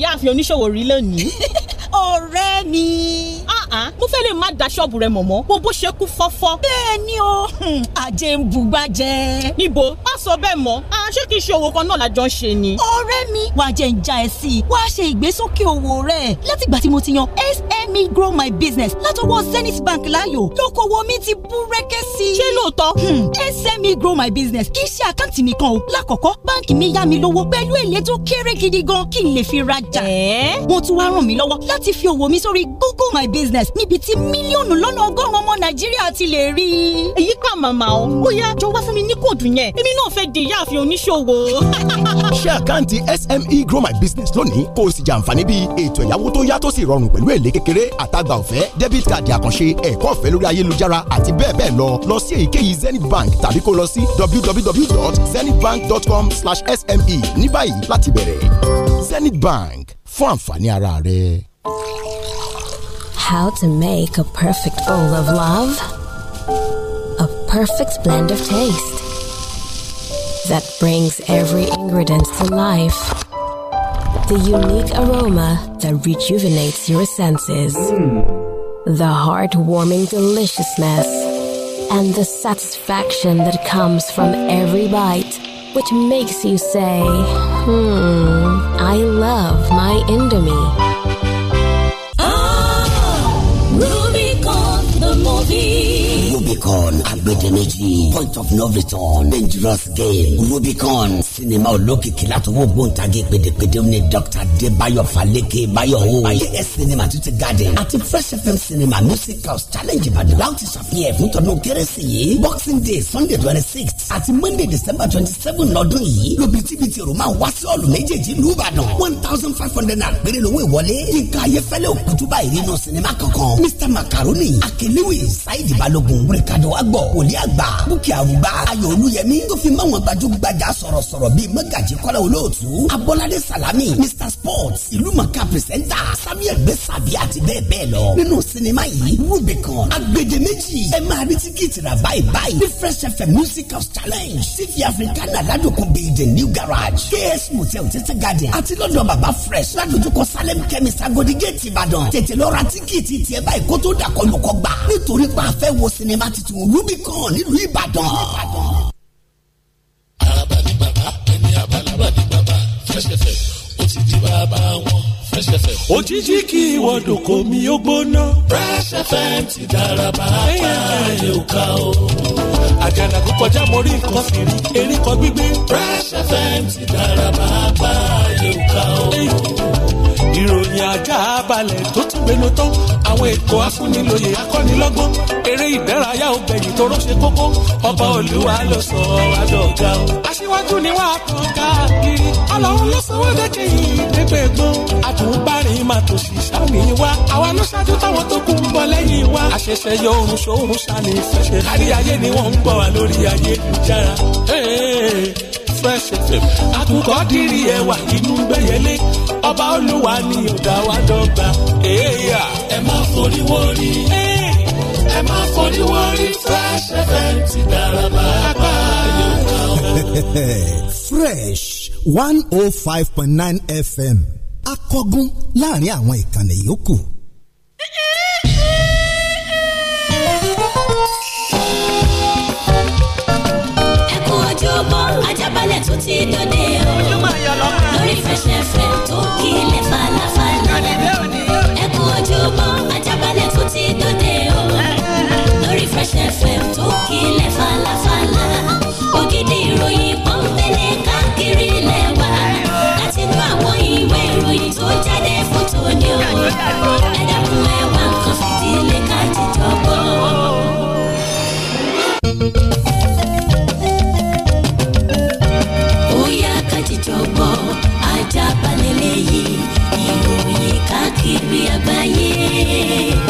ìyáàfin oníṣòwò rí lónìí. ọ̀rẹ́ mi. mo fẹ́ lè má da ṣọ́ọ̀bù rẹ mọ̀mọ́ wo bó ṣe kú fọ́fọ́. bẹ́ẹ̀ ni o àjẹ ń bugbájẹ. níbo má sọ bẹ́ẹ̀ mọ́ ah, ṣé kìí ṣe òwò kan náà lájọ ń ṣe ni. ọ̀rẹ́ mi wàá jẹ́ ń já ẹ sí i wàá ṣe ìgbésókè òwò rẹ̀ látìgbà tí mo ti yan ss help me grow my business látọwọ́ zenith bank láàyò lókòwò mi ti búrẹ́kẹ́ sí i. ṣé lóòótọ́ hmm. sme grow my business kì í ṣe àkáǹtì nìkan o lákọ̀ọ́kọ́ báǹkì mi yá mi lówó pẹ̀lú èlé tó kéré gidi gan kí n lè fi rajà. wọ́n tún wá ràn mí lọ́wọ́ láti fi òwò mi sórí google my business níbi tí mílíọ̀nù lọ́nà ọgọ́rùn-ún ọmọ nàìjíríà ti lè rí i. èyí kà màmá o ó yá jọ wá fún mi ní kóòdù yẹn èmi náà fẹ́ di ìyáàfin oníṣòwò. ṣé àkáǹtì sme grow my business lónìí kó o sì jàǹfààní bíi ètò ẹ̀yáwó tó yá tó sì rọrùn pẹ̀lú èlé kékeré eré àtagbà ọ̀fẹ́ debit card àkànṣe ẹ̀kọ́ ọ̀fẹ́ lórí ayélujára àti bẹ́ẹ̀ bẹ́ẹ̀ lọ lọ sí èyíkéyìí zenith bank tàbí kó lọ sí www.zenithbank.com/sme ní báyìí láti bẹ̀rẹ̀ zenith bank fún àǹfààní ara rẹ. How to make a perfect bowl of love? A perfect blend of taste that brings every ingredient to life the unique aroma that rejuvenates your senses. Mm. The heartwarming deliciousness and the satisfaction that comes from every bite, which makes you say, hmm, I love my Indomie. Ah, Rubicon the movie. Rubicon agbedeméjì point of no return dangerous game rubicon sinima olókìkí látọwọ́ gbóǹtagì pèdèpèdè ní dr debayo faleke bayowo ayẹyẹ cinema. tuntun garden àti fresh fm Cinema, music house challenge ìbàdàn láti ṣàfihàn ẹ̀fún tọdún kérésì yìí boxing day sunday twenty six àti monday december twenty seven lọ́dún yìí lóbitibiti roma wá sí ọ̀lù méjèèjì lùbàdàn one thousand five hundred naira péré lówó ìwọlé yínká ayéfẹ́lẹ́ òkútúbà ìrìnnà sinima kankan mr macaroni akelewi saidi balogun ricardo agbo ọ̀pọ̀ wòlíì àgbà búkì àrùgbá ayọ̀ olúyẹmí tó fi máwọn gbajúgbajà sọ̀rọ̀sọ̀rọ̀ bíi mọ́gàjì kọ́lá olóòtú abọ́ládé salami mr sports ìlúmọ̀ká pìrìsẹ́ńtà samuel gbèsàbí àti bẹ́ẹ̀ bẹ́ẹ̀ lọ nínú sinimá yìí rubicon agbedeméjì ẹ máa rí tíkẹ́ẹ̀tì rà báyìí báyìí ní fresh fm musicals challenge tv africana ládùkún bíi the new garage ks motel tètè garden àti lọ́dọ̀ baba fresh ládùjúkọ salem chemist agodi gate ìbàdàn tètè lọ ra tíkẹ́ẹ̀tì tiẹ̀ báyìí kó tó dàkọlùkọ gbà nítorí wo sinimá titun rub níbì kan nílùú Ìbàdàn. àràbà ní bàbá ẹni àbàlábà ní bàbá fẹsẹfẹ ó ti di bàbá wọn fẹsẹfẹ. òjijì kí ìwọ́dùn kò mí ó gbóná. fẹsẹfẹ ti dára bàbá ayé ò ká o àjànà kó kọjá mo rí nǹkan fìrí erékọ gbígbé. fresh fm ti dára bàbá yóò ká o ìròyìn ajá balẹ̀ tó tún gbénu tán àwọn ètò afúnilòyè akọ́nilọ́gbọ́n eré ìdárayá obìnrin tó rọ́ṣẹ́ kókó ọba olúwa ló sọ adọ́gà o. aṣíwájú ni wàá kàn káàkiri ọlọ́run ló sọ wọ́n dẹ́kẹ́ yìí dẹ́gbẹ́ gbọ́n àtúbárìn máa tò sí sámi wa àwa ló ṣáájú táwọn tó kù ń bọ̀ lẹ́yìn wa àṣẹ̀ṣẹ̀ yọ oorun ṣòorun ṣàní ìfẹsẹ̀ kárí ni wọ́n ń gbọ́ wa lórí ayélujára fresh fm àkùkọ dìrì ẹwà inú gbẹyẹlé ọba olúwa ni ọ̀dà wa dọ́gba. ẹ má forí wọrí ẹ má forí wọrí fresh fm ti dára pàápàá fresh one oh five point nine fm akọgun láàrin àwọn ìkànnì yòókù. ẹ ojú ọgbọ́n ajá balẹ̀ tó ti dòde o. lórí fẹsẹ̀fẹ̀ tó kílẹ̀ falafala. ẹ kú ojúmọ́ ajábalẹ̀ tó ti dòde o. lórí fẹsẹ̀fẹ̀ tó kílẹ̀ falafala. ògidì ìròyìn pọ́npẹ́lẹ́ káàkiri lẹ́wà. láti nú àwọn ìwé ìròyìn tó jáde fún tòní o. ẹ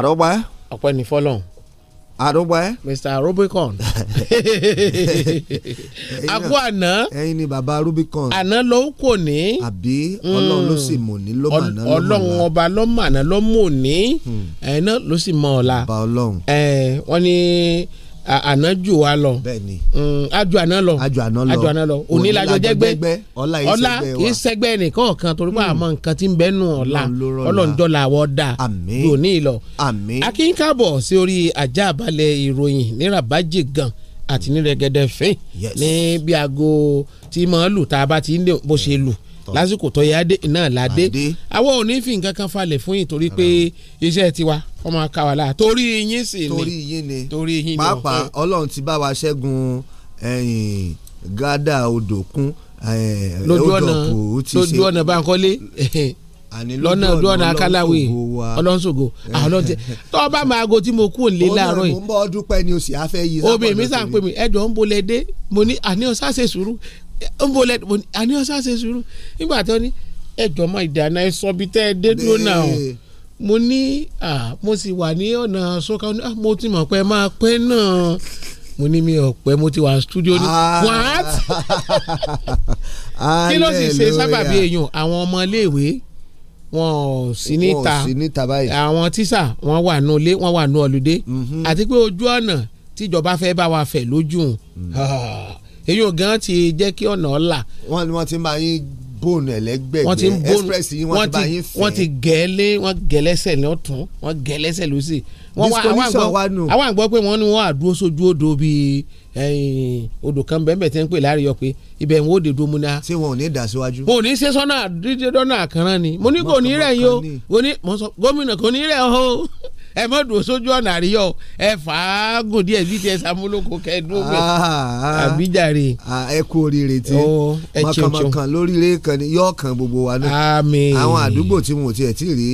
àrọ́gbá. ọpẹ́ ní fọlọ́n. àrọ́gbá. mr rubicon. àkó àná. ẹ̀yin ni bàbá rubicon. àná ló kò ní. àbí ọlọ́run ló sì mọ̀ ní ló mà ná ló ọlọ́run ọba ló mà ná ló mọ̀ hmm. náà ló sì mọ̀ ọ̀la. bàbá ọlọ́run. ẹ̀ wọ́n ní àná jù wá mm, lọ àjù àná lọ àjù àná lọ òní lajọ jẹgbẹ ọlá kì í sẹgbẹ ẹnìkan kan torí pé àmọ́ hmm. nǹkan tí ń bẹ nù ọlá ọlọ́njọ́lá àwọ̀ dà yóò ní ìlọ. akínkàbọ̀ sí orí ajá àbálẹ̀ ìròyìn ní rabaji gan àti ní rẹ̀gẹ̀dẹ̀ fín ní bí aago tí màá lù tá a bá ti ń lè bó ṣe lù lásìkò tó yá náà ládé àwọn ò fi nǹkan kan falẹ̀ fún yín torí pé iṣẹ́ tiwa ọmọ kawala torí yín sì ni torí yín ni torí yín ni pàápàá ọlọ́run ti bá wa ṣẹ́gun gádà odòkun lójú ọ̀nà lójú ọ̀nà Bankole lọ́nà ojú ọ̀nà akálàwé ọlọ́nṣogo àwọn tí tọ́ bá máa go tí mo kú òǹlé láàárọ̀ yìí. mo ń bọ́ ọdún pẹ́ ni o sì á fẹ́ yí. obìnrin mi sàn pé mi ẹjọ́ ń bolẹ̀ dé mo ní àníyàn sáṣẹ sùúrù ń bolẹ̀ mo ní àníyàn sáṣẹ sùúrù nígbà tó ní ẹjọ́ máa ìdáná ẹ sọ bí tẹ́ ẹ dé dúró náà mo ní mo sì wà ní ọ̀nà sọ́ka mo ti mọ̀ pé máa pẹ́ náà mo ní mi ọ̀pẹ mo ti wà studio ní ah. what kí ló sì ṣe sábàbí èèyàn àwọn ọmọléèwé wọn ò sí níta àwọn tíṣà wọn wà nù ilé wọn wà nù ọlùdé mhm. àti pé ojú ọ̀nà tíjọba fẹ́ bá wa fẹ̀ lójú mhm. ah, èyí ò gan ti jẹ́ kí ọ̀nà ọ̀la. wọ́n ní wọ́n ti máa yín bóònù ẹlẹgbẹgbẹ wọ́n ti express yìí wọ́n ti bá yín fẹ́. wọ́n ti gẹ̀ẹ́lé wọ́n gẹ̀ẹ́lẹ́sẹ̀ lọ́tún wọ́n gẹ̀ẹ́lẹ́sẹ̀ lọ́sì. disconnection wa nù. àwọn àgbọ̀ pé wọ́n ní wọ́n àdúró sójú odò bíi odò kan bẹ́ẹ̀ bẹ́ẹ̀ tẹ́ ń pè láàrin yọ pé ibẹ̀ ń wò de domu náà. ṣé wọn ò ní ìdásíwájú. mo ní sẹ́sọ́nà dídé dọ́nà àkànrán ni mo ní kò ní rẹ̀ yìí o gómìnà kò ní rẹ̀ o ẹ mọ dùn sójú ọ̀nà àríyọ ẹ fàágùn díẹ̀ bíi tiẹ̀ sàmúlòkọ kẹẹ̀dùn bẹ̀ ah, ah, ah. àbíjàre. ẹ kú oríire tí mọ̀kànmọ̀kàn lóríire kan ni yóò kan gbogbo wa náà àwọn àdúgbò tí wọn ò tiẹ̀ tí rí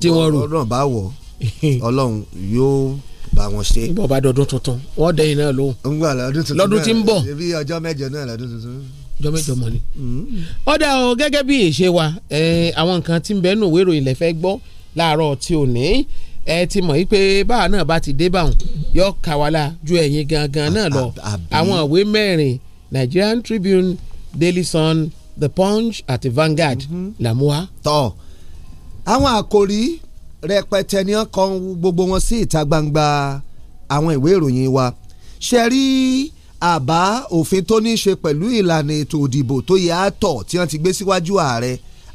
ọ̀rọ̀ bá wọ̀ ọlọ́run yóò bá wọn ṣe. bọ́ bá dọdún tuntun wọ́n dẹ́yìn náà lóhùn lọ́dún tí ń bọ̀ bí ọjọ́ mẹ́jọ náà lọ́dún tuntun ọjọ́ mẹ́jọ ni. Mm-hmm. ọ̀dà o gẹ́gẹ́ bí èṣe wa àwọn nǹkan tí ń bẹ́ẹ̀ nù wérò ilẹ̀ fẹ́ gbọ́ tí ò ní ẹ ti mọ̀ wípé báwa náà bá ti dé báwọn yọ kàwálà ju ẹ̀yin gangan náà lọ àwọn ìwé mẹ́rin Nigerian Tribune Daily Sun The Punch àti Vanguard mhm. làmúwa. tọ́ àwọn àkòrí rẹpẹtẹ ni wọ́n kọ gbogbo wọn sí ìta gbangba àwọn ìwé ìròyìn wa ṣe rí àbá òfin tó ní í ṣe pẹ̀lú ìlànà ètò òdìbò tó yẹ àtọ̀ tí wọ́n ti gbé síwájú ààrẹ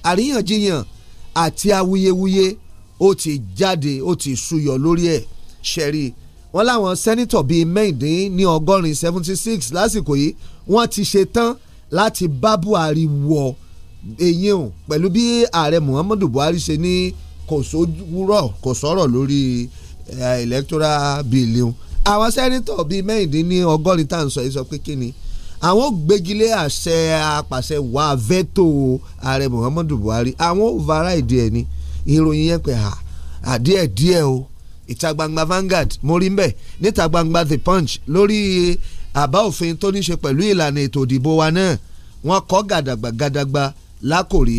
àríyànjiyàn àti awuyewuye ó ti jáde ó ti súyọ lórí ẹ̀ ṣẹ̀rí wọ́n láwọn sẹ́nítọ̀ bíi mẹ́ǹdín ní ọgọ́rin seventy six lásìkò yìí wọ́n ti ṣe tán láti bá Buhari wọ eyín o pẹ̀lú bí ààrẹ Muhammadu Buhari ṣe ní kò sówúrọ̀ kò sọ̀rọ̀ lórí electoral bill o àwọn sẹ́nítọ̀ bíi mẹ́ǹdín ní ọgọ́rin tá à ń sọ yìí sọ pé kí ni àwọn gbégilé àṣẹ apàṣẹ wà vẹ́tò ààrẹ Muhammadu Buhari àwọn override ẹ̀ ni ìròyìn yẹn pé àdíẹ̀ díẹ̀ o ìta gbangba Vanguard mo rí mbẹ̀ níta gbangba The Punch lórí àbá òfin tó ní ṣe pẹ̀lú ìlànà ètò ìdìbò wa náà wọ́n kọ́ gàdàgbà gàdàgbà lákòrí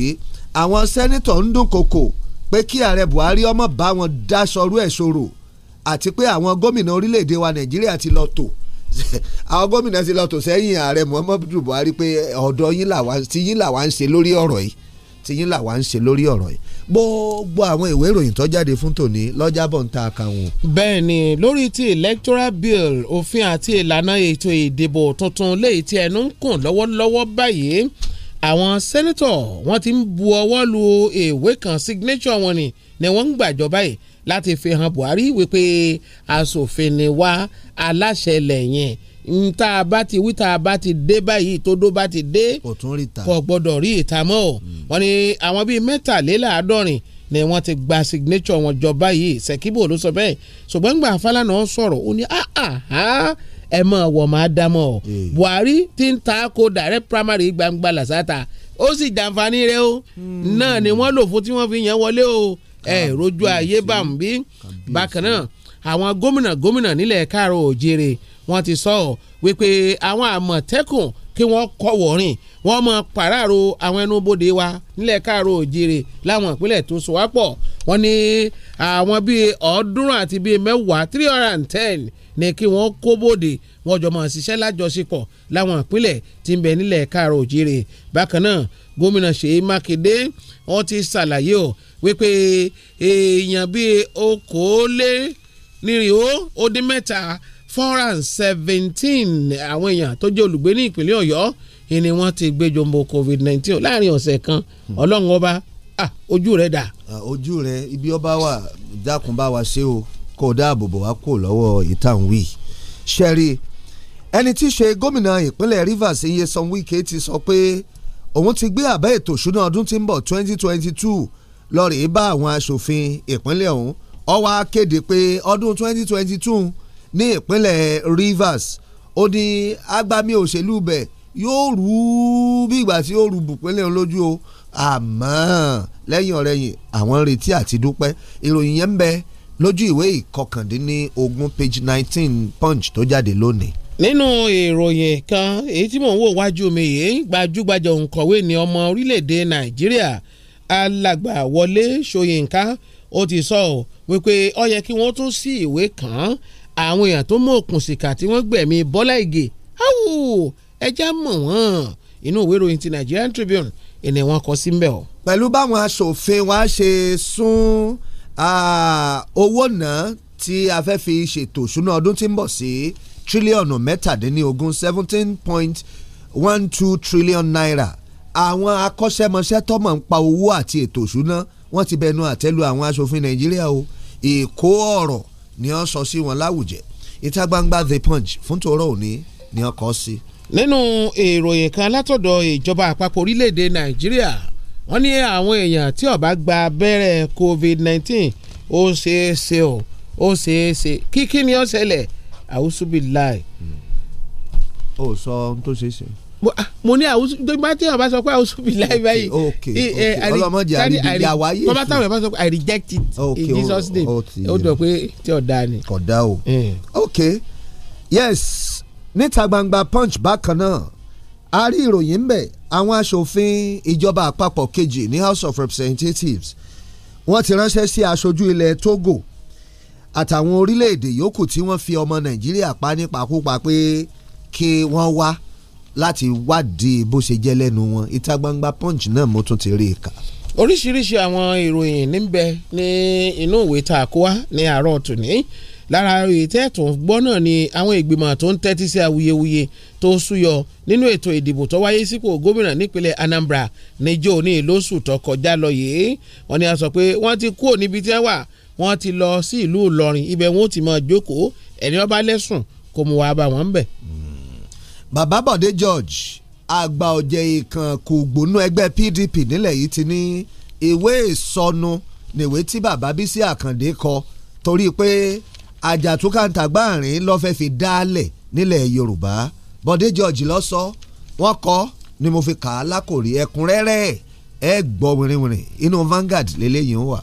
àwọn sẹ́nitọ̀ ń dúnkokò pé kí ààrẹ Buhari ọmọ bá wọn dáṣọrú ẹ̀ ṣòro àti pé àwọn gómìnà orílẹ̀-èdè wa Nàìjíríà ti lọ tò àwọn gómìnà ti lọ tò sẹ́yìn ààrẹ Muhammadu Buhari pé ọ̀dọ̀ yín làwa ń ṣe lórí ọ̀rọ̀ yìí tí yín làwa ń ṣe lórí ọ̀rọ̀ yìí gbogbo àwọn ìwé ìròyìn tó jáde fún tòní lọ́jàbọ̀ ń ta àkàwọn. bẹ́ẹ̀ ni lórí ti electoral bill òfin àti ìlànà ètò ìdìbò tuntun léyìí tí ẹnu ń kùn lọ́wọ́lọ́wọ́ báyìí àwọn sẹ́nẹ́tọ̀ wọ́n ti ń bu ọwọ́ lu ìwé kan signature wọn ni ni wọ́n ń gbàjọ báyìí láti fi hàn Buhari wípé asòfin ni wá aláṣẹ lẹ́yìn n tá a bá ti wí tá a bá ti dé báyìí tó dó bá ti dé kò gbọdọ̀ rí ìta mọ́ ọ́ hmm. wọ́n ní àwọn bíi mẹ́tàléláàádọ́rin ni wọ́n ti gba signature wọn jọ báyìí Ṣèkíbò ló sọ bẹ́ẹ̀ ṣùgbọ́n gbà Fálànà sọ̀rọ̀ ó ní ẹ mọ̀ wọ̀ máa dá mọ́ ọ́ Buhari ti ń ta ko direct primary gbangba lasata, ó sì jàǹfààní rẹ̀ o hmm. náà ni wọ́n lò fún tí wọ́n fi yẹn wọlé o ẹ rojú ayé bàmí bákan náà àwọn gómìnà gómìnà nílẹ̀ káàró òjèrè wọ́n ti sọ ọ́ wípé àwọn àmọ̀tẹ́kùn kí wọ́n kọ́ wọ̀rìn wọ́n mọ pàráàrò àwọn ẹnubodè wa nílẹ̀ káàró òjèrè láwọn ìpínlẹ̀ tó so wá pọ̀ wọ́n ní àwọn bíi ọ̀ọ́dúnrún àti bíi mẹ́wàá three hundred and ten ní kí wọ́n kó bòde wọ́n jọ máa ṣiṣẹ́ lájọṣepọ̀ láwọn ìpínlẹ̀ tí ń bẹ nílẹ̀ káàró òjèrè bákan náà gómìnà Ṣèyí Mákindé wọ́n ti ṣàlàyé o wípé èèyàn bíi okòólé nírìó ó dín mẹ́ta four and seventeen àwọn èèyàn tó jẹ́ olùgbé ní ìpínlẹ̀ ọ̀yọ́ ni wọ́n ti gbé jombo covid nineteen láàrin ọ̀sẹ̀ kan hmm. ọlọ́run ọba ah, ojú rẹ̀ dà. Ah, ojú rẹ̀ ibi ọba wà dákun bá wa ṣe o kó o dáàbò bò wá kó o lọ́wọ́ ìtàn wí. ṣẹ́rí ẹni tí í ṣe gómìnà ìpínlẹ̀ Rivers Nyesom Wike ti sọ pé òun ti gbé àbá ètò ìṣúná ọdún tí ń bọ̀ 2022 lọ́ọ̀rì bá àwọn aṣòfin ìpínlẹ̀ ọ̀hún ó wá kéde pé ọdún 2022 ní ìpínlẹ̀ Rivers ó ní agbami òṣèlú bẹ̀ yóò rú bí ìgbà tí ó rú bùpínlẹ̀ olójú o àmọ́ lẹ́yìn ọ̀rẹ́yìn àwọn ń retí àti dúpẹ́ ìròyìn yẹn ń bẹ lójú ìwé ìkọkàndínlógún page nineteen punch tó jáde lónìí. nínú ìròyìn kan èyí tí mò ń wò wájú mi yìí gbajúgbajà òǹkọ̀wé ni ọmọ orílẹ̀-èdè nàìjíríà alàgbà wọlé ṣóyínká ó ti sọ wípé ó yẹ kí wọ́n tún sí ìwé kan àwọn èèyàn tó mú òkun síkà tí wọ́n gbẹ̀mí Bọ́lá Ìgè áwò ẹja mọ̀ wọ́n inú ìwé ìròyìn ti Nigerian Tribune ìní wọn kọ sí mbẹ́ o. pẹ̀lú báwọn aṣòfin wa ṣe sún owó náà tí a fẹ́ fi ṣètò ìṣúná ọdún tí ń bọ̀ sí tírílíọ̀nù mẹ́tàdínlógún seventeen point one two trillion naira àwọn akọ́ṣẹ́mọṣẹ́ tọ́mọ̀ ń pa owó àti ètò ìṣúná wọ́n ti bẹnu àtẹ́lu àwọn aṣòfin Nàìjíríà o ìkó ọ̀rọ̀ ni wọ́n sọ sí wọn láwùjẹ ìta gbangba the punch fún tòró òní ni wọ́n kọ sí. nínú ìròyìn kan látọ̀dọ̀ ìjọba àpapọ̀ orílẹ̀‐èdè nàìjíríà wọ́n ní àwọn èèyàn tí ó gba abẹ́rẹ́ covid-19 ó ṣeé ṣe o ó ṣeé ṣe kíkí ni ó ṣẹlẹ̀ àwùsùbí láì. Hmm. ó sọ ohun tó ṣeé ṣe. Ah, mo ní àwùsù tí wọn bá sọ pé àwùsù bí láì báyìí ọlọmọdé àríbi àwáyé bàbá táwọn bá sọ pé i reject it in jesus name ó dọ̀ pé tí ọ̀dà ni. ọ̀dà o mm. ok yes níta gbangba punch bákan náà a rí ìròyìn bẹ àwọn aṣòfin ìjọba àpapọ̀ kejì ní house of representatives wọ́n ti ránṣẹ́ sí aṣojú ilẹ̀ Togo àtàwọn orílẹ̀-èdè yòókù tí wọ́n fi ọmọ Nàìjíríà pa nípakúpa pé kí wọ́n wá láti wádìí bó ṣe jẹ́ lẹ́nu wọn ìta gbangba punch náà mo tún ti rí i kà. oríṣiríṣi àwọn ìròyìn níbẹ̀ ní inú ìwé tá a kó wá ní àárọ̀ tòní lára ìtẹ́ẹ̀tún gbọ́ náà ni àwọn ìgbìmọ̀ tó ń tẹ́tí sí awuyewuye tó súyọ nínú ètò ìdìbò tó wáyé sípò gómìnà nípínlẹ̀ Anambra níjọ́ ní lóṣù tó kọjá lọ yìí wọ́n ní a sọ pé wọ́n ti kúrò níbi tí wọ́n wà wọ́n ti lọ sí ìlú Ìlọrin ibẹ̀ wọn ò ti máa jókòó ẹni ó bá lẹ́sùn kó mú wá bá wọn bẹ̀ bàbá Bọ̀dé George àgbà ọ̀jẹ̀ ìkàn kò gbónú ẹgbẹ́ PDP nílẹ̀ yìí ti ní ìwé ìsọnu níwé tí bàbá Bísí Àkàndé kọ torí pé àjàtúkàǹtàgbàrin ló fẹ́ fi dálẹ̀ nílẹ̀ Yorùbá Bọ̀dé George ló sọ wọ́n kọ ni mo fi kà á lákòrí ẹ̀kúnrẹ́rẹ́ ẹ gbọ́ wìrìwìrì inú Vanguard lélẹ́yìn wà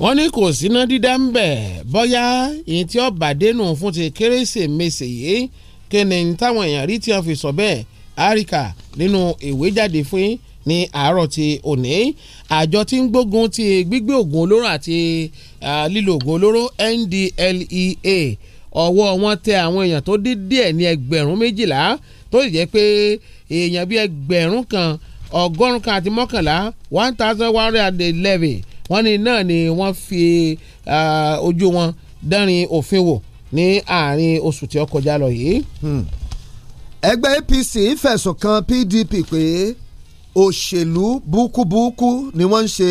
wọ́n ní kò síná dídá ń bẹ̀ bọ́yá ìyẹn tí ó bàdénù fún ti kérésìmesì yìí kéne táwọn èèyàn rí tí wọ́n fi sọ bẹ́ẹ̀ áríkà nínú ìwé jáde fún yín ní àárọ̀ ti òní àjọ tí ń gbógun ti gbígbé oògùn olóró àti lílo oògùn olóró NDLEA ọwọ́ wọn tẹ àwọn èèyàn tó dín díẹ̀ ní ẹgbẹ̀rún méjìlá tó sì jẹ́ pé èèyàn bíi ẹgbẹ̀rún kan ọgọ́rùn kan àti mọ́kànlá one thousand one hundred eleven wọ́n ní náà ni wọ́n fi ojú wọn dánrin òfin wò ní àárín oṣù tí ó kọjá lọ yìí. Hmm. ẹgbẹ́ APC fẹ̀sùn kan PDP pé òṣèlú búkúbúkú ni wọ́n ń ṣe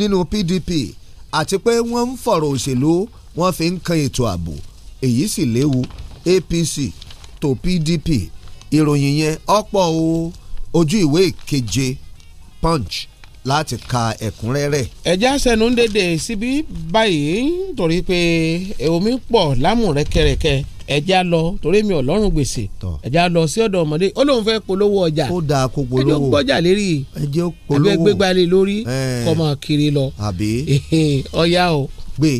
nínú PDP àti pé wọ́n ń fọ̀rọ̀ òṣèlú wọ́n fi ń kan ètò ààbò èyí sì léwu APC tó PDP ìròyìn yẹn ọ̀pọ̀ o ojú ìwé keje Punch láti ka ẹ̀kúnrẹ́rẹ́. ẹ̀já sẹ́nu ń dédé síbí báyìí nítorí pé omi pọ̀ lámùrẹ́kẹrẹkẹ ẹ̀já lọ torí mi ò lọ́rùn gbèsè ẹ̀já lọ sí ọ̀dọ̀ ọmọdé ó lóun fẹ́ polówó ọjà kó dáa kó polówó ẹjọ́ gbọ́jà lérí ẹjọ́ polówó ẹgbẹ́ gbégbá lé lórí kọ́mọ kiri lọ àbí ọ̀ya o. gbé.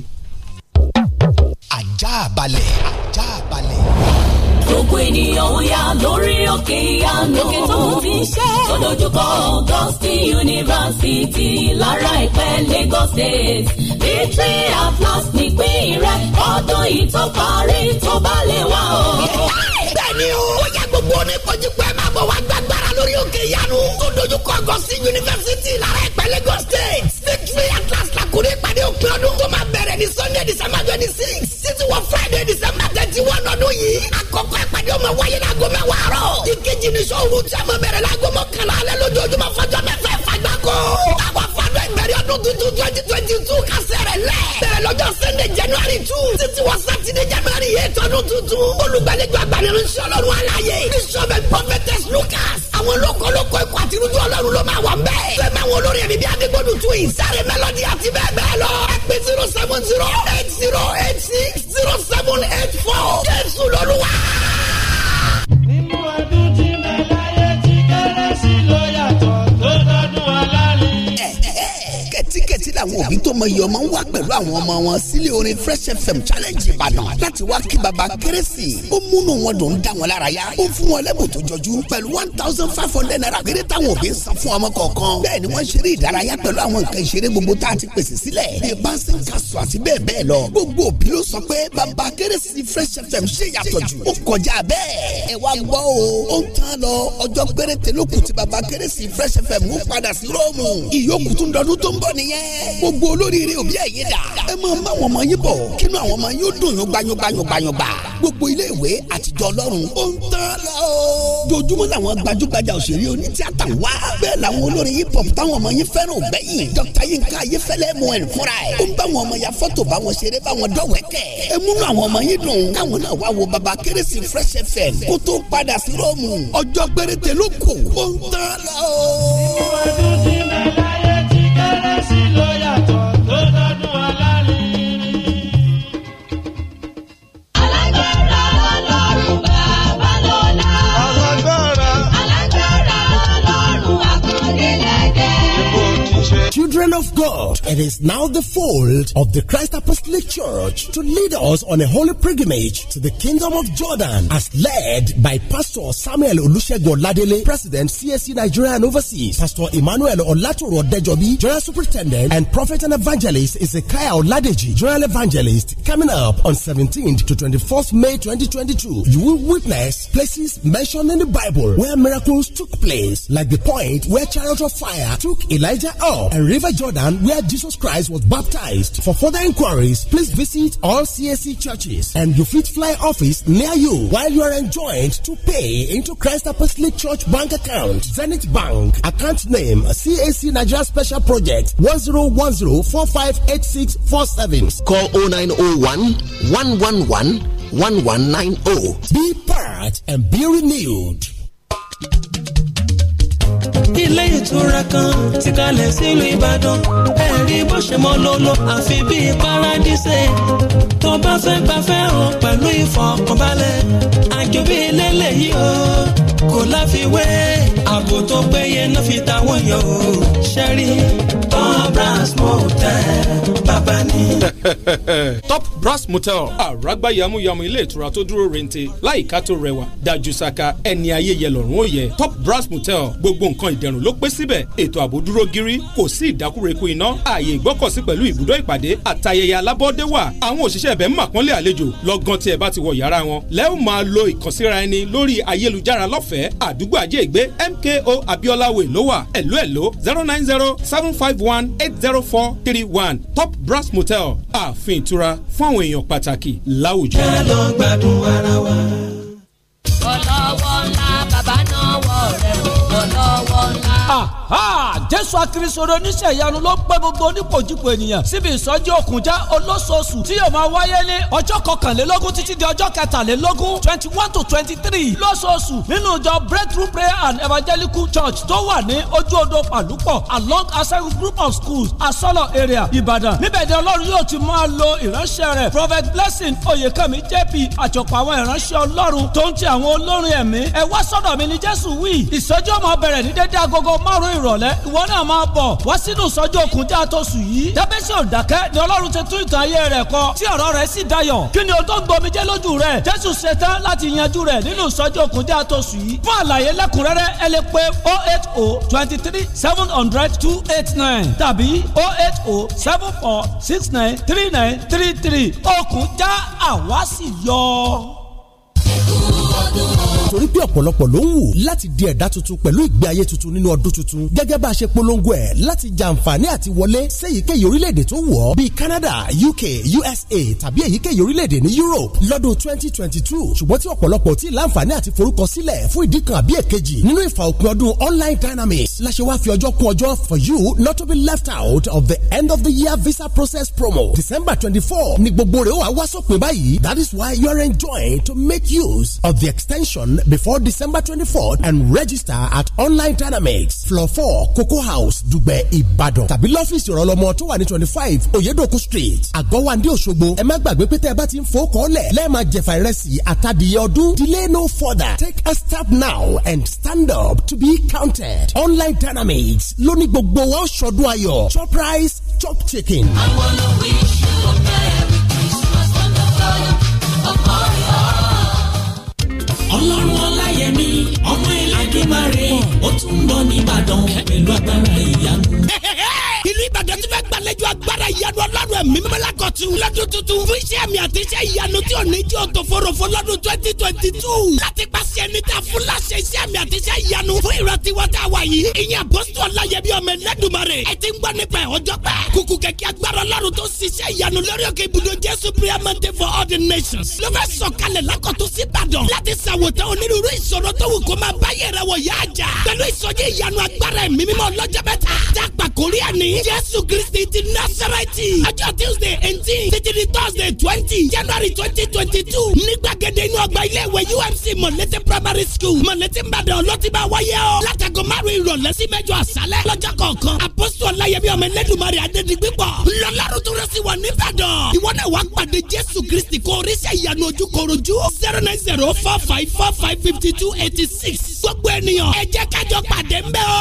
ajá balẹ̀ ajá balẹ̀ gbogbo ènìyàn ó yá lórí òkè ìyanu. òkè tó mú ti ṣe. tó Augustine University lára ìpẹ́ Lagos State. victory atlas nípìn rẹ̀ ọdún yìí tó parí tó bá lè wá o. bẹ́ẹ̀ ni o ó yẹ gbogbo oníkojú pẹ́ ìyanu tó dojú kọ gọ̀ọ́sì yunifásitì lára ẹ̀pẹ́ lagos state victory atlas lakuri ìpàdé òpin ọdún tó máa bẹ̀rẹ̀ ní sunday december twenty six títí wọ friday december thirty one ọdún yìí àkọ́kọ́ ìpàdé ọmọ wáyé láago mẹ́wàá rọ̀ ìkejì ní sọ́ọ̀rù tí a máa bẹ̀rẹ̀ láago mọ́kànlá alẹ́ lójoojúmọ́ fọjọ́ mẹ́fẹ́ fagbákò. àwọn bẹ gbẹ̀rẹ̀ ọdún tuntun twenty twenty two kásẹ̀ rẹ̀ lẹ̀. bẹ̀rẹ̀ lọ́jọ́ sẹ́ndẹ̀ january two títí wọ sátidé january eight ọdún tuntun. olùgbàlejò agbaniránṣẹ́ ọlọ́run aláyé bishop and prophetess lucas. àwọn lókòlókò ikọ̀ àti irújú ọlọ́run ló máa wà ń bẹ́ẹ̀. fẹ́ẹ́ máa wọ olórin ẹ̀mí bí adégbòdù tún ìsáré mélòdì àti bẹ́ẹ̀ bẹ́ẹ̀ lọ. ẹ pè zero seven zero eight zero eight six zero seven eight four. jésù lọ́lúwa. làwọn òbí tó mọ iye ọmọ ń wá pẹ̀lú àwọn ọmọ wọn sílé orin fresh fm challenge ìbàdàn láti wá kí baba kérésì ó múnú wọn dùn ń dá wọn lára yá ó fún wọn lẹ́bùn tó jọjú pẹ̀lú one thousand five hundred naira péré táwọn òbí ń san fún ọmọ kọ̀ọ̀kan bẹ́ẹ̀ ni wọ́n ṣeré ìdárayá pẹ̀lú àwọn nǹkan ìṣeré gbogbo tá a ti pèsè sílẹ̀ bíi báńsì kaṣù àti bẹ́ẹ̀ bẹ́ẹ̀ lọ gbogbo òbí ló sọ pé baba kérésì fresh fm ṣe yàtọ̀ jù ó kọjá bẹ́ẹ̀ ẹ wá gbọ́ o ó ń tán lọ ọjọ́ péréte ló baba kérésì fresh fm ó padà sí róòmù ìyókù tún dọdún tó ń bọ̀ nìyẹn gbogbo olóríire òbí ẹ̀yin dà ẹ máa bá àwọn ọmọ yín bọ̀ kínú àwọn ọmọ yín ó dùn yín gbanyọgbanyọgbanyọgba gbogbo iléèwé àtijọ́ ọlọ́run ó ń tán lọ. dojúmọ́ làwọn gbajúgbajà òṣèré onítíátà wá bẹ́ẹ̀ làwọn olórin hip hop táwọn ọmọ yín fẹ́ràn ògbẹ́yìn dr yinka ayéfẹ́lẹ́ mú ẹ̀ fúnra ẹ̀ ó ń bá àwọn ọmọ ya fọ́tò bá wọn ṣeré bá wọn dọ̀wẹ́kẹ̀ ẹ múnú àwọn ọmọ yín dùn káwọn náà wá wo baba kérésì fresh fm kó tó padà sí róòmù ọjọ́ péréte ló kù ó ń tán lọ. ìwádìí of God It is now the fold of the Christ Apostolic Church to lead us on a holy pilgrimage to the Kingdom of Jordan as led by Pastor Samuel Olusegun Ladele, President CSC Nigeria and Overseas, Pastor Emmanuel Olatoro Dejobi, General Superintendent and Prophet and Evangelist Ezekiah Oladeji, General Evangelist, coming up on 17th to 21st May 2022. You will witness places mentioned in the Bible where miracles took place, like the point where chariot of fire took Elijah up and River Jordan Jordan where Jesus Christ was baptized. For further inquiries, please visit all CSC churches and your fit fly office near you while you are enjoined to pay into Christ Apostolic Church bank account, Zenith Bank, account name CAC Nigeria Special Project 1010458647. Call 0901 111 1190. Be part and be renewed. ilé ìtura kan ti kalẹ̀ sílùú ìbàdàn ẹ̀rí bó ṣe mọ́ ló lọ àfi bíi párádísè tó bá fẹ́ gbafẹ́ hàn pẹ̀lú ìfọ̀kànbalẹ̀ àjò bíi lélẹ̀ yìí o kò láfiwé ààbò tó péye náà fi táwọn yàn ó ṣẹ́rí top brass motel bàbá ni. top brass motel àràgbá yamuyamu ilé ìtura tó dúró rente láìka tó rẹwà dájú saka ẹni ayé yẹ lọ́rùn ó yẹ top brass motel gbogbo nǹkan ìdẹ̀rùn ló pé síbẹ̀ ètò ààbò dúró gírí kò sí ìdákúrekú iná ààyè ìgbọ́kọ̀sí pẹ̀lú ibùdó ìpàdé àtayẹyẹ alábọ́dé wà àwọn òṣìṣẹ́ ibẹ̀ ń màpọ́nlé àlejò lọ́gán tí ẹ bá ti wọ yàrá wọn lẹ́ẹ̀ máa lo ìkànsíra ẹni lórí ayélujára lọ́fẹ̀ẹ́ àdúgbò ajé ìgbé mk ko abiolawe ló wà ẹ̀lú ẹ̀ló zero nine zero seven five one eight zero four three one top brass motel ààfin ìtura fún àwọn èèyàn pàtàkì láwùjọ. ká lọ gbádùn wa. jésù akirisoro oníṣẹ́yanu ló ń pẹ́ gbogbo onípojúpo ènìyàn síbi ìsọjí òkùnjá olóṣooṣù tí yóò máa wáyé ní ọjọ́ kọkànlélógún títí di ọjọ́ kẹtàlélógún twenty one to twenty three lóṣooṣù nínú ìjọ breakthrough prayer and evangelical church tó wà ní ojú odò pàlúpọ̀ along asegun group of schools asọ́lọ̀ area ìbàdàn níbẹ̀ ni ọlọ́run yóò ti máa lo ìránṣẹ́ rẹ̀ prophet blessing oyèkánmi jp àjọpọ̀ àwọn ìránṣẹ́ ọlọ́run tó ń ti àwọn olórin ẹ̀mí ẹ wá sọ́dọ̀ mi ni jésù wí ìsọjí ó máa bẹ̀rẹ̀ ní dédé agogo márùn ìrọ̀lẹ́ ìwọ náà máa bọ̀ wá sínú sọ́jọ́ òkun tí a tó sùn yìí. Jábẹ́sì ọ̀dàkẹ́ ni Ọlọ́run ti tún ìtàn ayé rẹ̀ kọ tí ọ̀rọ̀ rẹ̀ sì dayọ̀. Kí ni o tó ń gbomijé lójú rẹ̀? Jésù ṣetán láti yanjú rẹ̀ nínú sọ́jọ́ òkun tí a tó sùn yìí. Fún àlàyé lẹ́kùnrẹ́rẹ́ ẹ lè pe 080 tàbí 080 74 já àwa sì yọ. Ẹ̀kú torí pé ọ̀pọ̀lọpọ̀ ló ń wù láti di ẹ̀dá tuntun pẹ̀lú ìgbé ayé tuntun nínú ọdún tuntun gẹ́gẹ́ bá a ṣe polongo ẹ̀ láti jàǹfààní àti wọlé séyìíkéyìí orílẹ̀-èdè tó wù ọ́ bíi Canada UK USA tàbí èyíkéyìí orílẹ̀-èdè ní Europe lọ́dún 2022 ṣùgbọ́n tí ọ̀pọ̀lọpọ̀ tí láǹfààní àti forúkọ sílẹ̀ fún ìdí kan àbí èkejì nínú ìfà òpin ọdún online dynamics la ṣe wá fi ọjọ́ kún ọjọ́ for you not to be left out of the end of the year visa process promo December 24 ni gbogbo rẹ̀ wá wá sópin báyìí that is why you are enjoying to make use of the extension before December 24th and register at online dynamics floor four Cocoa House Dùgbẹ̀ Ìbàdàn tàbí lọ́fíìsì ìrànlọ́mọ tó wà ní twenty five Oyedoko street Àgọ́wandé Òṣogbo ẹ má gbàgbé pé tẹ́ ẹ bá ti ń fowó kọ́lẹ̀ lẹ́ẹ̀ma jẹ̀fà ìrẹsì àtàdìyẹ ọdún delay no further take a step now and stand up to be counted online dynamics lóní gbogbo wa ṣọdún ayọ̀ chop rice chop chicken. I wanna wish you a merry Christmas on ọlọ́run ọláyẹmí ọmọ ẹlẹ́dùnmarè ó tún ń bọ̀ nìbàdàn pẹ̀lú agbára ìyanu. ìlú ìbàdàn ti fẹ́ gbàlejò agbára ìyanu ọlọ́run ẹ̀mí mímọ́lá kọ̀tún lọ́d tuntun fún iṣẹ́ mi àti iṣẹ́ ìyanu tí ò ní jẹ́ òtòfòròfò lọ́dún twenty twenty two láti pàṣẹ ní ta fún láṣẹ iṣẹ́ mi àti iṣẹ́ ìyanu fún ìrántí wa tá a wà yìí ìyẹn àpọ́sítọ̀ ọláyẹmí ọmọ ẹlẹ́dùnmarè ẹ ti ń gbọ́ nípa ọjọ́ pẹ́ kùkù kẹ̀kẹ́ agbára ọlọ́run tó ṣiṣẹ́ ìyanu lórí òkè ibùdó jésù priamante for the nations ló fẹ́ sọ̀kalẹ̀ lákọ̀tún sí ìbàdàn láti ṣàwòtán onírúurú ìṣòro tó wù kó máa báyé rẹ wọ̀ yá àjà pẹ̀lú ìsọjí ìyanu di thursday twenty january twenty twenty two ní gbàgede inú ọgbà ilé ìwé umc mọ̀lẹ́tì primary school mọ̀lẹ́tì ìbàdàn ló ti bá wáyé o látàgọ́ márùn ìrọ̀lẹ́ sí mẹ́jọ àṣálẹ́ lọ́jọ́ kọ̀ọ̀kan apọ́sítọ̀ ọláyẹmí ọmọ ẹlẹ́dùnmarè adédìgbípọ̀ lọ́lárùtúrọ̀ sí wà nìbàdàn ìwọ náà wàá pàdé jésù kristi kó oríṣẹ́ ìyanu ojú korojú zero nine zero four five four five fifty two eighty six gbogbo ènìyàn ẹ jẹ́ kájọ pàdé ńbẹ̀ o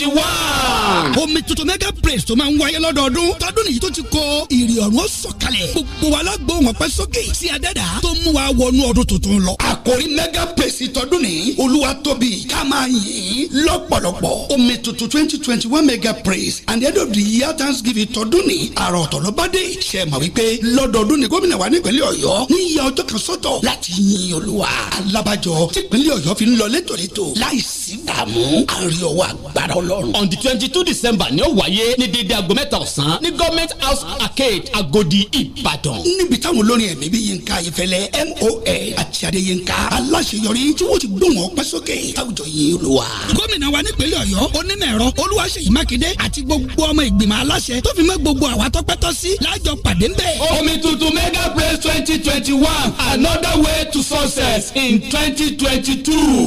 twenty one. omi tuntun mega praise tó máa ń wáyé lọ́dọọdún tọdún nìyí tó ti kọ ìrì ọ̀run ó sọ̀kalẹ̀ gbogbo wa lágbo wọn pẹ́ sókè sí adẹ́dà tó mú wa wọnú ọdún tuntun lọ. àkòrí mega praise tọdún ní olúwa tóbi ká máa yìn lọ́pọ̀lọpọ̀ omi tuntun twenty twenty one mega praise and end of the year thanksgiving tọdún ní àrò ọ̀tọ̀ lọ́bàdé ṣe mọ̀ wípé lọ́dọọdún ni gómìnà wa nípínlẹ̀ ọ̀yọ́ ní ìyá ọjọ́ kan sọ́tọ̀ láti yin olúwa alábàjọ típínlẹ̀ ọ̀yọ́ fi ń lọ létòlétò láìsí dààmú àríọwọ́ agbára ọl lọ́rùn on the twenty two december ni ó wáyé ní dédé aago mẹ́ta ọ̀sán ní government house arcade agodi ìbàdàn. níbi táwọn olórin ẹ̀mí bí yínká ayéfẹ́lẹ́ moa àti adéyínká aláṣeyọrí tí wọ́n ti gbóhùn ọpẹ́ sókè táwùjọ yìí ló wà. gómìnà wa nípínlẹ̀ ọ̀yọ́ onínàẹ̀rọ olúwaṣeyì mákindé àti gbogbo ọmọ ìgbìmọ̀ aláṣẹ tó fi mọ́ gbogbo àwa tọpẹ́tọ́ sí lájọ pàdé ń bẹ̀. omi tuntun mega praise twenty twenty one another way to success in twenty twenty two.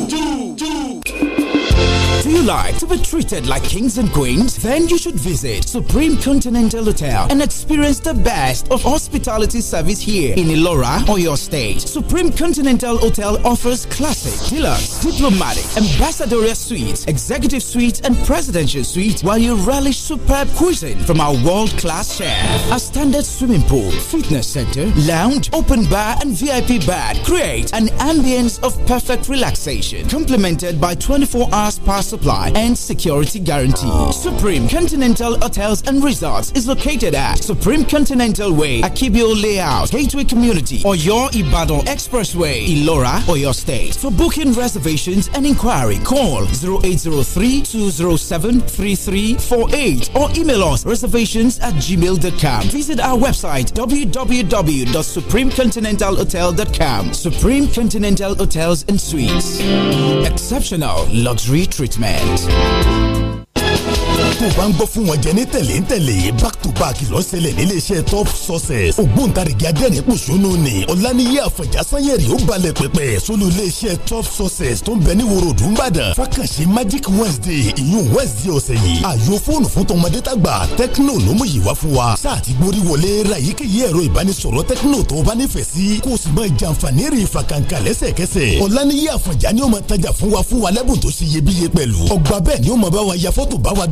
Do you like to be treated like kings and queens? Then you should visit Supreme Continental Hotel and experience the best of hospitality service here in Elora or your state. Supreme Continental Hotel offers classic, deluxe, diplomatic, ambassadorial suites, executive suites, and presidential suites while you relish superb cuisine from our world-class chef. A standard swimming pool, fitness center, lounge, open bar, and VIP bar create an ambience of perfect relaxation, complemented by 24-hour power supply and security guarantee. Supreme Continental Hotels and Resorts is located at Supreme Continental Way, Akibio Layout, Gateway Community, or your Ibadan Expressway, Ilora, or your state. For booking reservations and inquiry, call 0803 207 3348 or email us reservations at gmail.com. Visit our website www.supremecontinentalhotel.com. Supreme Continental Hotels and Suites. Exceptional luxury free treatment. tó bá ń gbọ́ fún wọn jẹ ní tẹ̀lé ń tẹ̀lé back to back lọ́sẹ̀lẹ̀ níléeṣẹ́ top sources ògbóǹtarìgì adẹ́rìn-ín-pọ̀ṣónú ni ọ̀làníyé àfọ̀njá sanyẹ̀rì ó balẹ̀ pẹ̀pẹ̀ sólù iléeṣẹ́ top sources tó ń bẹ ní wòrò dùnbàdàn fàkànṣe magic wednesday ìyún wednesday ọ̀sẹ̀ yìí àyò fóònù fún tọmọdé tàgbà tecno ló mú yìí wá fún wa sáà ti gborí wọlé ra yíkéyìí ẹ̀rọ ìbánisọ̀rọ̀ tecno ni ó máa tajà fún wa fún wa ni ó máa bá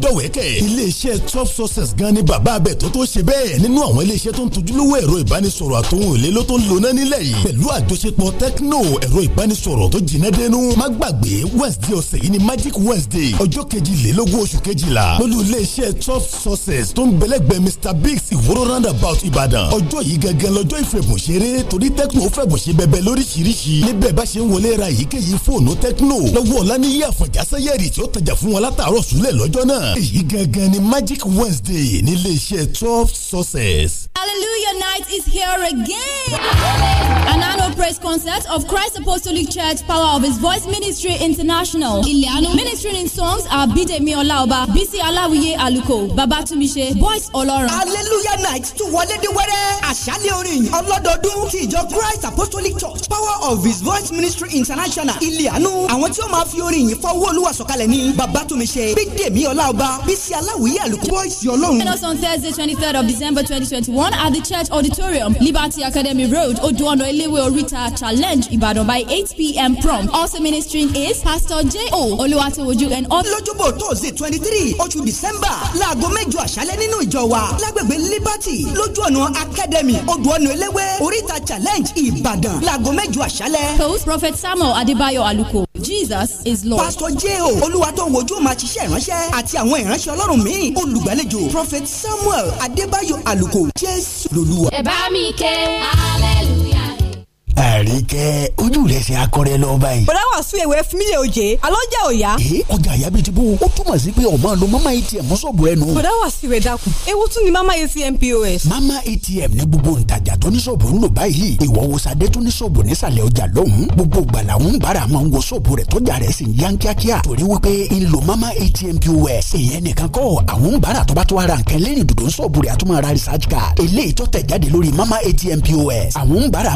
wa lókè. iléeṣẹ́ top success gan ni bàbá abẹ tó tó ṣe bẹ́ẹ̀ nínú àwọn iléeṣẹ́ tó ń tojúlówó ẹ̀rọ ìbánisọ̀rọ̀ àtòhun èlé ló tó ń lona nílẹ̀ yìí. pẹ̀lú àjọṣepọ̀ tecno ẹ̀rọ ìbánisọ̀rọ̀ tó jìnnà dẹnu má gbàgbé wednesday ọ̀sẹ̀ yìí ni magic wednesday ọjọ́ kejìlélógún oṣù kejìlá lólú iléeṣẹ́ top success tó ń bẹ̀lẹ́gbẹ̀ mr biggs ìwòrò roundabout ìbàdàn ọjọ́ yìí gangan lọ́jọ́ ìfẹ̀bùnṣeré torí tecno fẹ̀bùnṣe bẹ̀bẹ̀ lóríṣiríṣi níbẹ̀ bá ṣe ń wọlé ra èyíkéyìí fóònù tecno lọ́wọ́ ọ̀la níyí àfọ̀jásẹ́yẹ̀rì tí ó tajà fún wọn gangan ni magic wednesday nílé iṣẹ́ twelve success. hallelujah night is here again. an annual praise concert of Christ Apostolic Church Power of His Voice Ministry International. Ileano ministering in songs are Bidemi Olaoba, Bisi Alawiye Aluko, Babatunmise, Voice Ọlọ́run. hallelujah night tún wọlé dé wẹ́rẹ́. àṣálẹ̀ orin ọlọ́dọọdún ti ìjọ Christ Apostolic Church Power of His Voice Ministry International. Ileano àwọn tí ó máa fi orin yìí fọwọ́ olúwa sọ̀kalẹ̀ ní Babatunmise, Bidemi Olaoba, bísí aláwìyé àlùkò bọ́ìsì ọlọ́run. Join us on Thursday twenty third of December twenty twenty one at the church auditorium Liberty Academy Road Odoana Elewe Orita Challenge Ibadan by eight pm prompt. Also ministering is Pastor J.O. O and others. Lọ́jọ́bọ̀ Thursday twenty three oṣù December láago mẹ́jọ àṣálẹ́ nínú ìjọ wa lágbègbè Liberty lójú ọ̀nà Academy Odoana Elewe Orita Challenge Ibadan láago mẹ́jọ àṣálẹ́. Host Prophet Samuel Adébáyọ̀ Aluko. Jesus is Lord. Pastor J.O. Olúwatóńwojú máa ṣiṣẹ́ ìránṣẹ́ àti àwọn ìránṣẹ́ Ọlọ́run míì olùgbàlejò Prophet Samuel Adébáyọ̀ Àlùkò Jésù lòlúwa. Ẹ bá mi ké alẹ́ àríkẹ́ ojú rẹ̀ ṣe akọrẹ lọ báyìí. bọ̀dá wà sún ewé fún mi oje alọ́jà òya. ee ọjà àyà bíi ti bó o túmọ̀ sí pé ọmọ lo mama atm mọ́sọ̀bù rẹ nù. bọ̀dá wà sí ìwé dákun ewu tún ni mama atm pos. mama atm ní gbogbo ntajà tó ní sọ̀bù ń lò báyìí ìwọ wo sadé tó ní sọ̀bù nísàlẹ̀ ọjà lọ́hùn gbogbo gbala ń bára máa ń wo sọ̀bù rẹ̀ tọ́jà rẹ̀ sì ń yan kíákíá torí mama atm pos èèyàn nìkan kọ́ àwọn ń bára tó bá tó ara nǹkan lẹ́yìn dòdò ń sọ̀bù rẹ̀ àtúmọ̀ ara research card eléyìí mama atm pos àwọn ń bára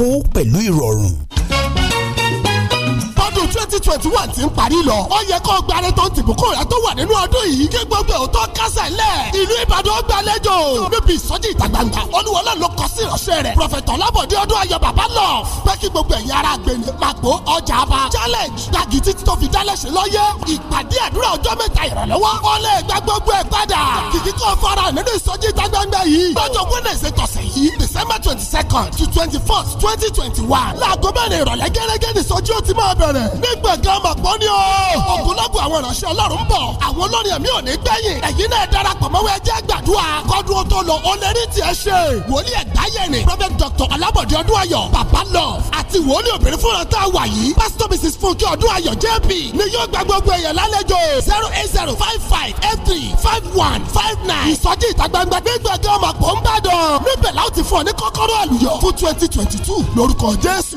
owó pẹ̀lú ìrọ̀rùn ọdún twenty twenty one ti ń parí lọ. ó yẹ kó gba ẹni tó ń tìbùkún rẹ tó wà nínú ọdún yìí kí gbogbo ẹ̀ tó kásẹ̀ lẹ̀. ìlú ìbàdàn ó gbàlejò. níbi ìsọjí ìta gbangba olúwọlé ló kọ sí ìránṣẹ́ rẹ̀. prọfẹ̀tọ̀ ọlábọ̀dé ọdún ayọ̀ bàbá lọ. pé kí gbogbo ẹ̀yin ara gbẹ̀ni màgbó ọjà aba challenge dagi títí tó fi dálẹ̀ sí lọ́yẹ́. ìpàdé àdúrà ọjọ́ mẹ́ta ìrànlọ́wọ́. ó lè gba gbogbo ẹ̀ padà. kìkì kò fara nínú ìsọjí ìta gbangba yìí. lọ́jọ́ wẹ́nẹ̀sẹ̀ tọ̀sẹ̀ yìí December twenty second to twenty fourth twenty twenty one. láago mẹ́rin ìrọ̀lẹ́ gẹ́gẹ́ ní ìsọjí ó ti máa nígbàgán màpọ̀ ni o. ogunlọ́gùn àwọn ìránṣẹ́ ọlọ́run bọ̀ àwọn olórin ẹ̀mí ò ní gbẹ̀yìn ẹ̀yin náà darapọ̀ mọ́wọ́ ẹjẹ́ gbàdúrà kọ́dún tó lọ ó lè rí tiẹ̀ ṣe. wòlíì ni, prophet doctor alábọ̀dé ọdúnayọ̀ bàbá love àti wòlíì obìnrin fúnra tá a wà yìí pastor mrs fúnkẹ́ ọdúnayọ̀ jp ni yóò gba gbogbo èèyàn lálejò zero eight zero five five eight three five one five nine ìsọjí ìta gbangba nígbàgán màpọ̀ ń bàdàn níbẹ̀ láti fún ọ ní kọ́kọ́rọ́ àlùyọ fún twenty twenty two lórúkọ jésù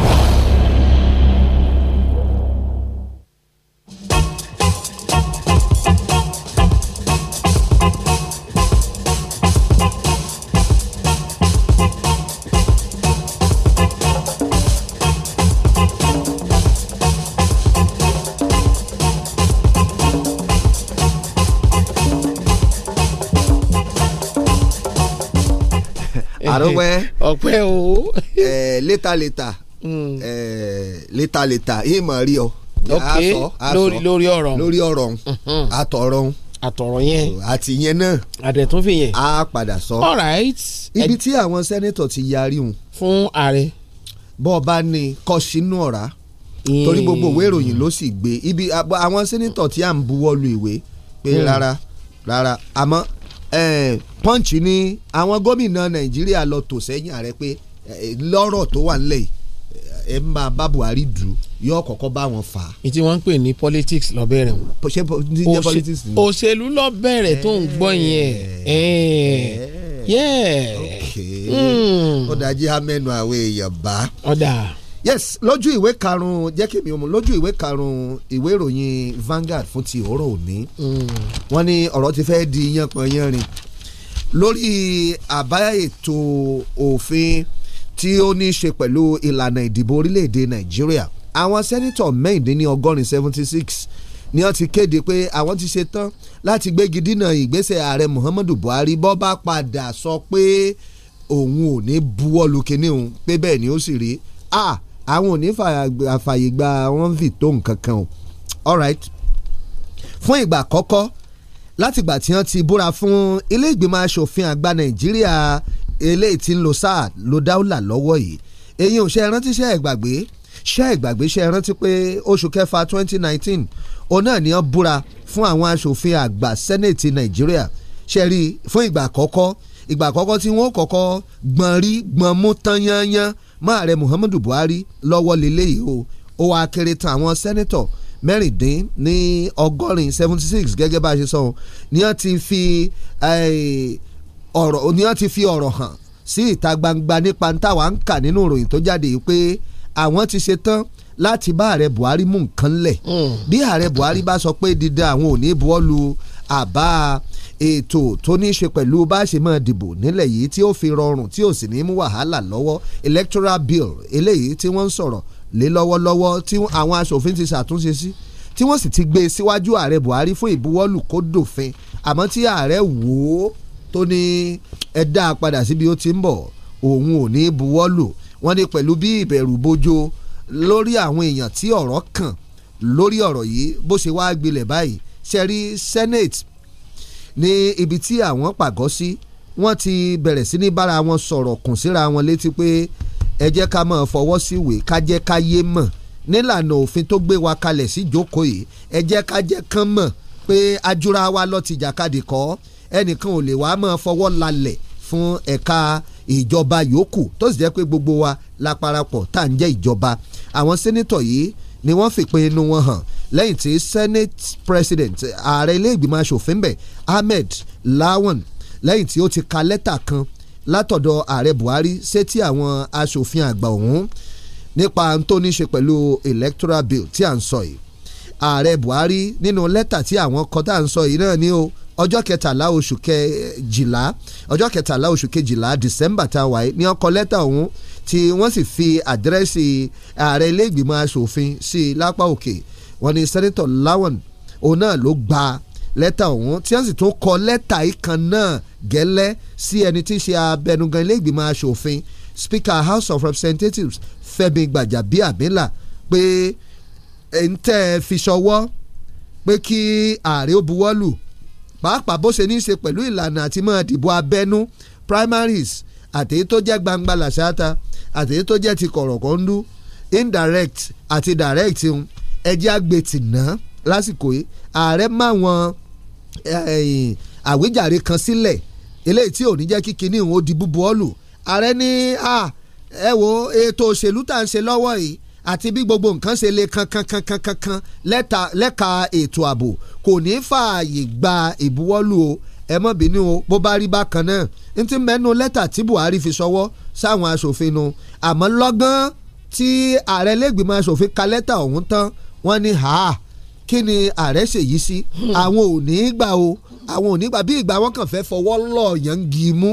àdúpẹ́ ọpẹ́ o. ẹ eh, létà létà ẹ hmm. eh, létà létà yìí mọ̀ rí ọ. ok lórí lórí ọ̀rọ̀ lórí ọ̀rọ̀ hmm. àtọ̀rọ̀ àtọ̀rọ̀ yẹn àti yẹn náà àdẹ̀túnfì yẹn á padà sọ. all right. ibi tí àwọn sẹ́nẹ́tọ̀ ti yarí hùn. fún ààrẹ. bọ́ ọ bá ní kọ́ sínú ọ̀rá hmm. torí gbogbo ìwé ìròyìn ló sì gbé ibi àwọn sẹ́nẹ́tọ̀ tí à ń buwọ́ lu ìwé pé rárá rárá àmọ́ punch ni àwọn gómìnà nàìjíríà lọ tò sẹ́yìn ààrẹ pé lọ́rọ̀ tó wà nílẹ̀ yìí ẹ ń bá bá buhari dù yóò kọ́kọ́ bá wọn fà á. ìtí wọ́n ń pè ní politics lọ bẹ̀rẹ̀ wọn. ṣé ní politics ni. òṣèlú lọ bẹ̀rẹ̀ tó ń gbọ́ yẹn. ó dájú amẹ́nu àwọn èèyàn bá. ọ̀dà yes lójú ìwé karùn-ún jẹ́ kí mi ò mú lójú ìwé karùn ìwé ìròyìn Vanguard fún ti òórọ̀ òní mm. wọ́n ní ọ̀rọ̀ ti fẹ́ di yánpọnyánrin lórí àbá ètò òfin tí ó ní í ṣe pẹ̀lú ìlànà ìdìbò orílẹ̀-èdè Nàìjíríà àwọn sẹ́nitọ̀ mẹ́rìndínlọ́gọ́rin seventy six ni wọ́n ti kéde pé àwọn ti ṣe tán láti gbégi dínà ìgbésẹ̀ ààrẹ Muhammadu Buhari bọ́ bá padà sọ pé òun ò ní buwọ́ lu kinní òun pé bẹ́ẹ̀ ni ó sì rí a. Ah, àwọn ò ní fàyè gba wọn fi tó nǹkan kan o right. fún ìgbà àkọ́kọ́ látìgbà tí wọ́n ti búra fún ilé ìgbìmọ̀ asòfin àgbà nàìjíríà eléyìí tí ń lo sáà lo dáúlà lọ́wọ́ yìí èyí ò ṣe rántí ṣe ìgbàgbé ṣe ìgbàgbé ṣe rántí pé oṣù kẹfà 2019 òun náà ni wọ́n búra fún àwọn asòfin àgbà sẹ́nẹ̀tì nàìjíríà ṣe rí fún ìgbà àkọ́kọ́ ìgbà àkọ́kọ́ tí wọ́n kọ́kọ́ gbọ̀n rí gbọ̀n mú tán yányán mọ́ ààrẹ Muhammadu Buhari lọ́wọ́ lélẹ́yìí o ó wàá kéré tán àwọn sẹ́nẹ́tọ̀ mẹ́rìndín ní ọgọ́rin seventy six gẹ́gẹ́ bá a ṣe sọ wọn ni wọ́n ti fi eh, ọ̀rọ̀ ni wọ́n ti fi ọ̀rọ̀ hàn sí ìta gbangba nípa táwa ń kà nínú ìròyìn tó jáde yìí pé àwọn ti ṣe tán láti bá ààrẹ Buhari mú nǹkan lẹ̀ hmm. bí ààrẹ Buhari bá sọ pé dídá àwọn ò ní buwọ́lu àbá ètò tó ní í ṣe pẹ̀lú bá a ṣe máa dìbò nílẹ̀ yìí tí ó fi rọrùn tí ò sì ní mú wàhálà lọ́wọ́ electoral bill eléyìí tí wọ́n ń sọ̀rọ̀ lé lọ́wọ́lọ́wọ́ tí àwọn aṣòfin ti ṣàtúnṣe sí tí wọ́n sì ti gbé e síwájú ààrẹ Buhari fún ìbuwọ́lù kó dòfin àmọ́ tí ààrẹ wò ó tó ní ẹ dá a padà síbi ó ti ń bọ̀ òun ò ní buwọ́lù wọ́n ní pẹ̀lú bí ìbẹ̀rù bojo lórí àwọn èèyàn tí ọ̀rọ̀ kàn lórí ọ̀rọ̀ yìí bó ṣe wá gbilẹ̀ báyìí ṣe rí Senate ní ibi tí àwọn pàgọ́ sí wọ́n ti bẹ̀rẹ̀ sí ní bára wọn sọ̀rọ̀ kùn síra wọn létí pé ẹ jẹ́ ká máa fọwọ́ sí ìwé ká jẹ́ ká yé mọ̀ nílànà òfin tó gbé wa kalẹ̀ sí ìjókòó yìí ẹ jẹ́ ká jẹ́ kán mọ̀ pé ajúra wa lọ ti jàkadì kọ́ ẹnìkan ò lè wá máa fọwọ́ lalẹ̀ fún ẹ̀ka ìjọba yòókù tó sì jẹ́ pé gbogbo wa la parapọ̀ tá à ń jẹ́ ìjọba àwọn sẹ́nitọ̀ yìí ni wọ́n fìpinnu wọn hàn lẹ́yìn tí senate president ààrẹ ilé ìgbìmọ̀ asòfin bẹ̀ Ahmed Lawan lẹ́yìn tí ó ti ka lẹ́tà kan látọ̀dọ̀ ààrẹ Buhari sétí àwọn asòfin àgbà ọ̀hún nípa tó ní ṣe pẹ̀lú electoral bill tí à ń sọ yìí ààrẹ Buhari nínú lẹ́tà tí àwọn kọ tá à ń sọ yìí náà ni o ọjọ́ kẹtàlá oṣù kejìlá ọjọ́ kẹtàlá oṣù kejìlá December tá a wáyé ni ọkọ lẹ́tà ọ̀hún tí wọ́n sì fi àdírẹ́sì ààrẹ ilé ìgbìmọ̀ asòfin sí i lápá òkè wọ́n ní sẹ́nẹ́tọ̀ Lawan òun náà ló gba lẹ́tà ọ̀hún tí wọ́n sì tún kọ lẹ́tà ìkan náà gẹ́lẹ́ sí ẹni tí í ṣe abẹnugan ilé ìgbìmọ̀ asòfin Speaker House of Representatives Fẹ́mi Gbàjàbíàmílà pé ń tẹ́ ẹ fi ṣọwọ́ pé kí ààrẹ ó buwọ́lù pàápàá bó ṣe ní í ṣe pẹ̀lú ìlànà àti máa dìbò abẹ́nú primaries àtèyí tó jẹ́ gbangba làṣáta àtèyí tó jẹ́ ti kọ̀rọ̀kọ̀ ń dú indirect àti direct ń ẹjẹ́ àgbètì náà lásìkò yìí ààrẹ máwọn àwíjàre kan sílẹ̀ eléyìí tí ò ní jẹ́ kí kinní òun ó di búbu ọ́lù ààrẹ ní ẹ wo ètò òṣèlú tá à ń ṣe lọ́wọ́ yìí àti bí gbogbo nǹkan ṣe le kankankankankan lẹ́ka ètò ààbò kò ní fààyè gba ìbuwọ́lù o ẹ mọ̀ bínú o bó bá rí bákan náà n ti mẹ́nu lẹ́tà tí Buhari fi ṣọwọ́ sáwọn aṣòfin nu àmọ́ lọ́gán tí ààrẹ lẹ́gbìmọ̀ aṣòfin ka lẹ́tà ọ̀hún tán wọ́n ní ha kí ni ààrẹ ṣèyí sí hmm. àwọn ò ní gbà o àwọn ò ní gbà bí ìgbà wọn kàn fẹ́ fọwọ́ lọ̀ọ̀yàn gí mú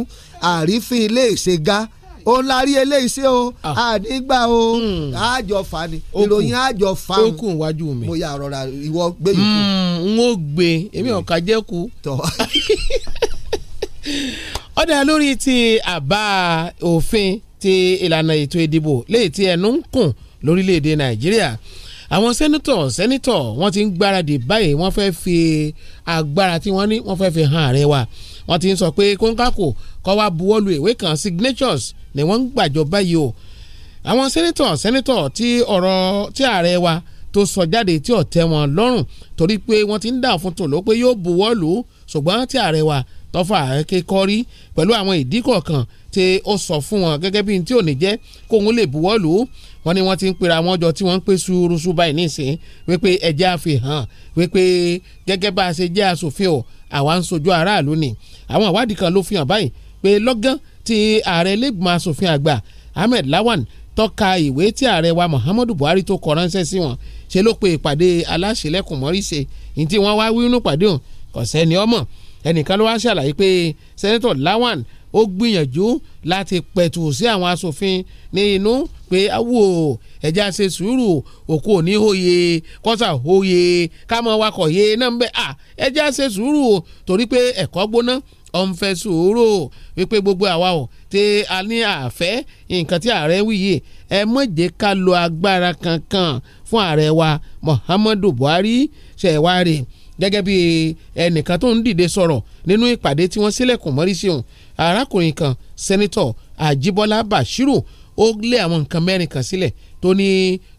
àrífín ilé ìṣègá ó ń lárí eléyìí sí o àdígbà ah. o àjọ hmm. fa ni ìròyìn àjọ fa o kùn wájú mi mo yà rọra ìwọ gbé yòókù. Hmm, n ó gbé èmi ò ká jẹ́ kú. ọ̀dà lórí ti àbá òfin ti ìlànà ètò ìdìbò léyìí tí ẹnu ń kùn lórílẹ̀‐èdè nàìjíríà àwọn sẹ́nitọ̀ sẹ́nitọ̀ wọ́n ti ń gbáradì báyìí wọ́n fẹ́ fi agbára tí wọ́n ní wọ́n fẹ́ fi hàn ààrẹ wa wọ́n ti ń sọ pé kóńkàkó kọ́ wa buwọ́lu ìwé kan signatures ni wọ́n ń gbàjọ báyìí o àwọn sẹ́nitọ̀ sẹ́nitọ̀ tí ọ̀rọ̀ tí ààrẹ wa tó sọ jáde tí ò tẹ́ wọn lọ́rùn torí pé wọ́n ti ń dà fún tòló pé yóò buwọ́lu ṣùgbọ́n tí ààrẹ wa tọ́fà kékọ́rí pẹ̀lú àwọn ìdí kọ̀ọ̀kan tí ó sọ fún wọn gẹ́gẹ́ bíi tí ò ní jẹ́ kóun lè buwọ́lu wọ́n ní wọ́n ti ń pera wọn jọ tí wọ́n ń pè ṣuuruṣu báyìí nísìnyí wípé ẹ̀jẹ̀ àfihàn wípé gẹ́gẹ́ bá a ṣe jẹ́ aṣòfin o àwa ń sojú aráàlú ni àwọn ìwádìí kan ló fi hàn báyìí pé lọ́gán ti ààrẹ lẹ́gbọ̀n aṣòfin àgbà Ahmed Lawan tọ́ka ìwé tí ààrẹ wa Muhammadu Buhari tó kọ ránṣẹ́ sí wọn ṣe ló pe ìpàdé aláṣẹlẹ̀kùnmọ́rìṣe ní tí wọ́n wá wínú pàdé òun kọ̀sẹ́ni ọmọ ẹnìkan ló wá ṣàlàyé pé sẹ́nẹ́tọ̀ Lawan ó gbìyànjú láti pẹ̀tù sí àwọn asòfin ní inú pé wò ẹ̀já ṣe sùúrù òkú ò ní òye kọ́sà òye kámọ́ wakọ̀ yé e náà ń bẹ́ à ẹ̀já ṣe sùúrù torí pé ẹ̀kọ́ gbóná ọ̀n sùúrù wípé gbogbo àwa ò tí a ní àfẹ́ nǹkan tí ààrẹ wíyè ẹ má jẹ́ ká lo agbára kankan fún ààrẹ wa Muhammadu Buhari ṣẹ̀wárì gẹ́gẹ́ bí ẹnìkan tó ń dìde sọ̀rọ̀ nínú ìpàdé tí wọ́n sílẹ̀kùn mọ́rí sí òun arákùnrin kan sẹ́nitọ̀ àjíbọ́lá bashiru ó lé àwọn nǹkan mẹ́rin kan sílẹ̀ tó ní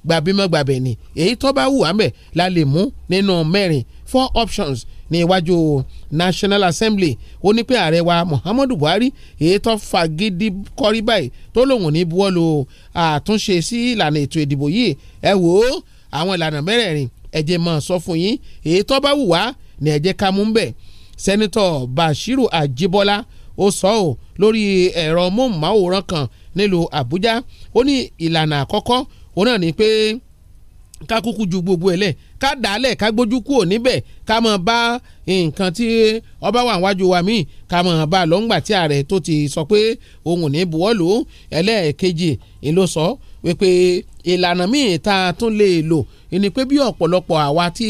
gbàbímọ́gbàbẹ̀ ni èyí tó bá wù wá mẹ́ la lè mú nínú mẹ́rin four options ní iwájú National Assembly ó ní pé ààrẹ wa Muhammadu Buhari èyí tó fagídí kọrí báyìí tó lòun ní buwọ́lu àtúnṣe sí ìlànà ètò ìdìbò yìí ẹ wò ó àwọn ìlànà mẹ́rẹ̀ẹ̀rin ẹ jẹ́ mọ̀ sọ fún yín èyí tó bá wù wá ni ẹ jẹ́ ká mú Sẹ́nitọ̀ Bashiru Ajibola ó sọ ọ́ lórí ẹ̀rọ móhùnmáwòrán kan nílùú Àbújá ó ní ìlànà àkọ́kọ́ òun náà ni pé ká kúkú ju gbogbo ẹ̀ lẹ̀ ká dàálẹ̀ ká gbójú kúrò níbẹ̀ ká mọ̀ bá nǹkan tí ọba wà wájú wa míì ká mọ̀ bá lọ́ngbà tí ààrẹ tó ti sọ pé òun ò ní buwọ́lù ẹlẹ́ẹ̀kejì ló sọ wípé ìlànà míì tá a tún lè lò ni pé bí ọ̀pọ̀lọpọ̀ àwa tí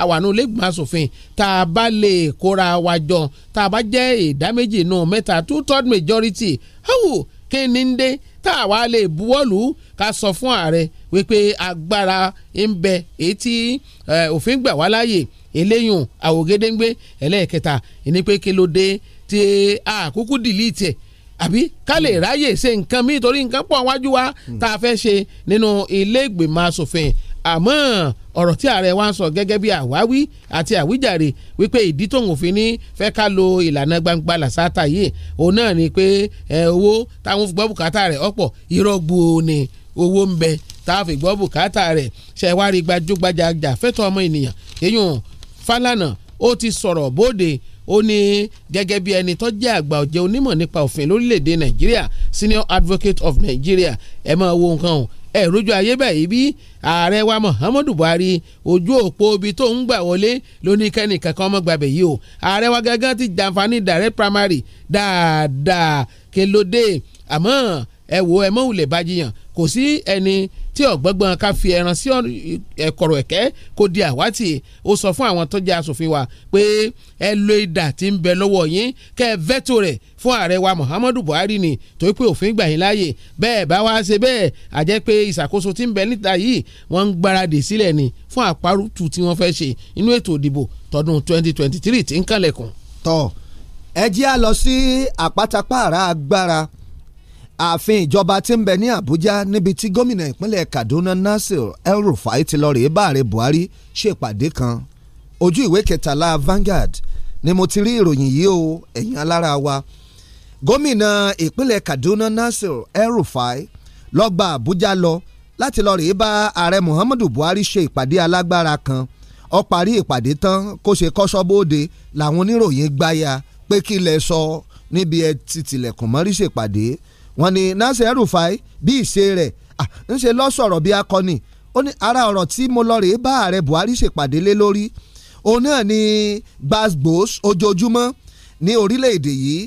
a wà nínú lẹ́gbọ̀n asòfin tá a bá lè kóra wa jọ tá a bá jẹ́ ìdá méjì nù mẹ́ta two third majority. How? kí ni ń dé tá a wá lè buwọ́lù ká sọ fún ààrẹ wípé agbára ń bẹ èyí tí òfin gbà wá láàyè eléyùn àwògedengbe ẹlẹ́ẹ̀kẹta ẹni pé kí ló dé tí àkúkú dìlítì ẹ̀ àbí ká lè hmm. ráyè ṣe nǹkan míì torí nǹkan pọ̀ wájú wa hmm. tá a fẹ́ ṣe nínú ilé ìgbìmọ̀ asòfin àmọ́ ọ̀rọ̀ tí ààrẹ wa ń sọ gẹ́gẹ́ bí àwáwí àti àwíjàre wípé ìdí tóun fi ní fẹ́ ká lo ìlànà gbangba làṣáta yìí òun náà ni pé owó táwọn fi gbọ́ bùkátà rẹ̀ ọ̀pọ̀ irọ́ gbu ni owó ń bẹ táwọn fi gbọ́ bùkátà rẹ̀ ṣẹ̀wárí gbajúgbajà àjàfẹ́tọ̀ ọmọ ènìyàn èyàn Fálànà ó ti sọ̀rọ̀ bóde ó ní gẹ́gẹ́ bí ẹni tó jẹ́ àgbà ọ̀jẹ̀ onímọ̀ nípa òfin lórílẹ̀‐èdè Nàìjíríà Senior Advocate of Nigeria ẹ̀ máa wo nǹkan o ẹ̀rújú ayé báyìí bí ààrẹ wa Muhammadu Buhari ojú òpó ibi tó ń gbà wọlé lóníkẹ́ni kankan ọmọ gbàgbé yìí o ààrẹ wa gangan ti jàǹfààní direct primary dáadáa kelode àmọ́ ẹ wo ẹ mọ̀wulẹ̀ bá jiyàn kò sí ẹni tí ọ̀gbọ́ngbọ́n ká fi ẹran sí ẹ̀kọ̀rọ̀ ẹ̀kẹ́ kó di àwátì ó sọ fún àwọn tó jẹ́ asòfin wa pé ẹ lo ìdà tí ń bẹ lọ́wọ́ yín kẹ́ ẹ vẹ́tò rẹ̀ fún ààrẹ wa Muhammadu Buhari ni torí pé òfin gbà yín láàyè bẹ́ẹ̀ bá wá ṣe bẹ́ẹ̀ àjẹ́ pé ìṣàkóso tí ń bẹ níta yìí wọ́n ń gbáradì sílẹ̀ ni fún àparùtù tí wọ́n fẹ́ ṣe inú ètò ìdìbò tọdún 2023 tí ń kànlẹ̀kùn. tọ́ ẹ jẹ́ à lọ sí àpátápàrà agbára ààfin ìjọba tí ń bẹ ní Àbújá níbi tí gómìnà ìpínlẹ̀ Kaduna Nasir El-Rufai ti lọ rèé báàrẹ Buhari ṣèpàdé kan ojú ìwé kẹtàlá Vanguard ni mo ti rí ìròyìn yìí o ẹ̀yin alára wa gómìnà ìpínlẹ̀ Kaduna Nasir El-Rufai lọ gba Àbújá lọ láti lọ rèé bá ààrẹ Muhammadu Buhari ṣe ìpàdé alágbára kan ó parí ìpàdé tán kó ṣe kọ́sọ́bóde làwọn oníròyìn gbáya pé kí lẹ sọ níbi ẹ ti tilẹ̀kùn mọ́rí ṣèpàdé wọ́n ní Nasir Rufai bí ìṣe rẹ̀ ń ṣe lọ sọ̀rọ̀ bí akọni ó ní ara ọ̀rọ̀ tí mo lọ rèé bá ààrẹ Buhari ṣèpàdé lé lórí òun náà ni gbàgbós ojoojúmọ́ ní orílẹ̀-èdè yìí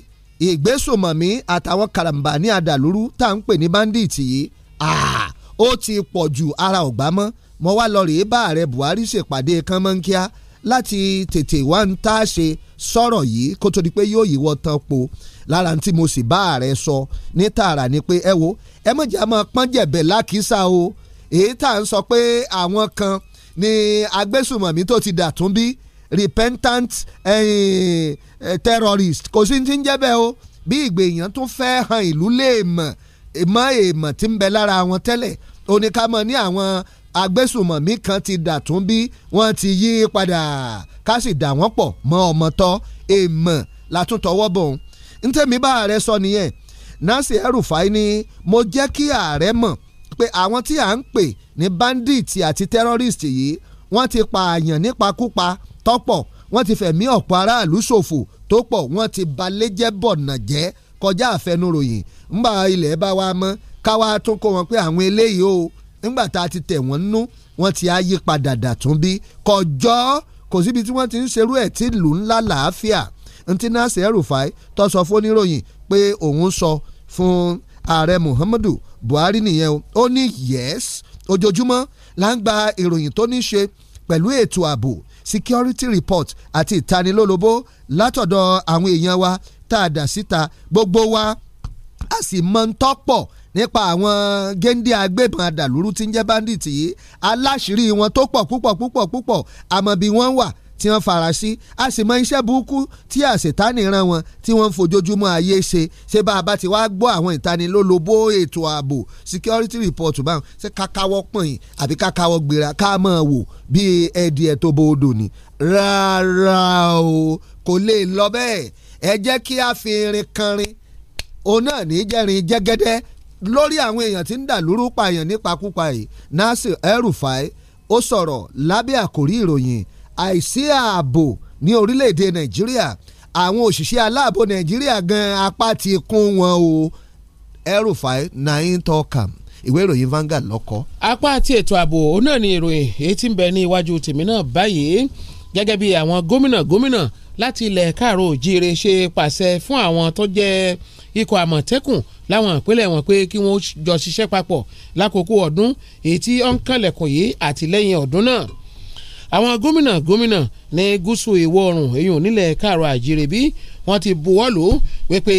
ìgbésùmọ̀mí àtàwọn karambà ní adàlúrú tá à ń pè ní báńdíìtì yìí ó ti pọ̀ ju ara ọ̀gbá mọ́ mo wá lọ rèé bá ààrẹ Buhari ṣèpàdé kánmọ́nkíá láti tètè wá ń tá a ṣe sọ̀rọ̀ yìí kó tó di pé yóò yíwọ́ tán po lára tí mo sì bá ààrẹ sọ ní tààrà ni pé ẹ wo ẹ mọ̀jà máa pọ́n jẹ̀bẹ̀ o èyí tá à ń sọ pé àwọn kan ni agbésùmọ̀mí tó ti dàtún bí repentant eh, terrorist kò sí ti ń jẹ́ bẹ́ẹ̀ o bí ìgbèyàn tún fẹ́ han ìlú léèmọ̀ èèmọ̀ èèmọ̀ tí ń bẹ lára wọn tẹ́lẹ̀ oníkàmọ́ ní àwọn agbésùmọ̀mí kan ti Dàtúnbí wọ́n ti yí padà ká sì dà wọ́n pọ̀ mọ́ ọmọ tọ́ èèmọ̀ látúntọ́wọ́ bọ̀ ń tẹ̀mí bá ààrẹ sọ nìyẹn Nasir El-Rufai ni mo jẹ́ kí ààrẹ mọ̀ pé àwọn tí à ń pè ní bandits àti terrorists yìí wọ́n ti pààyàn nípakúpa tọ́pọ̀ wọ́n ti fẹ̀mí ọ̀pọ̀ aráàlú ṣòfò tó pọ̀ wọ́n ti balẹ̀jẹ́ bọ̀nà jẹ́ kọjá àfẹnuròyìn ńbà ilẹ̀ bá wa mọ́ káwa tún kó wọn pé àwọn eléyìí o nígbà tá a ti tẹ̀ wọ́n nú wọ́n ti á yí padà dàtún bí kọjọ́ kò síbi tí wọ́n ti ń ṣerú ẹ̀ tí lù ńlá làáfíà ntí Nasir el tó sọ fún oníròyìn pé òun sọ fún ààrẹ Muhammadu Buhari nìyẹn o ó ní yes ojoojúmọ́ là ń gba ìròyìn tó ní ṣe pẹ̀lú ètò ààbò security report àti ìtanilólobó látọ̀dọ̀ àwọn èèyàn wa tá a dà síta gbogbo wa a sì mọ̀ ń tọ́pọ̀ nípa àwọn géńdé agbébọn àdàlúrú tí ń jẹ́ bandit yìí aláṣìírí wọn tó pọ̀ púpọ̀ púpọ̀ púpọ̀ àmọ́ bí wọ́n wà tí wọ́n fara sí a sì mọ iṣẹ́ burúkú tí àṣetánì ran wọn tí wọ́n ń fojoojúmọ́ ayé ṣe ṣé bá a bá ti wá gbọ́ àwọn ìtanilólobó ètò ààbò security report báwọn ṣé kákáwọ́ pọ̀nyìn àbí kákáwọ́ gbéra ká mọ̀ wò bí ẹ̀dì ẹ̀ tó bo odò ni rárá o kò lè lọ bẹ́ẹ̀ ẹ jẹ́ kí a fi irin kanrin òun náà ní jẹ́rin jẹ́gẹ́dẹ́ lórí àwọn èèyàn tí ń dà lúrú pààyàn nípakúpa yìí Nasir El-Rufai ó sọ̀rọ̀ lábẹ́ àkórí ìròyìn àìsí ààbò ní orílẹ̀-èdè Nàìjíríà àwọn òṣìṣẹ́ aláàbò Nàìjíríà gan apá ti kún wọn o El-Rufai nain tọ́ka ìwé ìròyìn Vanguard lọ́kọ́. apá àti ètò ààbò òun náà ni ìròyìn èyí tí ń bẹ ní iwájú tèmi náà báyìí gẹ́gẹ́ bí àwọn gómìnà gómìnà láti ilẹ̀ káàró òjíire ṣe pàṣẹ fún àwọn tó jẹ́ ikọ̀ àmọ̀tẹ́kùn láwọn ìpínlẹ̀ wọn pé kí wọ́n jọ ṣiṣẹ́ papọ̀ lákòókò ọdún èyí tí ó ń kànlẹ̀kùn yìí àtìlẹ́yìn ọdún náà àwọn gómìnà gómìnà ní gúúsù ìwọ̀ oòrùn èyí ò nílẹ̀ káàrọ̀ àjíire bí wọ́n ti buwọ́lù wípé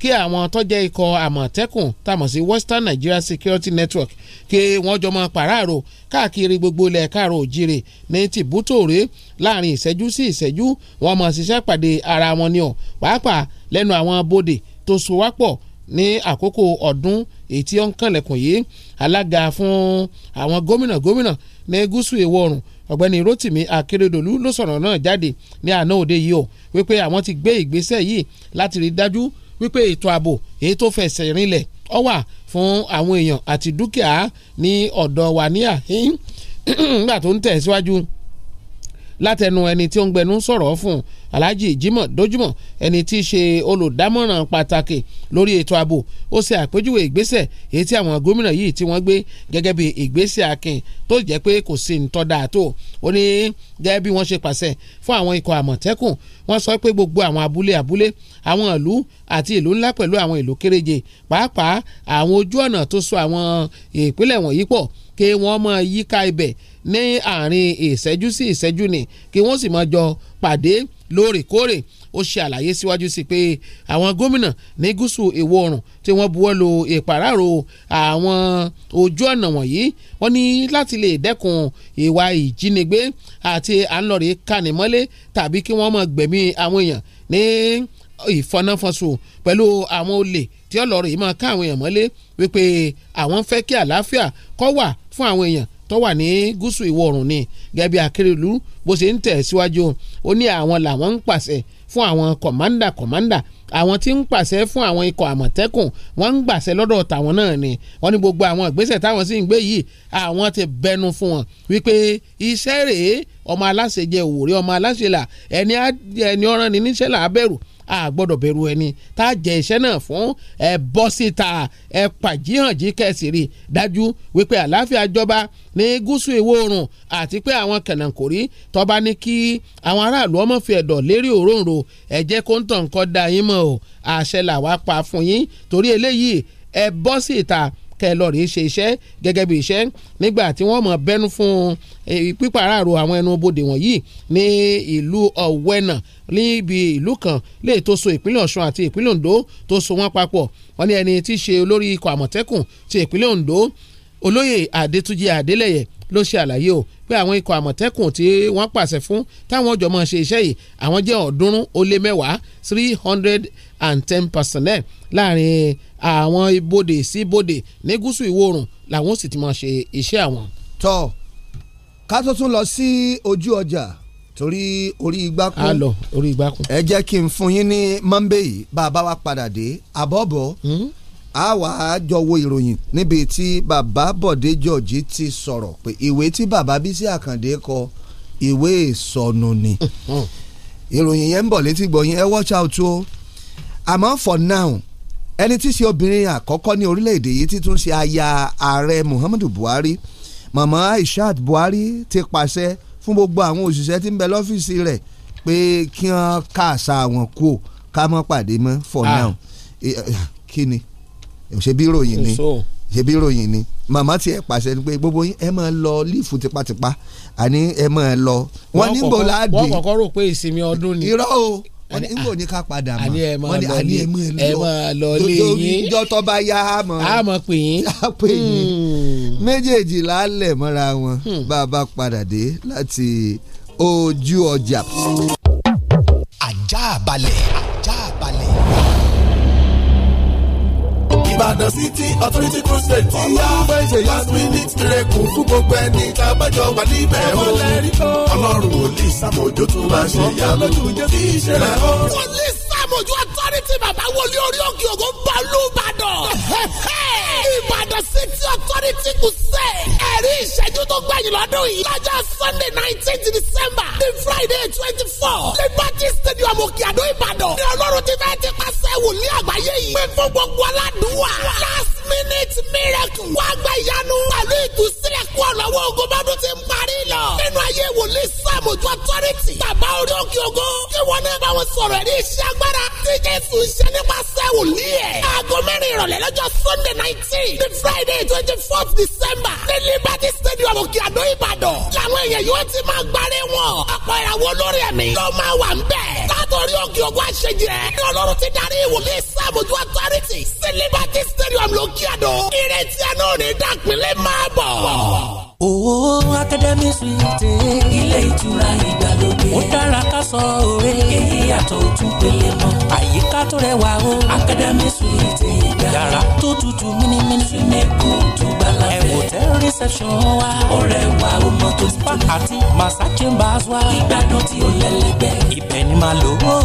kí àwọn tó ikọ̀ àmọ̀tẹ́kùn tàmọ̀ sí Western Nigeria Security Network kí wọ́n jọ máa pàráàrò káàkiri gbogbo ilẹ̀ káàrọ̀ òjìrè ní tìbútòrè láàrin ìṣẹ́jú sí ìṣẹ́jú wọ́n máa ṣiṣẹ́ pàdé ara wọn ni ọ̀ pàápàá lẹ́nu àwọn bodè tó so wá pọ̀ ní àkókò ọdún èyí tí ó ń kànlẹ̀kùn yìí alága fún àwọn gómìnà gómìnà ní gúúsù ìwọ̀ oòrùn ọ̀gbẹ́ni Rotimi Akeredolu ló sọ̀rọ̀ náà jáde ní àná òde yìí o wípé àwọn ti gbé ìgbésẹ̀ yìí láti rí dájú wípé ètò ààbò èyí tó fẹsẹ̀ rinlẹ̀ ó wà fún àwọn èèyàn àti dúkìá ní ọ̀dọ̀ wa ní àhín nígbà tó ń tẹ̀síwájú. Si látẹnu ẹni tí ó ń gbẹnu sọ̀rọ̀ fún Alhaji Jimoh Dojúmọ̀ ẹni tí í ṣe olùdámọ̀ràn pàtàkì lórí ètò ààbò ó ṣe àpèjúwe ìgbésẹ̀ èyí tí àwọn gómìnà yìí tí wọ́n gbé gẹ́gẹ́ bí ìgbésẹ̀ akin tó jẹ́ pé kò sí ntọ́da tó ó ní gẹ́gẹ́ bí wọ́n ṣe pàṣẹ fún àwọn ikọ̀ àmọ̀tẹ́kùn wọ́n sọ pé gbogbo àwọn abúlé abúlé àwọn ìlú àti ìlú ńlá pẹ̀lú àwọn ìlú kéréje pàápàá àwọn ojú ọ̀nà tó so àwọn ìpínlẹ̀ wọ̀nyí pọ̀ kí wọ́n máa yíká ibẹ̀ ní àárín ìṣẹ́jú sí ìṣẹ́jú ni kí wọ́n sì máa jọ pàdé lóòrèkóòrè ó ṣe àlàyé síwájú sí pé àwọn gómìnà ní gúúsù ìwọ̀ oòrùn tí wọ́n buwọ́ lu ìpàráàrò àwọn ojú ọ̀nà wọ̀nyí wọ́n ní láti lè dẹ́kun ìwà ìjínigbé àti ànlọ́rẹ̀ kànìmọ́lé tàbí kí wọ́n máa gbẹ̀mí àwọn èèyàn ní ìfọnáfọnṣù pẹ̀lú àwọn olè tí ọlọ́rọ̀ yìí máa ká àwọn èèyàn mọ́lé wípé àwọn fẹ́ kí àlàáfíà kó wà fún àwọn èèyàn tó wà ní gúúsù ìwọ̀ oòrùn ni gẹ́gẹ́ bí Akérèdọ́lù bó ṣe ń tẹ̀ síwájú ó ní àwọn làwọn ń pàṣẹ fún àwọn kọ̀mándà kọ̀mándà àwọn tí ń pàṣẹ fún àwọn ikọ̀ àmọ̀tẹ́kùn wọ́n ń gbàṣẹ lọ́dọ̀ tàwọn náà ni wọ́n ní gbogbo àwọn ìgbésẹ̀ táwọn sì ń gbé yìí àwọn ti bẹnu fún wọn wípé iṣẹ́ rèé ọmọ aláṣẹ jẹ òwúrẹ́ ọmọ aláṣẹ là ẹni ọ̀ràn ní níṣẹ́ là á bẹ̀rù a gbọ́dọ̀ bẹ̀rù ẹni tá a jẹ iṣẹ́ náà fún ẹ bọ́ síta ẹ pàjíhànjí kẹsì rí dájú wípé àlàáfíà jọba ní gúúsù ìwọ̀ oòrùn àti pé àwọn kànáńkòrí tọ́ba ní kí àwọn aráàlú ọmọ fi ẹ̀dọ̀ lérí òróǹro ẹ jẹ́ kó ń tàn kọ́ da yín mọ́ o àṣẹ làwa pa fún yín torí eléyìí ẹ bọ́ síta tẹ́ ẹ lọ rèé ṣe iṣẹ́ gẹ́gẹ́ bí iṣẹ́ nígbà tí wọ́n mọ̀ bẹ́nu fún e, pípàráàrò àwọn ẹnu bodè wọ̀nyí ní ìlú ọ̀wẹ́nà níbi ìlú kan lè tó so ìpínlẹ̀ ọ̀ṣun àti ìpínlẹ̀ ondo tó so wọ́n papọ̀ wọ́n ní ẹni tí ṣe olórí ikọ̀ àmọ̀tẹ́kùn ti ìpínlẹ̀ ondo olóyè adétúnjì adélẹ̀yẹ ló ṣe àlàyé o pé àwọn ikọ̀ àmọ̀tẹ́kùn tí wọ́n pàṣẹ fún táwọn ọjọ́ máa ṣe iṣẹ́ yìí àwọn jẹ́ ọ̀ọ́dúnrún ó lé mẹ́wàá three hundred and ten personnel láàrin àwọn ibodè sí ibodè ní gúúsù ìwọ̀ oòrùn làwọn sì ti máa ṣe iṣẹ́ àwọn. tọ́ ká tó tún lọ sí ojú ọjà torí orí igbá kún a lọ orí igbá kún. ẹ jẹ́ kí n fún yín ní monday yìí bá a bá wa padà dé àbọ̀bọ̀ hmm? a wà á jọ wo ìròyìn níbi tí bàbá Bọ̀dé George ti sọ̀rọ̀ pé ìwé tí bàbá Bísí Àkàndé kọ ìwé ìsọnù ni hmm. ìròyìn yẹn ń bọ̀ létí gbọ̀yìn ẹ watch out o àmọ́ for now ẹni tí í ṣe obìnrin àkọ́kọ́ ní orílẹ̀-èdè yìí títún ṣe aya ààrẹ Muhammadu Buhari Mama Aishat Buhari ti pàṣẹ fún gbogbo àwọn òṣìṣẹ́ tí ń bẹ lọ́fíìsì rẹ̀ pé kí wọ́n ká àṣà wọn kú ò ká mọ́ pàdé mọ́ for ah. now kí ni ṣe bí ròyìn ni ṣe bí ròyìn ni màmá tiẹ̀ pàṣẹ ni pé gbogbo yín ẹ máa lọ lífù tipátipá àní ẹ máa lọ. wọ́n níbo láàdì wọ́n kọ́kọ́ rò pé ìsinmi ọdún ni. irọ́ o wọ́n ní ngbò ní ká padà mọ́ wọ́n ní àní ẹ̀ mọ́ ẹ lọ lé yín lójó tó bá yá a mọ̀ a mọ̀ pè yín hmm. méjèèjì lálẹ̀ mọ́ra wọn hmm. bá a bá padà dé láti ojú ọjà. ajá balẹ̀. Ìbàdàn City Authority Crusade ti yá last minute miracle fún gbogbo ẹni tá a bá jọ wà níbẹ̀ o Ọlọ́run ò lè sàmójú tó máa ṣe yá lójú tí ì ṣe rẹ̀ o. wọ́n lè sàmójú Authority bàbá wọlé orí òkè ògùn bọ́ọ̀lù Ìbàdàn. Ìbàdàn City Authority kù sẹ́ ẹ̀rí ìṣẹ́jú tó gbẹ̀yìn lọ́dún yìí lọ́jọ́ Sunday nineteenth December ní Friday twenty four Liberty Stadium Òkè Àdó Ìbàdàn ní Ọlọ́run ti fẹ́ ti pàṣẹ wòlíì àgbáyé yìí pé fún gbogbo aládùúwà last minute miracle wá gba ìyanu pẹ̀lú ìtúsílẹ̀ kú ọ̀lọ́wọ́ ogun bọ́dún ti ń parí lọ nínú ayé wòlíì Sam ojú authority bàbá orí òkè ogo kí wọn náà bá wọn sọ̀rọ̀ ẹ̀rí iṣẹ́ agbára tí Jésù ń ṣe nípasẹ̀ wòlíì ẹ̀. aago mẹ́rin ìrọ̀lẹ́ lọ́jọ́ Sunday nineteen ní Friday twenty fourth December ní Liberty Stadium òkè àdó Ìbàdàn làwọn èèyàn yóò ti máa gbáré wọn ọ̀pọ̀ ìràwọ̀ olórí ẹ̀mí ló máa wà ń bẹ̀. látọ̀rí òkè ogo àṣejì rẹ̀ ní Ọlọ́run ti darí wòlíì Sam ojú authority sí Liberty Stadium lókè àjọ̀dún ìrètí àná òní dàpínlẹ̀ máa bọ̀. Owó Akademi Suite. Ilé ìtura ìgbàlódé. Ó dára ká sọ òwe. Èyí yàtọ̀ ojú pele mọ́. Àyíká tó rẹwà o. Akademi Suite Yàrá tó tutù mímímí. Súnmẹ́kù tó gbàlá hotel reception wa. ọ̀rẹ́ wa ó mọ tó ti tó. àti massa chambers wa. ìgbádùn tí ó lẹ́lẹ́gbẹ́. ibẹ̀ ni màá lò ó.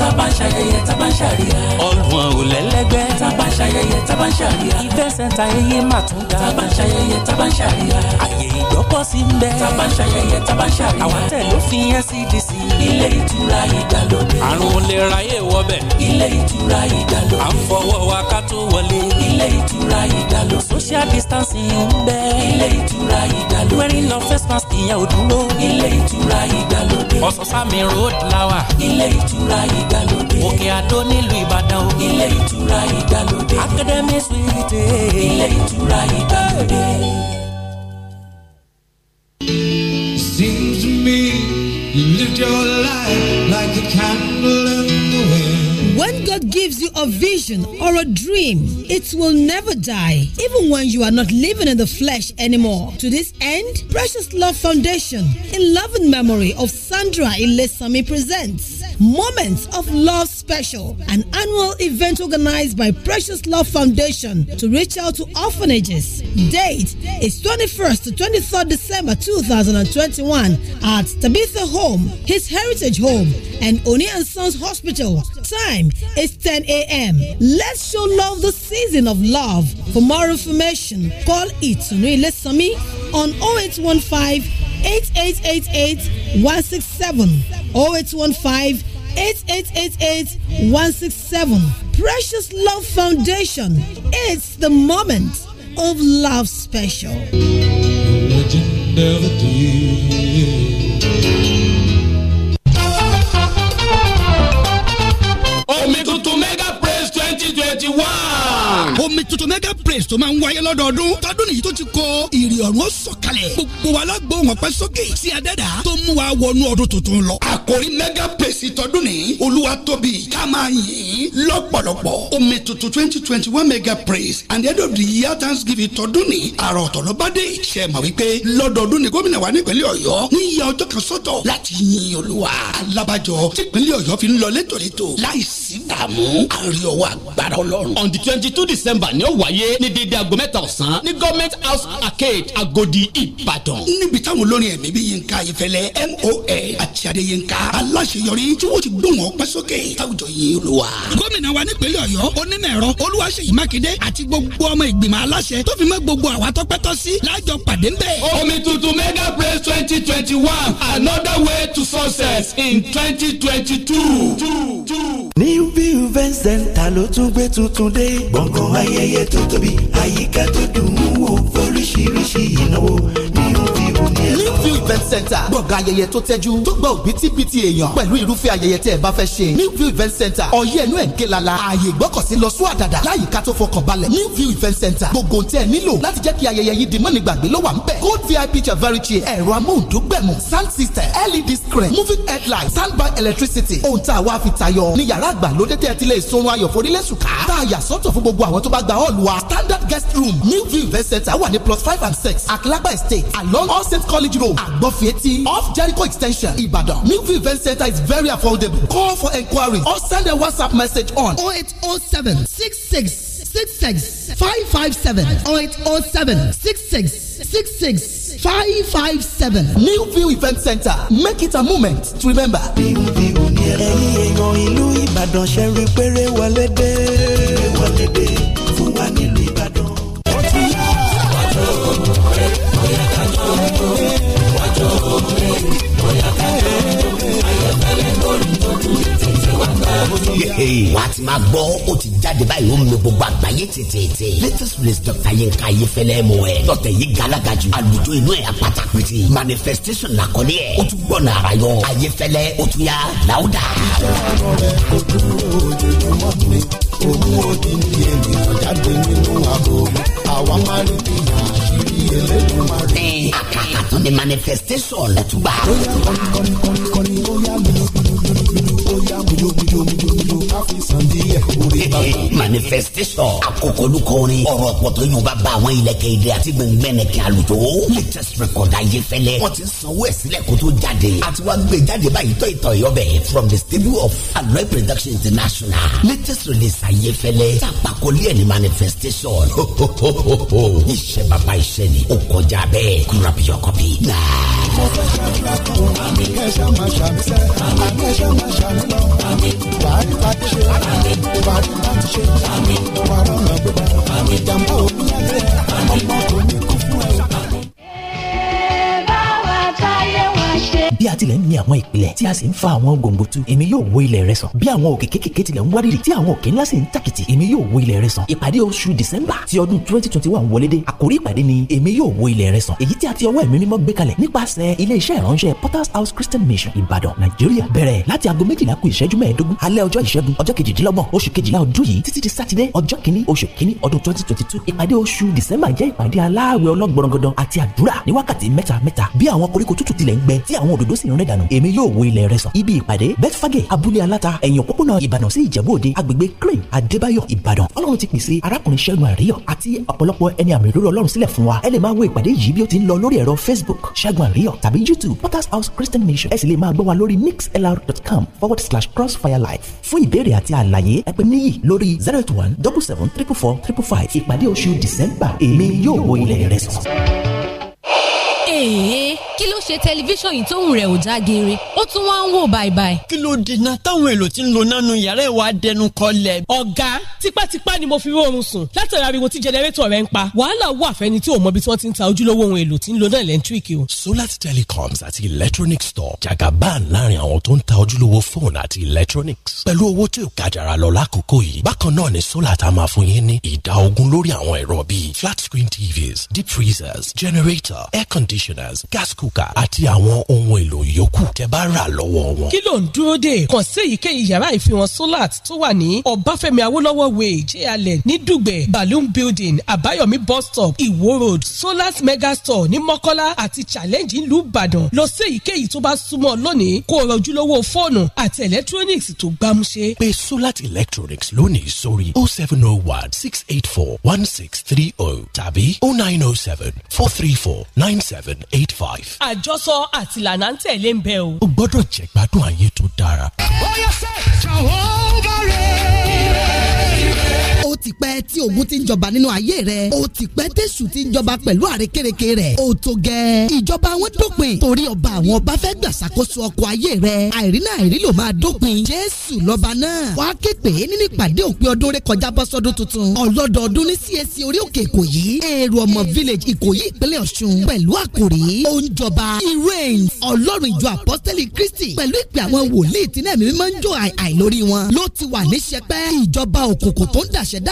tábà ń ṣayẹyẹ tábà ń ṣàríyá. ọ̀gbun ò lẹ́lẹ́gbẹ́. tábà ń ṣayẹyẹ tábà ń ṣàríyá. ìfẹ́ sẹ́ńtà eyé mà tún ga. tábà ń ṣayẹyẹ tábà ń ṣàríyá. àyè ìgbọ́kọ̀ sí ń bẹ. tábà ń ṣayẹyẹ tábà ń ṣàríyá. àwọn tẹ̀ ló fi NCDC. ilé ìtura ìgbàlódé. àrùn lè ráyè wọbẹ̀. ilé ìtura ìgbàlódé. à ń fọwọ́ wa ká tó wọlé. ilé ìtura ìgbàlódé social distancing ń bẹ. ilé ìtura ìgbàlódé. wearing no face mask ìyẹn ò dúró. ilé ìtura ìgbàlódé. ọ̀sán road lawa. ilé ìtura ìgbàlódé. òkè àdó nílùú ìbàdàn o. ilé ìtura ìgbàlódé. academy suite. ilé ìtura ìgbàlódé. Seems to me you lived your life like a candle. God gives you a vision or a dream, it will never die, even when you are not living in the flesh anymore. To this end, Precious Love Foundation, in love and memory of Sandra Ilesami, presents Moments of Love Special, an annual event organized by Precious Love Foundation to reach out to orphanages. Date is 21st to 23rd December 2021 at Tabitha Home, His Heritage Home, and Oni and Sons Hospital. Time is 10 a.m. Let's show love the season of love. For more information, call Itunu Ilesami on 0815 8888 167 0815 8888 167. Precious Love Foundation. It's the moment of love special. Me to to mega praise twenty twenty one omi tuntun mega praise tó máa ń wáyé lọ́dọọdún tọdún nìyí tó ti kọ ìrì ọ̀run sọ̀kalẹ̀ gbogbo wa lágbo wọn pẹ́ sókè sí adẹ́dà tó mú wa wọnú ọdún tuntun lọ. àkòrí mega praise tọdún ní olúwa tóbi ká máa yìn lọ́pọ̀lọpọ̀ omi tuntun twenty twenty one mega praise and end of the year thanksgiving tọdún ní àrò ọ̀tọ̀lọ́bádé ṣe mà wípé lọ́dọọdún ni gómìnà wa nípínlẹ̀ ọ̀yọ́ ní ọjọ́ kan sọ́tọ̀ láti yin olúwa alábàjọ típínlẹ̀ ọ̀yọ́ fi ń lọ létòlétò láìsí dààmú àríọwọ́ agbára ọlọ́run. on the twenty two december december ni ó wáyé ní dédé aago mẹ́ta ọ̀sán ní government house arcade agodi ìbàdàn. níbi táwọn olórin ẹ̀mí bí yínká ayéfẹ́lẹ́ moa àti adéyínká aláṣeyọrí tí wọ́n ti gbóhùn ọpẹ́ sókè táwùjọ yìí ló wà. gómìnà wa nípínlẹ̀ ọ̀yọ́ onínàẹ̀rọ olúwaṣeyì mákindé àti gbogbo ọmọ ìgbìmọ̀ aláṣẹ tó fi mọ́ gbogbo àwa tọpẹ́tọ́ sí lájọ pàdé ń bẹ̀. omi tuntun mega praise twenty twenty one another way to success in twenty twenty two. new view event center ló tún gbé tuntun dé gbọ̀ngàn ayẹyẹ tó tóbi àyíká tó dùn ún wò foríṣiríṣi ìnáwó ní Newview event center gbọ̀ngàn ayẹyẹ tó tẹ́jú tó gba òbítíbitì èèyàn pẹ̀lú irúfẹ́ ayẹyẹ tẹ́ ẹ bá fẹ́ ṣe Newview event center ọ̀yẹ́ ẹnu ẹ̀ ń ké lala ààyè ìgbọ́kọ̀sí lọ sún àdàdà láyìíká tó fọkàn balẹ̀ Newview event center gbogbo tẹ́ ẹ nílò láti jẹ́ kí ayẹyẹ yìí di mọ́nìgbàgbé ló wà ń bẹ̀ gold vip chavarichi ẹ̀rọ amóhundógbẹ̀mù sound system led screen moving headlight standby electricity ohun tá a wá fi tayọ ní yàrá àgbàlódé tẹ́ ẹ ti lè sunrun ayọ̀ forílẹ̀sùká tá a yà sọ́tọ̀ fún gbogbo àwọn tó bá gba hall wa standard guest room Newview event center wà ní plus five and six àkìlágbà estate along us state college road agbofieti off jericho extension ibadan milview event center is very affordable call for enquiry or send a whatsapp message on 0807 66 66 557 0807 66 66 557 New View Event Center make it a moment to remember. Bíu èèyàn ìlú Ìbàdàn ṣe rí Péré wọlé dé fún wa nílùú. wàá ti máa gbọ́ ó ti jáde báyìí ó ń mi gbogbo àgbáyé tètè. latest release Dr. Yinka Ayefẹ́lẹ́ mọ̀ ẹ́ dọ̀tẹ̀ yìí galaga jù àlùjọ inú ẹ̀ apata pété manifestation làkọ́lé ẹ̀ ó tún gbọ́ nàrà yọ Ayefẹ́lẹ́ ó tún yà láwùdà. Òun òdì ní ènìyàn jáde nínú àbò, àwa máa ń bí àṣírí ẹlẹ́dùnmáà. Ẹ àkàkà tó ní manifestation ọ̀lẹ́túgbà. Ó yá kọ́ni kọ́ni kọ́ni kọ́ni ó yá mi do do do do do fi sàn díẹ̀ orí bàbá. manifestation àkókò olùkọ́ orin ọ̀rọ̀ yóò bá bá àwọn ilẹ̀kẹ̀ ìdè àti gbẹ̀ngbẹ̀nẹ̀kẹ̀ àlùjọ. latest record ayé fẹ́lẹ́ wọ́n ti sanwó ẹ̀ sílẹ̀ kó tó jáde àti wàá gbé jáde báyìí tọ́ ìtọ̀ ẹ̀yọ́ bẹ̀ from the studio of aloe production international latest release ayé fẹ́lẹ́ tàpákọ́lé ẹ̀ ní manifestation. iṣẹ́ bàbá iṣẹ́ ni ó kọjá bẹ́ẹ̀ grab your copy now. mo fẹ́ ṣàkóso àmì kẹ́sà máa ṣàmì àmì kẹ́sà máa ṣàmì àmì ṣe tó bá dùn láti ṣe tó bá dùn láti gbé bá ìjàmbá òbí yá lẹ́yìn ọmọ òní kọ́. bí a tilẹ̀ ń ní àwọn ìpìlẹ̀ tí a sì ń fa àwọn gbòǹgbò tu èmi yóò wo ilẹ̀ rẹ sàn bí àwọn òkè kékèké tilẹ̀ ń wárìrì tí àwọn òkè ńlá sì ń tàkìtì èmi yóò wo ilẹ̀ rẹ sàn ìpàdé oṣù december ti ọdún twenty twenty one wọlédé àkórí ìpàdé ni èmi yóò wo ilẹ̀ rẹ sàn èyí tí a ti ọwọ́ ẹ̀mí mímọ́ gbé kalẹ̀ nípasẹ̀ ilé iṣẹ́ ìránṣẹ́ Potter's House Christian Mission Ìbàdàn Nàìjíríà bẹ̀rẹ̀ láti aago méjìlá ku ìṣẹ́jú mẹ́ẹ̀ẹ́dógún alẹ́ ọjọ́ ìṣẹ́gun ọjọ́ kejìdínlọ́gbọ̀n oṣù kejìlá ọdún yìí títí di sátidé ọjọ́ kìíní oṣù kìíní ọdún twenty twenty two ìpàdé oṣù december jẹ́ ìpàdé aláàwẹ̀ ọlọ́gbọ̀nrọ̀gọ̀dọ̀ àti àdúrà ní wákàtí mẹ́ta mẹ́ta bí àwọn koríko tútù tilẹ̀ ń gbẹ tí àwọn òd òdòdó sì ń rẹ̀ dànù èmi yóò wo ilẹ̀ rẹ sàn ibi ìpàdé betfage abúlé aláta ẹ̀yìn òpópónà ìbàdàn sí ìjẹ̀bú òde agbègbè crane adébáyọ̀ ìbàdàn ọlọ́run ti pèsè arákùnrin ṣẹ́gun àríyọ̀ àti ọ̀pọ̀lọpọ̀ ẹni àmì ìróró ọlọ́run sílẹ̀ fún wa ẹ lè máa wo ìpàdé yìí bí ó ti ń lọ lórí ẹ̀rọ facebook ṣẹ́gun àríyọ̀ tàbí youtube potters house christian mission ẹ sì lè máa gbọ́ forward slash crossfirelife fún ìbéèrè àti àlàyé ẹ pè zero eight one double seven triple four triple five ìpàdé oṣù december èmi yóò wo ilẹ̀ rẹ ṣe tẹlifíṣàn yìí tóun rẹ̀ ò já ó tún wá ń wò bàìbàì. kí ló dènà táwọn èrò tí ń lo nánú yàrá ìwà dẹnu kọlẹ̀. ọ̀gá tipátipá ni mo fi rọrùn sùn látara ariwo tí jẹnẹrétọ̀ rẹ̀ ń pa wàhálà wà fẹ́ni tí ò mọ ibi tí wọ́n ti ń ta ojúlówó ohun èlò tí ń lo náà lẹ́ńtíríkì o. solar telecoms àti electronic store jagaban láàrin àwọn tó ń ta ojúlówó fóònù àti electronics pẹ̀lú owó tí ò kájàra lọ lákòókò yìí bákan náà ni solar ta máa fún yín ní ìdá ogún lórí àwọn ẹ̀rọ bíi flat screen tvs deep freezers generator air conditioners gas cooker àti àwọn ohun èlò yòókù tẹ́ bá rà lọ́wọ́ wọn. kí ló ń dúró dè kàn sí èyíkéyìí yàrá ìfihàn solat tó wà ní ọbáfẹ́mi awólọ́wọ̀ way jayalẹ ní dùgbẹ̀ balloon building àbáyọ̀mí bus stop iwo road solat mega store ní mọ́kọ́lá àti challenge ìlú ìbàdàn lọ sí èyíkéyìí tó bá súnmọ́ lónìí kó o rọjú lọ́wọ́ fóònù àti electronics tó gbámúṣé. pè solat electronics lónìí sórí oh seven oh one six eight four one six three oh tàbí oh nine oh seven four three four nine seven eight five àjọsọ àti ìlànà ń tẹ̀lé ń bẹ o. o gbọ́dọ̀ jẹ́ gbádùn ayé tó dára. ó yẹ sẹ́ ṣàwọ́ bá rẹ̀ ti pẹ́ tí ogun ti ń jọba nínú ayé rẹ̀ o ti pẹ́ tẹ̀sù ti ń jọba pẹ̀lú àrékérekè rẹ̀ o tó gẹ́ ìjọba wọn dópin torí ọba àwọn ọba fẹ́ gbàsàkóso ọkọ̀ ayé rẹ̀ àìrí náà àìrí ló máa dópin jésù lọ́ba náà wàá ké pé nínú ìpàdé òpin ọdún rékọjá bọ́sọ́dún tuntun ọlọ́dọọdún ní CAC e orí òkè ìkòyí èrò ọmọ village ìkòyí ìpínlẹ̀ ọ̀ṣun pẹ̀lú àkòrí oúnjọba irin ọlọ́run ìjọ àpọ́sítẹ́lì kristi pẹ̀lú ìpè àwọn wòlíì tí náà mímọ́ ń jò àìlórí wọn ló ti wà ní sẹpẹ́ ìjọba òkùnkùn tó ń dàṣẹ́ dá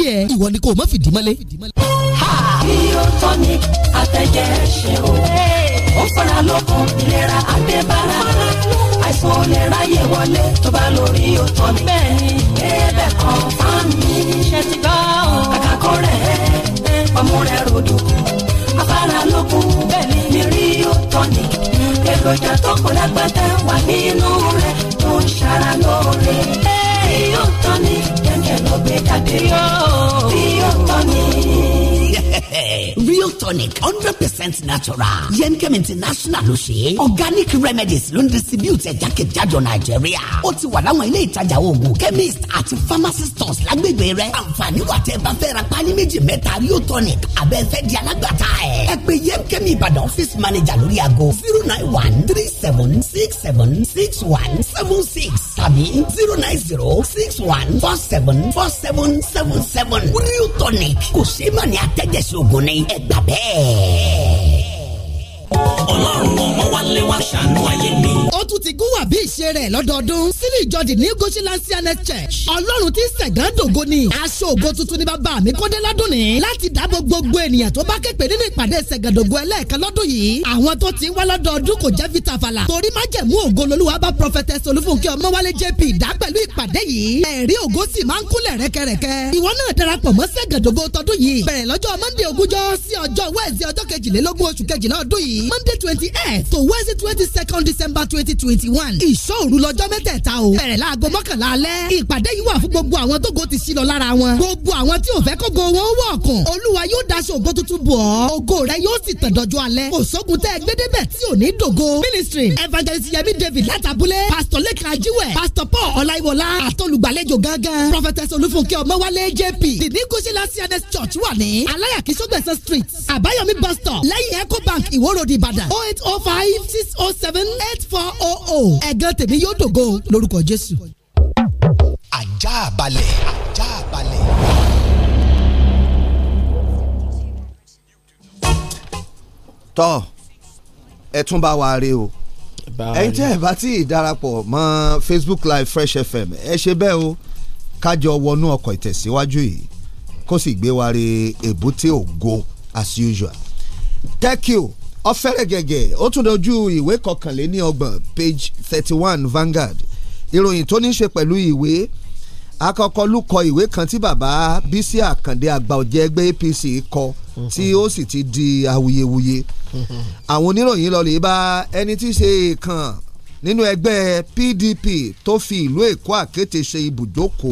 ayé ẹ ìwọ ni kò má fìdí mọ́lé. bí ó tọ́ ni àtẹ̀jẹ́ ṣe o ó fara lókun ìlera àdébára àìsàn ò ráyè wọlé tó bá lórí ó tọ́ ni. bẹ́ẹ̀ni ẹ̀bẹ̀ kan fáàmì ṣe ti gbọ́ o kàkàkọ́ rẹ̀ ọmú rẹ̀ rodò afárá lókun bẹ́ẹ̀ni mi rí ó tọ́ ni èròjà tó kọ́ lágbàtà wà nínú rẹ̀ tó ń ṣara lóore. Real tonic 100 natural. Yemkem International ló ṣe. Organic remedies ló ń distribute ẹ̀ jákèjádò Nàìjíríà. Ó ti wà láwọn ilé ìtajà oògùn chemist àti pharmacy stores lágbègbè rẹ̀. Àǹfààní wà tẹ́ bá fẹ́ ra pálí méjì mẹ́ta Real tonic abẹ́ fẹ́ di alágbàtà ẹ̀. Ẹ pe Yemkem Ìbàdàn office manager lórí aago zero nine one three seven six seven six one seven six tàbí zero nine zero six one four seven four seven seven seven real tonic kò ṣe é mà ní atẹ́jẹsí ògùn ní ẹgbà bẹ́ẹ̀. ọlọ́run ọmọ wa lé wa ṣàánú ayé mi. ó tún ti gún wà bí ìṣe rẹ̀ lọ́dọọdún nínú ìjọ the new goshen lancianet church ọlọ́run ti sẹ̀gándògo ni aṣọ ògo tuntun ni bàbá mi kọ́dé lọ́dún ni láti dáàbò gbogbo ènìyàn tó bá képe nínú ìpàdé sẹ̀gándògo ẹlẹ́ẹ̀kan lọ́dún yìí àwọn tó ti ń wá lọ́dọọdún kò jẹ́ vita fàlà torí májẹ̀mú ògo lolúwa bá prophetess olúfúnkẹ́ ọmọwálé jp dá pẹ̀lú ìpàdé yìí ẹ̀rí ògo sì máa ń kúnlẹ̀ rẹ́kẹrẹ́kẹ́ ìwọ náà darapọ̀ mọ́ sẹ̀gándògo tọdún yìí bẹ̀rẹ̀ lọ́jọ́ monday ogúnjọ́ sí ọjọ́ wednesday ọjọ́ kejìlélógún oṣù kejìlá ọdún yìí monday twenty eight to wednesday twenty second december twenty twenty one ìṣọ́ òru lọ́jọ́ mẹ́tẹ̀ẹ̀ta o. bẹ̀rẹ̀ láago mọ́kànlá alẹ́. ìpàdé yìí wà fún gbogbo àwọn tógo ti sí lọ lára wọn. gbogbo àwọn tí ò fẹ́ kógo owó wọ̀ ọ̀kùn. olúwa yóò daṣọ ògo tuntun bọ̀ ọ́. ògo rẹ yóò sì tàn dọ́jọ́ alẹ́. òṣogun tẹ́ ẹ tí ò ní dògo. ministry evangelist yemi david látàbúlé. pastor lẹ́kan ajíwẹ̀. pastor paul ọláyíwọlá. àtolùgbàlejò gángan. prophetess olúfúnkẹ́ ọmọwálé jp. the new lórúkọ Jésù. ajá balẹ̀ ajá balẹ̀. tọ́ ẹ tún bá wa rí o ẹ̀yin tẹ́ ẹ bá tí darapọ̀ mọ́ Facebook live Fresh FM ẹ ṣe bẹ́ẹ̀ o kájọ wọnú ọkọ̀ ìtẹ̀síwájú yìí kó sì gbé wa re èbúté ògo as usual thank you ọ̀fẹ́rẹ́ gẹ̀gẹ̀ ó tún dojú ìwé kọkànléní ọgbọ̀n page thirty one Vanguard ìròyìn tó ní í ṣe pẹ̀lú ìwé akọkọ lukọ ìwé kan tí bàbá Bísí Àkàndé àgbà ọ̀jẹ̀ APC kọ tí ó sì ti di awuyewuye àwọn oníròyìn lọ lè bá ẹni tí í ṣe kan nínú ẹgbẹ́ PDP tó fi ìlú Èkó àkété ṣe ibùjókòó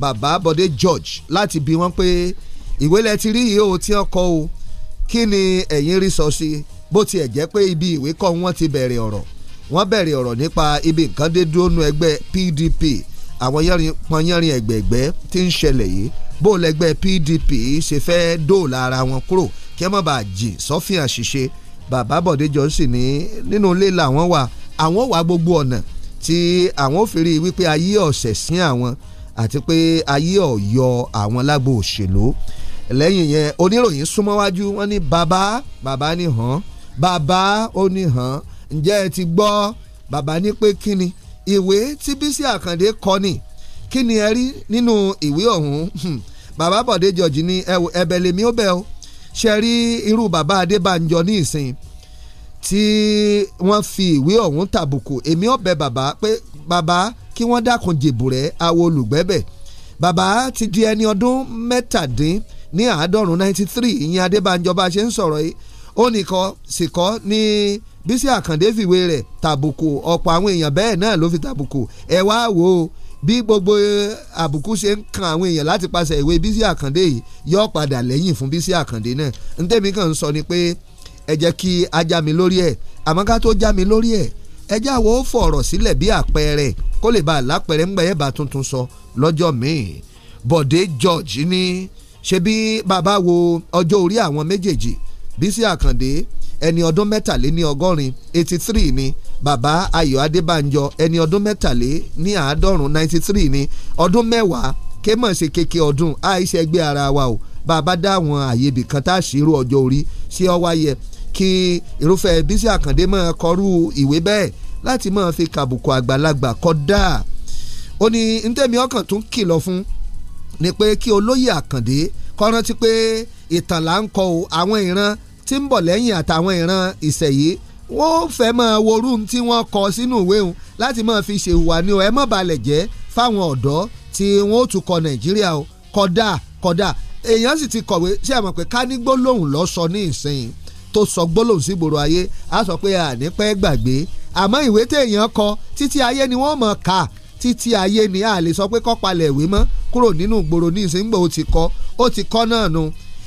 bàbá Bọ́dé George láti bi wọ́n pé ìwé lẹ ti rí yìí ó tí wọ́n o kí ni ẹ̀yin rí sọ sí bó tiẹ̀ jẹ́ pé ibi ìwé kọ́ wọ́n ti bẹ̀rẹ̀ ọ̀rọ̀ wọ́n bẹ̀rẹ̀ ọ̀rọ̀ nípa ibi nǹkan dé dúró nu ẹgbẹ́ PDP àwọn pọnyẹ́rin ẹ̀gbẹ̀gbẹ́ tí ń ṣẹlẹ̀ yìí bó lẹ́gbẹ́ PDP ṣe fẹ́ dóòlà ara wọn kúrò kí ẹ má bàa jìn sọ́fìn àṣìṣe bàbá Bọ̀dé Johnson ní nínú ilé làwọn wà àwọn wà gbogbo ọ̀nà tí àwọn ò fi rí wípé ayé ọ̀sẹ̀ sí àwọn àti pé ayé ọ̀yọ́ àwọn lágbo òṣèlú lẹ́yìn yẹn oníròyìn súnmọ́wájú wọ́n ní bàbá bàbá ní hàn bàbá ó ní hàn ǹjẹ́ ẹ ti gbọ́ bàbá ní pé kí ni ìwé tí Bísí Àkàndé kọ ni kí ni ẹ rí nínú ìwé ọ̀hún hmm. bàbá Bọ̀dé George ní ẹ̀bẹ̀ lèmi ó bẹ̀ o ṣe rí irú bàbá Adébánjọ ní ìsìn tí wọ́n fi ìwé ọ̀hún tàbùkù èmi ó bẹ̀ bàbá pé bàbá kí wọ́n dákun jèbùrẹ́ àwọn olùgbẹ́bẹ̀ bàbá ti di ẹni ọdún mẹ́tàdín ní àádọ́rùn-ún ninety three ìyẹn Adébánjọ bá ṣe ń sọ̀rọ̀ yìí ó nìkan sì kọ́ ní Bísí Àkàndé fìwé rẹ̀ tàbùkù ọ̀pọ̀ àwọn èèyàn bẹ́ẹ̀ náà ló fi tàbùkù ẹ wá wò ó bí gbogbo e, àbùkù ṣe ń kan àwọn èèyàn láti paṣẹ ìwé Bísí Àkàndé yìí yọ padà lẹ́yìn fún Bísí Àkàndé náà ntẹ́mi kàn ń sọ ni pé ẹ jẹ́ kí a já mi lórí ẹ̀ àmọ́ ká tó já mi lórí ẹ̀ ẹ já wo ó fọ̀rọ̀ sílẹ̀ bí àpẹẹrẹ kó lè bá a lápẹẹrẹ ńgbà yẹn bá tuntun sọ lọ́jọ́ míì Bọ̀dé George ni, ṣe bí bàbá wo ọjọ́ orí àwọn méjèèjì Bísí Àkàndé ẹni ọdún mẹ́tàléní ọgọ́rin eighty three ni bàbá Ayọ̀ Adébánjọ ẹni ọdún mẹ́tàléní àádọ́rùn ninety three ni ọdún mẹ́wàá kémọ̀ ṣe kéke ọdún àìṣe gbé ara wa o bàbá dá àwọn àyè ibì kan tá a ṣírò ọjọ́ orí ṣé ọ wáyẹ kí irúfẹ́ Bísí Àkàndé máa kọrú ìwé bẹ́ẹ̀ láti máa fi kàbùkù àgbàlagbà kódà ó ní ntẹ́mi ọkàn tún kìlọ̀ fún ni pé kí olóyè Àkàndé kọ́rántí pé ìtàn là ń kọ o àwọn ìran tí ń bọ̀ lẹ́yìn àtàwọn ìran ìṣẹ̀yí wọ́n fẹ́ máa worú tí wọ́n kọ sínú ìwé òun láti máa fi ṣèwà ni ẹ má balẹ̀ jẹ́ fáwọn ọ̀dọ́ tí wọ́n ó tún kọ nàìjíríà o kódà kódà èèyàn sì ti kọ̀wé sí àmọ̀ pé ká ní gbólóhùn lọ sọ ní ìsìn tó sọ gbólóhùn sí gbòòrò ayé á sọ pé àní pẹ́ gbàgbé àmọ́ ìwé téèyàn kọ títí ayé ni wọ́n mọ̀ ká títí ayé ni a lè sọ pé kọ́ palẹ̀ ìwé mọ́ kúrò nínú gbòòrò ní ìsìn gbòòrò ti kọ́ ó ti kọ́ náà nu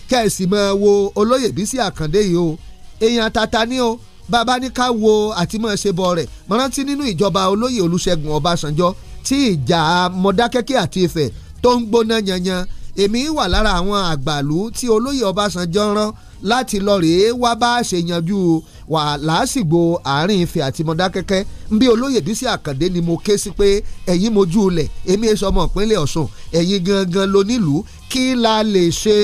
kẹ́sì máa wo olóyè Bísí Àkàndé yìí o èèyàn tata ni o bàbá ní ká wo àti máa ṣe bọ̀ rẹ̀ mọ̀rántí nínú ìjọba olóyè Olúṣẹ́gun Ọbásanjọ́ tí ìjà Mọ̀dákẹ́kẹ́ àti Ifẹ̀ tó ń gbóná yanyan èmi wà lára àwọn àgbàlú tí olóyè Ọbásanjọ́ rán láti lọ rèé wá bá a ṣe yanjú wà lásìgbò àárín Ifẹ̀ àti Mọ̀dákẹ́kẹ́ ń bí olóyè Bísí Àkàndé ni mo ké sí pé ẹ̀yin mojú ulẹ̀ èmi èso e ọmọ ìpínlẹ̀ Ọ̀ṣun ẹ̀yin gangan lonílùú kí la lè ṣe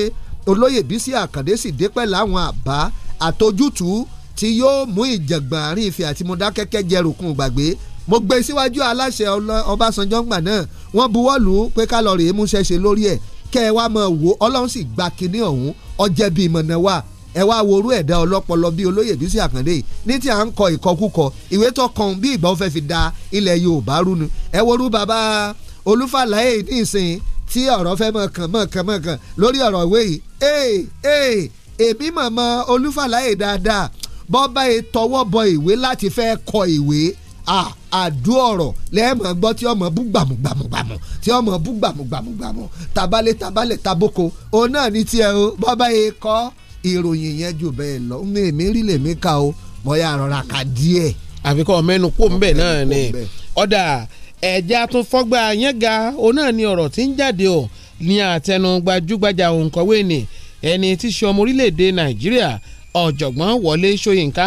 olóyè bísí àkàndé sì dé pẹ́ láwọn àbá àtojútùú tí yóò mú ìjàngbọ̀n àárín ìfẹ́ àti mọ̀dákẹ́kẹ́ jẹrùkún gbàgbé mo gbé e síwájú aláṣẹ ọbásanjọ́ ńgbà náà wọ́n buwọ́ lù ú pé kálọ̀rì èémú ṣẹ̀ṣẹ̀ lórí ẹ̀ kẹ́ ẹ wá mọ̀ wò ọlọ́run sì gba kinní ọ̀hún ọjẹ́ bíi mọ̀nà wà ẹ wá worú ẹ̀dá ọlọ́pọlọ bíi olóyè bísí àkàndé yìí ní tí à ń kọ ìkọkúkọ ìwé tó kan bí ìgbà ó fẹ́ fi da ilẹ̀ yorùbá rúnu ẹ worú bàbá olúfàlàyé nísìn tí ọ̀rọ̀ fẹ́ mọ̀ kàn mọ̀ kàn mọ̀ kàn lórí ọ̀rọ̀ ìwé yìí ee ee èmi màmá olúfàlàyé dáadáa bọ́bá ẹ tọwọ́ bọ ìwé láti fẹ́ kọ ìwé àdó ọ̀rọ̀ lẹ́ẹ̀mọ̀ gbọ́ tí ọmọ bú gbàmùgbàmùgbàmù tí ọmọ bú gbàmùgbàmùgbàmù tabalẹ̀ tabalẹ̀ taboko òun náà ní tiẹ̀ o bọ́bá ẹ kọ́ ìròyìn yẹn jù bẹ́ẹ̀ lọ ń èmi rí lèmi ka o bóyá rọra ka díẹ̀. àfikún mẹ́nu kó ń bẹ̀ náà ni ọ̀dà ẹ̀já tún fọ́gbà yẹn ga òun náà ni ọ̀rọ̀ tí ń jáde o ní àtẹnu gbajúgbajà òǹkọ̀wé ni ẹni tí í ṣe ọmọ orílẹ̀-èdè nàìjíríà ọ̀jọ̀gbọ́n wọlé ṣóyínká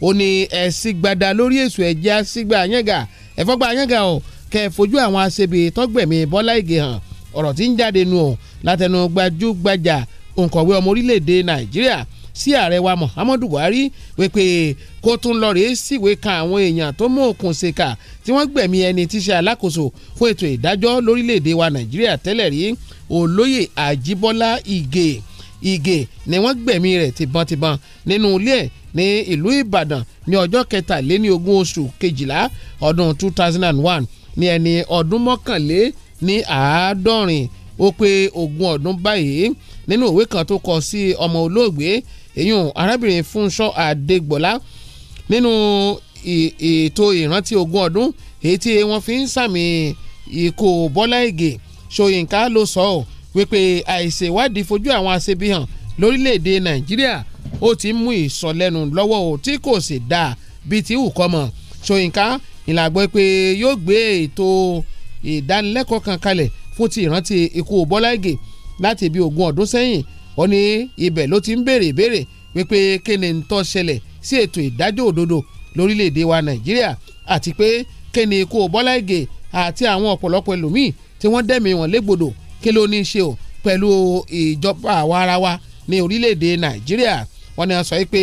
ó ní ẹ̀sìn gbada lórí èso ẹ̀jẹ̀ àṣìgbà àyànga ẹ̀fọ́gbà àyànga ọ̀ kẹ́ ẹ̀ fojú àwọn aṣebi tọ́gbẹ̀mí bọ́lá ìgè hàn ọ̀rọ̀ tí ń jáde nu ọ̀ látẹnu gbajúgbajà òǹkọ̀wé ọmọ orílẹ̀-èdè nàìjíríà sí ààrẹ wa Muhammadu Buhari wípé kó tún lọ rèé síwèé kan àwọn èèyàn tó mú òkun ṣèkà tí wọ́n gbẹ̀mí ẹni tí ṣe alákòóso fún ètò ìdájọ́ lórílẹ̀‐èdè wa Nàìjíríà tẹ́lẹ̀ rí olóyè Àjíbọ́lá Ìgè Ìgè ni wọ́n gbẹ̀mí rẹ̀ tìbọntìbọn nínú ilé ẹ̀ ní ìlú Ìbàdàn ní ọjọ́ kẹtàléní ogún oṣù kejìlá ọdún 2001 ní ẹni ọdún mọ́kànlé ní àádọ́rin ó pé ogún ọdún báyìí nínú òwe kan tó kọ sí ọmọ olóògbé èyún arábìnrin Fúnṣọ́ Adégbọ́lá nínú ètò ìrántí ogún ọdún èyí tí wọ́n fi ń sàmì ikú Bọ́lá Ìgè Ṣóyínká ló sọ ọ́ wípé àìṣèwádìí fojú àwọn aṣebi hàn lórílẹ̀‐èdè Nàìjíríà ó ti mú ìsọlẹ́nu lọ́wọ́ ò tí kò sì dáa bíi ti wù kọ́ mọ̀ Ṣóyínká ìlàgbọ́ pé yóò gbé ètò ìdánilẹ́kọ̀ọ́ kan kalẹ̀ fún ti ìrántí ikú Bọ́lá Ìgè láti ibi ogún ọdún sẹ́yìn ó ní ibẹ̀ ló ti ń béèrè ìbéèrè wípé kíni ń tó ṣẹlẹ̀ sí ètò ìdájọ́ òdodo lórílẹ̀‐èdè wa nàìjíríà àti pé kíni ikú bọ́lá ìgè àti àwọn ọ̀pọ̀lọpọ̀ ẹlòmíì tí wọ́n dẹ̀mí wọn légbodò kí ló ní í ṣe o pẹ̀lú ìjọba àwa ara wa ní orílẹ̀‐èdè nàìjíríà wọ́n ní wọ́n sọ pé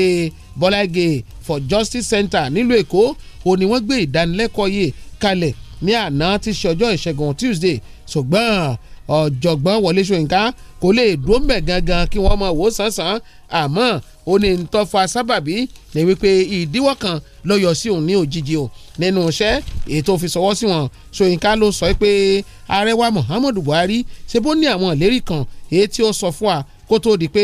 bọ́lá ìgè for justice center nílùú èkó ò ní wọ́n gbé ìdánilẹ́kọ̀ọ́ yìí kalẹ̀ ní àná tí ṣe ọjọ́ ìṣẹ́gun tuesday ṣùgbọ́n ọ̀jọ̀gbọ́n Wọlé Ṣóyínká kò lè dúró mbẹ̀ gangan kí wọ́n mọ wò sánsan àmọ́ ó ní ntọ́fà sábàbí ní wípé ìdíwọ́ kan ló yọ sí òun ní òjijì o nínú iṣẹ́ ètò ìfisọwọ́ sí wọn Ṣóyínká ló sọ pé ààrẹ wa Muhammadu Buhari ṣe bó ní àwọn ìlérí kan èyí tí ó sọ fún wa kó tó di pé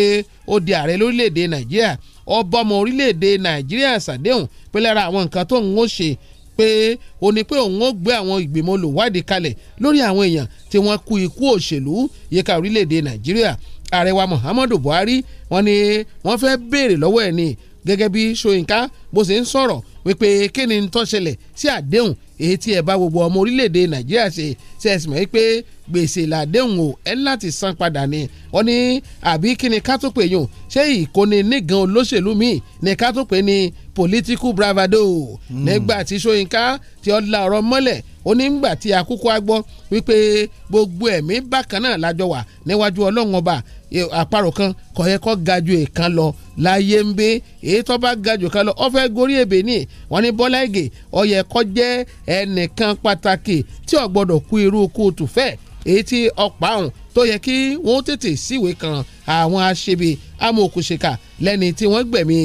ó di ààrẹ lórílẹ̀‐èdè Nàìjíríà ọbọ̀mọ orílẹ̀‐èdè Nàìjíríà ṣàdéhùn pé lára àwọn nǹkan tó ń ó ṣe pé ó ní pé òun ó gbé àwọn ìgbìmọ̀ olùwádìí kalẹ̀ lórí àwọn èèyàn tí wọ́n kú ikú òṣèlú yíká orílẹ̀-èdè nàìjíríà ààrẹ wa muhammadu buhari wọ́n ní wọ́n fẹ́ béèrè lọ́wọ́ ẹ̀ ni gẹ́gẹ́ bí ṣóyínká bó ṣe ń sọ̀rọ̀ wípé kí ni tó ṣẹlẹ̀ sí àdéhùn èyí tí ẹ̀ bá gbogbo ọmọ orílẹ̀-èdè nàìjíríà ṣe ṣe ẹ̀sìn mọ́ pé gbèsè làdéhùn o ẹ̀ láti san padà ni wọ́n ní àbí kí ni ká tó pè yùn ṣé ìkóni nígan olóṣèlú míì ni ká tó pè ní political bravado hmm. nígbà tí Ṣóyínká tí ó la ọ̀rọ̀ mọ́lẹ̀ ó ní gbà tí akókó agbọ́ wípé gbogbo ẹ̀mí bákan náà lájọ wà níwájú ọlọ́run ọba àparò kan kò yẹ kó ga ju èèkan lọ láyé ń bẹ èyí tó bá ga jù kan lọ ó fẹ́ gorí èbè ní wọn ní Bọ́lá Ìgè ó yẹ kó ẹnìkan pàtàkì tí ó gbọ́dọ̀ kú irú kóòtù fẹ́ẹ̀ èyí tí ọ̀pá ọ̀hún tó yẹ kí wọ́n tètè síwèé kan àwọn aṣebi amòòkùnṣèkà lẹ́ni tí wọ́n gbẹ̀mí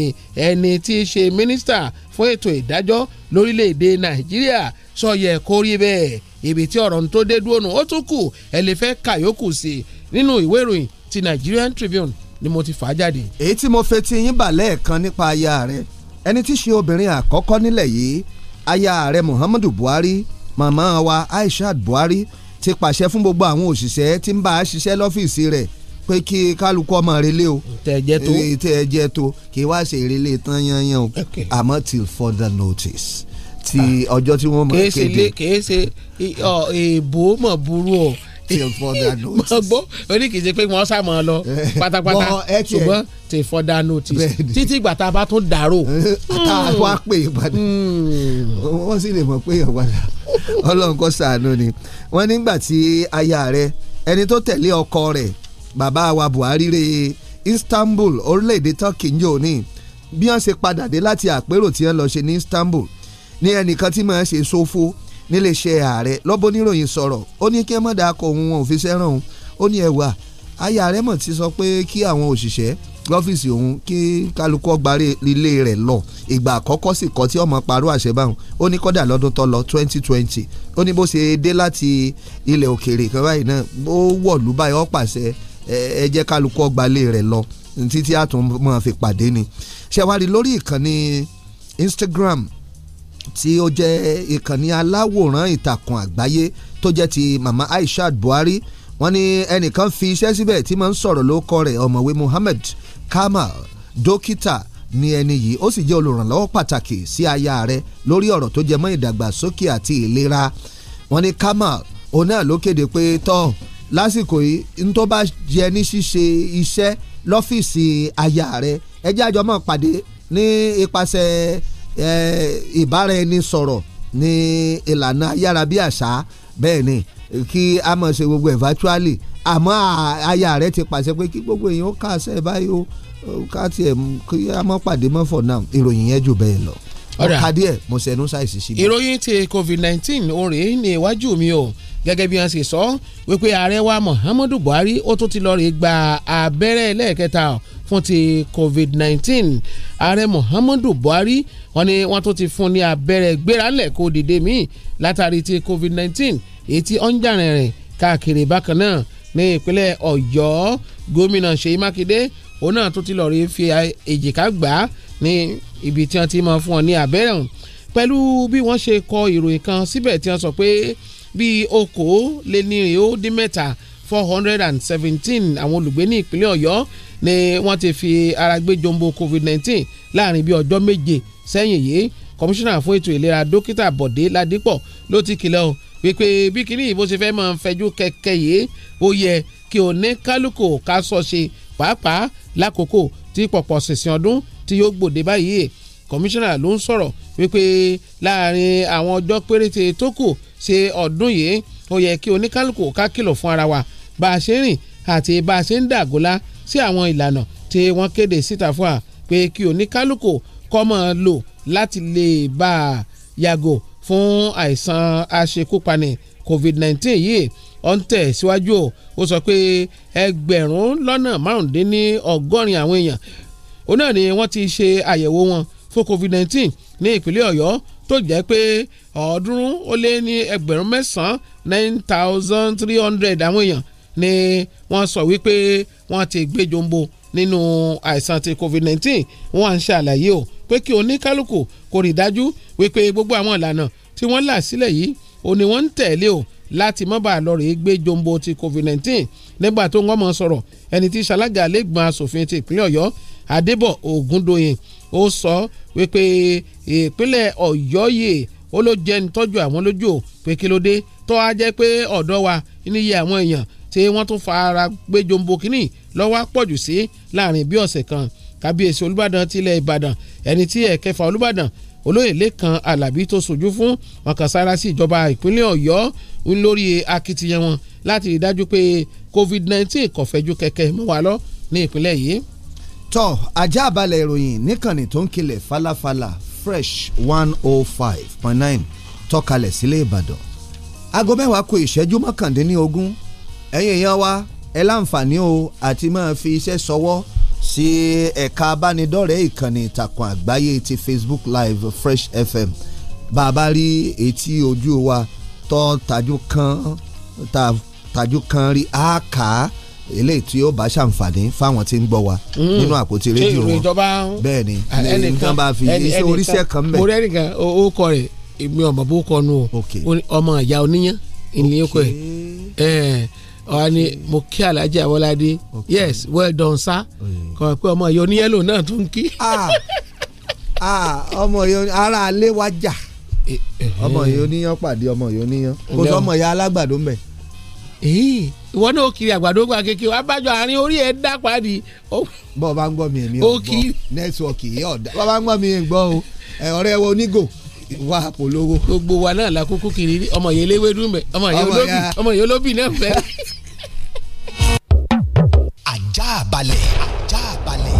ẹni tí í ṣe mínísítà fún ètò ìdájọ́ lórílẹ̀‐èdè nàìjíríà sọ yẹ kó rí bẹ́ẹ̀ ibi tí ọ̀rọ̀ ń tó dé dúró nù ó tún kù ẹ lè fẹ́ kàyókù sí nínú ìwé ìròyìn ti Nigerian Tribune ni mo ti fà á jáde. èyí tí mo fetí yín bà lẹ́ẹ̀kan nípa aya rẹ̀ ẹni tí í ṣe obìnrin àkọ́kọ́ nílẹ̀ yìí aya rẹ̀ Muhammadu Buhari màmá wa Aishat Buhari ti pàṣẹ fún gbogbo àwọn òṣìṣẹ́ tí ń bá a ṣiṣẹ́ lọ́fíìsì rẹ̀ pé kí kálukú ọmọ relé o tẹ̀jẹ̀ tó tẹ̀jẹ̀ tó kí wá ṣe relé tán yanyan o àmọ́ till further notice ti ah. ọjọ́ tí wọ́n mọ̀ kéde. kèé ṣe èèbó mọ̀ burú o till further notice. mo gbọ́ orí kìí ṣe pé wọ́n sá lọ pátápátá ṣùgbọ́n till further notice títí ìgbà tá a bá tún dàrú. a wá pè é padà hmm. wọ́n sì lè mọ̀ pé èèyàn padà ọlọ́run kò ṣàánú ni wọ́n nígbà tí aya rẹ̀ ẹni tó tẹ̀lé ọkọ rẹ̀ bàbá wa Buhari re Istanbul orílẹ̀-èdè Turkey ń jò ní bí wọ́n ṣe padà dé láti àpérò tí wọ́n lọ ṣe ní Istanbul ní ẹnìkan tí màá ṣe ṣòfò so níléeṣẹ́ ààrẹ lọ́bọ̀ oníròyìn sọ̀rọ̀ ó ní kí ẹ mọ̀dà akọ òun wọn ò fi sẹ́ràn òun ó ní ẹwà aya rẹ̀ mọ̀ ti sọ pé kí àwọn òṣìṣẹ́ lọ́fíìsì òun kí kálukú ọgbàre ilé rẹ̀ lọ ìgbà àkọ́kọ́ sì kọ́ tí ọmọ parọ́ àṣẹ báwọn ó ní kọ́dà lọ́dún tó lọ twenty twenty ó ní bó ṣe dé láti ilẹ̀ òkèèrè kan báyìí náà ó wọ̀lú báyìí ó pàṣẹ ẹ jẹ́ kálukú ọgbàlé rẹ̀ lọ títí àtúnmọ̀ fi pàdé ni ṣẹ̀wárí lórí ìkànnì Instagram tí ó jẹ́ ìkànnì aláwòrán ìtàkùn àgbáyé tó jẹ́ ti mama Aisha Buhari wọ́n ní ẹnìkan fi iṣẹ́ síbẹ̀ tí máa ń sọ̀rọ̀ lórúkọ rẹ̀ ọ̀mọ̀wé Muhammad Kamal dókítà ni ẹni yìí ó sì jẹ́ olùrànlọ́wọ́ pàtàkì sí aya rẹ̀ lórí ọ̀rọ̀ tó jẹ mọ́ ìdàgbàsókè àti ìlera wọ́n ní Kamal òun náà ló kéde pé tọ́ lásìkò yìí ntọ́ bá jẹ ní ṣíṣe iṣẹ́ lọ́fíìsì aya rẹ̀ ẹjẹ́ àjọ pàdé ní ipasẹ̀ ìbáraẹnisọ̀rọ̀ ní ìlànà ayárabíàṣá bẹ́ẹ̀ ni kí a máa ṣe gbogbo ẹ̀ virtually àmọ́ aya rẹ̀ ti pàṣẹ pé kí gbogbo èèyàn kà sẹ́ẹ̀ báyìí o ká tiẹ̀ kí a mọ́ pàdé mọ́ for now ìròyìn yẹn jù bẹ́ẹ̀ lọ ọ̀kadì ẹ̀ mo ṣẹ̀nu ṣàìsí sí mi. ìròyìn ti covid nineteen orin ni iwájú mi o gẹ́gẹ́ bí wọ́n ṣe sọ wípé ààrẹ wa Muhammadu Buhari ó tún ti lọ́ọ́ rí gba abẹ́rẹ́ lẹ́ẹ̀kẹta fún ti COVID-19 ààrẹ Muhammadu Buhari wọ́n ní wọ́n tún ti fún ní abẹ́rẹ́ gbéralẹ̀ kó dìde míì látàrí ti COVID-19 èyí tí ó ń jà rìnrìn káàkiri bákan náà ní ìpínlẹ̀ Ọ̀yọ́ gómìnà Ṣèyí Mákindé òun náà tún ti lọ́ọ́ rí fi èjìká gbà á ní ibi tí wọ́n ti máa fún ọ ní abẹ́rẹ́ ọ̀hún pẹ̀lú bí wọ́n ṣe kọ ìròyìn kan síbẹ̀ tí wọ́n sọ pé bíi okòó lé ìhó dín mẹ́ta four hundred and seventeen àwọn olùgbé ní ìpínlẹ̀ Ọ̀yọ́ ni wọ́n ti fi ara gbé jombo COVID-19 láàrin bíi ọjọ́ méje sẹ́yìn yìí kọmíṣánná fún ètò ìlera dókítà Bọ̀dé Ládípọ̀ ló ti kìlọ̀ o wípé bí kinní ìbò ṣe fẹ́ máa fẹjú kẹ̀kẹ́ yìí ó yẹ kí o ní kálukú ká sọ ṣe pàápàá lákòókò tí pọ̀pọ̀ ṣìnṣìn ọdún tí yóò gbòde báyìí kọmíṣánná ló ń sọ̀rọ̀ wípé láàrin àwọn ọjọ́ péréte tó kù ṣe ọdún yìí ó yẹ kí oníkálukú ká kìlọ̀ fún ara wa bá a ṣe rìn àti bá a ṣe ń dàgólá sí àwọn ìlànà tí wọ́n kéde síta fún wa pé kí oníkálukú kọ́mọ lò láti lè bá a yàgò fún àìsàn aṣekúpani covid-19 yìí ó ń tẹ̀síwájú ó sọ pé ẹgbẹ̀rún lọ́nà márùndínlọ́gọ́rin àwọn èèyàn ó náà ni wọ́n ti ṣe àyẹ̀wò wọn fún covid-19 ní ìpínlẹ̀ ọ̀yọ́ tó jẹ́ pé ọ̀ọ́dúnrún ó lé ní ẹgbẹ̀rún mẹ́sàn-án nine thousand three hundred àwọn èèyàn ni wọ́n sọ wípé wọ́n ti gbé jombo nínú àìsàn ti covid-19 wọ́n à ń ṣàlàyé o pé kí oníkálukú kò rí dájú wípé gbogbo àwọn ìlànà tí wọ́n là sílẹ̀ yìí ò ní wọ́n ń tẹ̀lé o láti mọ́ bá a lọ rèé gbé jombo ti covid-19 nígbà tó ń wọ́n mọ̀ sọ̀rọ̀ ẹni tí ṣalága lẹ́gbọ̀n asòfin ti ìpínlẹ̀ ọ̀yọ́ adébọ̀ ògúndòyìn ó sọ wípé ìpínlẹ̀ ọ̀yọ́ yìí ó ló jẹ́ nítọ́jú àwọn lójú ò pé kí ló dé tó a jẹ́ pé ọ̀dọ́ wa níyì àwọn èèyàn tí wọ́n tún fa ara gbé jombo kínní lọ́wọ́ pọ̀jù sí láàrin bí ọ̀sẹ̀ kan kábíyèsí olùbàdàn tilẹ̀ ìbàdàn ẹni tí ẹ̀kẹfà olùbàdàn olóyè lẹ́kan alábí tó sojú fún wọn kàn sára sí ìjọba ìpínlẹ̀ ọ̀yọ́ lórí akitiyan wọn láti rí dájú pé covid-19 kò fẹ́jú kẹ̀kẹ́ mọ́ wa lọ ní ìpínlẹ̀ yìí. tó ajá balẹ̀ ìròyìn níkànnì tó ń kilẹ̀ falafala fresh one oh five point nine tọ́kalẹ̀ sílé ìbàdàn aago mẹ́wàá kù ìṣẹ́jú mọ́kàndínlógún ẹ̀yin èèyàn wa ẹ láǹfààní o àti máa fi iṣẹ́ sọwọ́ sí ẹ̀ka abánidọ́rẹ̀ẹ́ ìkànnì ìtàkùn àgbáyé ti Facebook Live Fresh FM bá a bá rí etí ojú wa tọ́ tajú kan tajú kan rí àáká eléyìí tí ó bá ṣàǹfààní fáwọn tí ń gbọ́ wa mm. nínú àpótí rédíò wọn bẹ́ẹ̀ ah, ni ẹnìkan bá fi iṣẹ́ oríṣẹ́ kan bẹ̀. mo rẹ́ nìkan ó kọ rẹ̀ èmi ọmọ bó kọ nù ọmọ ìyá oníyàn ìníyàn kọ ẹ̀ ọ ni mo kí yes well done sir kọ pé ọmọ ìyọ oníyẹlò náà tún kí. Ah, ah, ọmọ ìyọ ara alẹ́ wa jà eh, eh, ọmọ ìyọ eh. pàdé ọmọ ìyọ oníyan sọ ọmọ ìyá alágbàdo mẹ ìwọ náà ó kiri àgbàdo gba kékeré wàá bájọ àárín orí ẹ bọ́ọ̀ bá ń gbọ́ mi nẹ́tíwọ̀kì bọ́ọ̀ bá ń gbọ́ mi o ọ̀rẹ́ wo onígò. wá polówó. gbogbo wa náà la kúkú kiri rí ọmọ yẹn léwé dùn bẹ ọmọ yẹn olóbì ọmọ yẹn olóbì náà fẹ. ajá balẹ̀ ajá balẹ̀.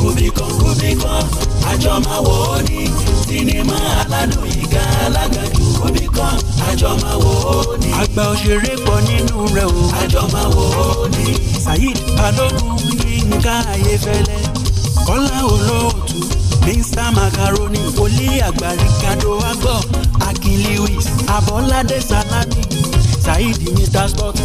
Rubicon Rubicon àjọmọ̀wò ni sinimá aládùn ìgbà alágbàdo omi kan àjọ máa wò ó ní. àgbà òṣèré pọ̀ nínú rẹ̀ o. àjọ máa wò ó ní. Saheed Balogun Yínká Ayéfẹ́lẹ́ Kọ́lá Olóòtú Mr Macaroni Wòlí àgbà Ricardo Agbo Akin Lewis Abọ́ládé Salami Saheed Mr Sport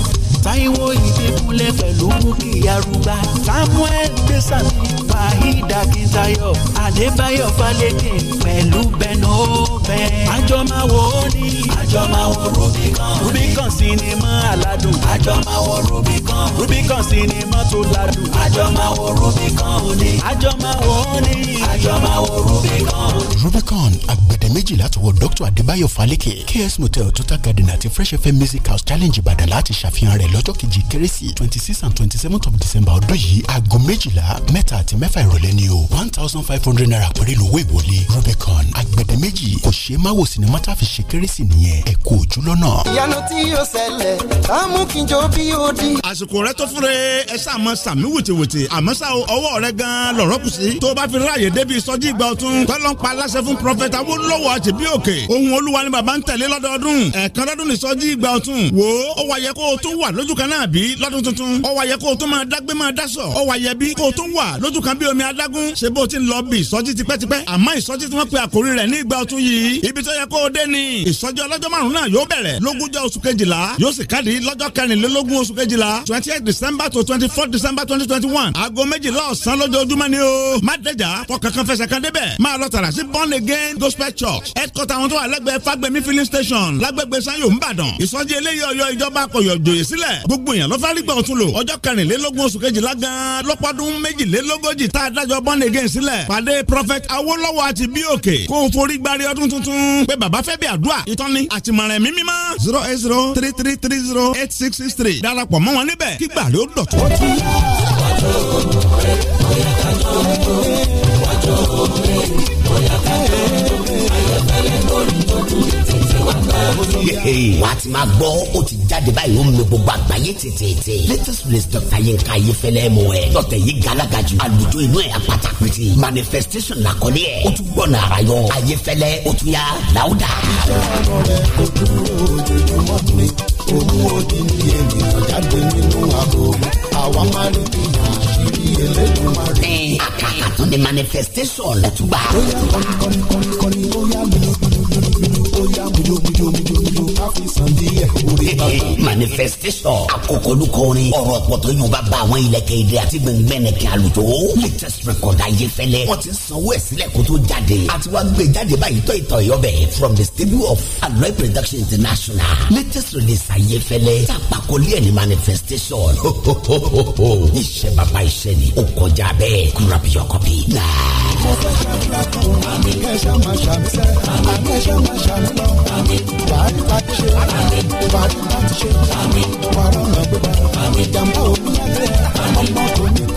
Táíwò Ìdẹ́kùnlé pẹ̀lú Bukki Arúgbá Samuel Gbèsàmí waheed akíntáyọ̀ adébáyọ̀ fálékè pẹ̀lú bẹnu bẹ. àjọ máa wo ni. àjọ máa wo rubicon. rubicon sinimá aládùn. àjọ máa wo rubicon. rubicon sinimá tó ládùn. àjọ wo rubicon ni. àjọ máa wo ni. àjọ máa wo rubicon. rubicon agbẹ̀dẹ méjì láti wọ dr adébáyọ̀ fálékè ks motel total garden àti fresh fm music house challenge ìbàdàn láti ṣàfihàn rẹ̀ lọ́jọ́ kejì kérésì twenty six and twenty seven of december ọdún yìí aago méjìlá mẹ́ta àti mẹ́ mẹ́fà ìrọ̀lẹ́ ni o one thousand five hundred naira pẹ̀lú ìlówó ìwọlé Rubicon agbẹ̀dẹ̀méjì kò ṣe má wò sinimá tá a fi ṣe kérésì nìyẹn ẹ kú ojú lọ́nà. ìyanu tí yóò ṣẹlẹ̀ á mú kí n jó bí ó di. àsìkò rẹ tó fúnre ẹ ṣáà sàmí wùtìwùtì àmọ́ ṣá ọwọ́ rẹ gan-an lọ̀rọ̀ tó o bá fi ráàyè débi ìsọjí ìgbà ọ̀tun tọ́lọ́ ń pa aláṣẹ fún prọfẹ̀tà Awólọ́wọ̀ àti bí òkè ohun olúwa ni bàbá ń tẹ̀lé lọ́dọọdún ẹ̀ẹ̀kan lọ́dún nìsọjí ìgbà ọ̀tun wò ó wà yẹ kó o tún wà lójú kan náà bí lọ́dún tuntun ó wà yẹ kó o tún máa dágbé máa dásọ̀ ó wà yẹ bí kó o tún wà lójú kan bí omi adágún ṣe bó ti ń lọ bí ìsọjí tipẹ́tipẹ́ àmọ́ ìsọjí tí wọ́n pe àkórí rẹ̀ ní ìgbà ọ̀tun yìí ibi tó yẹ kó o dé ni ìsọjí ọlọ́jọ́ márùn náà yóò bẹ̀rẹ̀ lógúnjọ́ oṣù kejìlá yóò sì káàdì lọ́jọ́ kẹrìnlélógún oṣù kejìlá twenty eight december to twenty four december twenty twenty one aago méjìlá ọ̀sán lójoojúmọ́ ni o má dẹjà fọkànkan fẹsẹ̀ kan débẹ̀ máa lọ tààrà sí born again gospel church headquarter àwọn tó wà lẹ́gbẹ̀ẹ́ fagbemi filling station lágbègbè sanyo nìbàdàn ìsọjí eléyìí ọ̀yọ́ ìjọba akọ̀yọ̀ jòyè sílẹ̀ gbogbo èèyàn lọ́fàrígbà ọ̀tún ọjọ́ kẹrìnlélógún oṣù kejìlá gan lọ́pọ̀dún méjìlélógójì méjì tá a dájọ́ born again sílẹ̀ pàdé prophet awolowo àti bíòkè kó o forí gbárí ọdún tuntun pé bàbá fẹ́ bí àdúrà ìtọ́ni àti mọ̀rẹ́ mi mímọ́ zero eight zero three three three zero eight six six three darapọ̀ mọ́ wọn níbẹ̀ kí gbàlẹ́ ó dọ̀tún. Ayọ̀kẹ́lẹ́ lórí lójú ti wà á ti máa gbọ́ ó ti jáde báyìí ó mi gbogbo àgbáyé tètè latest release Dr. Yinka Ayefẹ́lẹ́ mọ̀ ẹ́ dọ̀tẹ̀ yìí galaga jù àlùjọ inú ẹ̀ apáta pété manifestation làkọ́lé ẹ̀ ó tún gbọ́nà ara yọ Ayefẹ́lẹ́ ó tún yá láwùdà. Òun ò dín ní ènìyàn jáde nínú àbò, àwa máa ń fi hàn àṣírí ẹlẹ́dùnmáà. Ẹ àkàkà tó ní manifestation lẹ́tùgbà. Ó kọ́ni kọ́ni kọ́ni kọ́ni mi domi domi domi san díẹ̀ orí bàbá. manifestation àkókò olùkọ́ orin ọ̀rọ̀ ọ̀pọ̀tọ́ yóò bá ba àwọn ilẹ̀kẹ̀ ìdè àti gbẹ̀ngbẹ̀nẹ̀kẹ̀ àlùjọ. latest record ayéfẹ́lẹ́ wọ́n ti sanwó ẹ̀ sílẹ̀ kó tó jáde àti wàá gbé jáde báyìí tó ìtọ̀ ẹ̀yọ́ bẹ̀ from the studio of aloe production international latest release ayéfẹ́lẹ́ tàpákọ́lé ẹ̀ ní manifestation. iṣẹ́ bàbá iṣẹ́ ni ó kọjá bẹ́ẹ̀ grab your copy now àmì ìbàdàn láti ṣe àmì ìwà ọ̀nà gbogbo àmì ìjàmbá òbí lábẹ́ ọmọ tó ní kọ́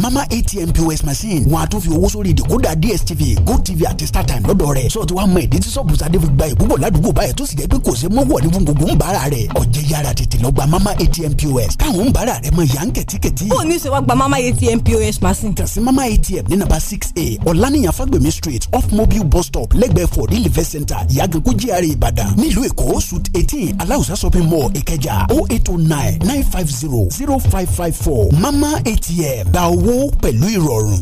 mama atm pos machine wọn a tún fi owó sórí ìdìkúdà dstv gotv àti startime lọ́dọ̀ rẹ̀ sọ ti wá mọ ìdí tí sọ́ọ̀bù sadé fi gba ìbúbọ̀ ládùúgbò báyìí tó sì jẹ́ pé kò sí mọ́wọ́ ní gbogbo ń bára rẹ̀ ọ̀jẹ̀ yára tètè lọ gba mama atm pos káwọn ń bára rẹ̀ mọ yàn kẹ̀tíkẹ̀tí. ó ní sèwá gba mama atm pos machine. kàn sí mama atm ní nàbà six a ọ̀lànìyàn fagbemi street off mobile bus stop lẹ́gbẹ̀ẹ́ for the live center ìyàgànkú GRA ìbàdàn nílùú èkó suit eighteen aláùsá shopping mall ìkẹjà Oh, eight oh nine nine five zero zero five five four mama atm gba owó sanwó pẹ̀lú ìrọ̀rùn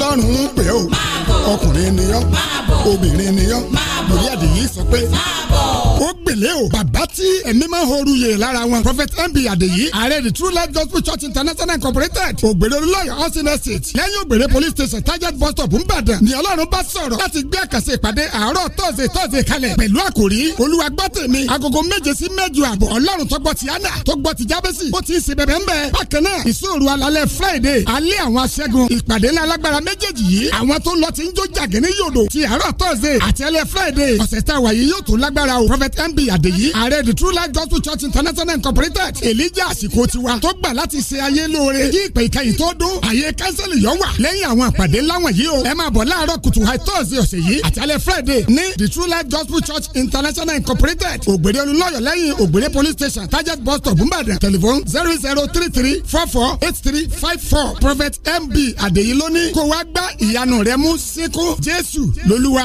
ọlọ́run ń pè ó ọkùnrin ni ọ́ obìnrin ni ọ́ lórí àdìyí sọ pé ó gbèlè o bàbá tí ẹ̀mí máa horu yè lára wọn prophet mb àdèyí ààrẹ the true life gospel church international incorporated ògbèrè olùlọ́yọ̀ ọ̀sìn estate lẹ́yìn ògbèrè police station target bus stop ńbàdàn ni ọlọ́run bá sọ̀rọ̀ láti gbé àkànṣe ìpàdé àárọ̀ tọ́sẹ̀ tọ́sẹ̀ kalẹ̀ pẹ̀lú àkòrí olúwa gbọ́ tèmi agogo méje sí mẹ́jọ àbọ̀ ọlọ́run tó gbọ́ ti anna tó gbọ́ ti jábẹ́sì ó ti ń ṣe bẹ̀bẹ̀ ńbẹ̀ bákan náà ìṣòro alalẹ́ friday alẹ́ àwọn aṣẹ́gun ìpàdé méjèèjì yìí àwọn tó lọ ti ń jó jàgé ní yòdò ti àárọ̀ thursday àti ẹlẹ́ friday ọ̀sẹ̀ tá a wà yìí yóò tó lágbára o prophet mb adeyi ààrẹ the true life gospel church international incorporated elijah àsìkò tiwa tó gbà láti ṣe ayé lóore kí ìpè ìkẹyìn tó dún àyè kánsẹ́lì yọ wà lẹ́yìn àwọn àpàdé láwọn yìí o ẹ máa bọ̀ láàárọ̀ kùtù high thursday ọ̀sẹ̀ yìí àti alẹ́ friday ní the true life gospel church international incorporated ògbèrè olùlọ́yọ̀ lẹ́yìn ògbèrè police station target bus telephone zero zero three three four four eight three five four prophet mb adeyi lóní kó gbá ìyanu rẹ mú síkú jésù lolúwa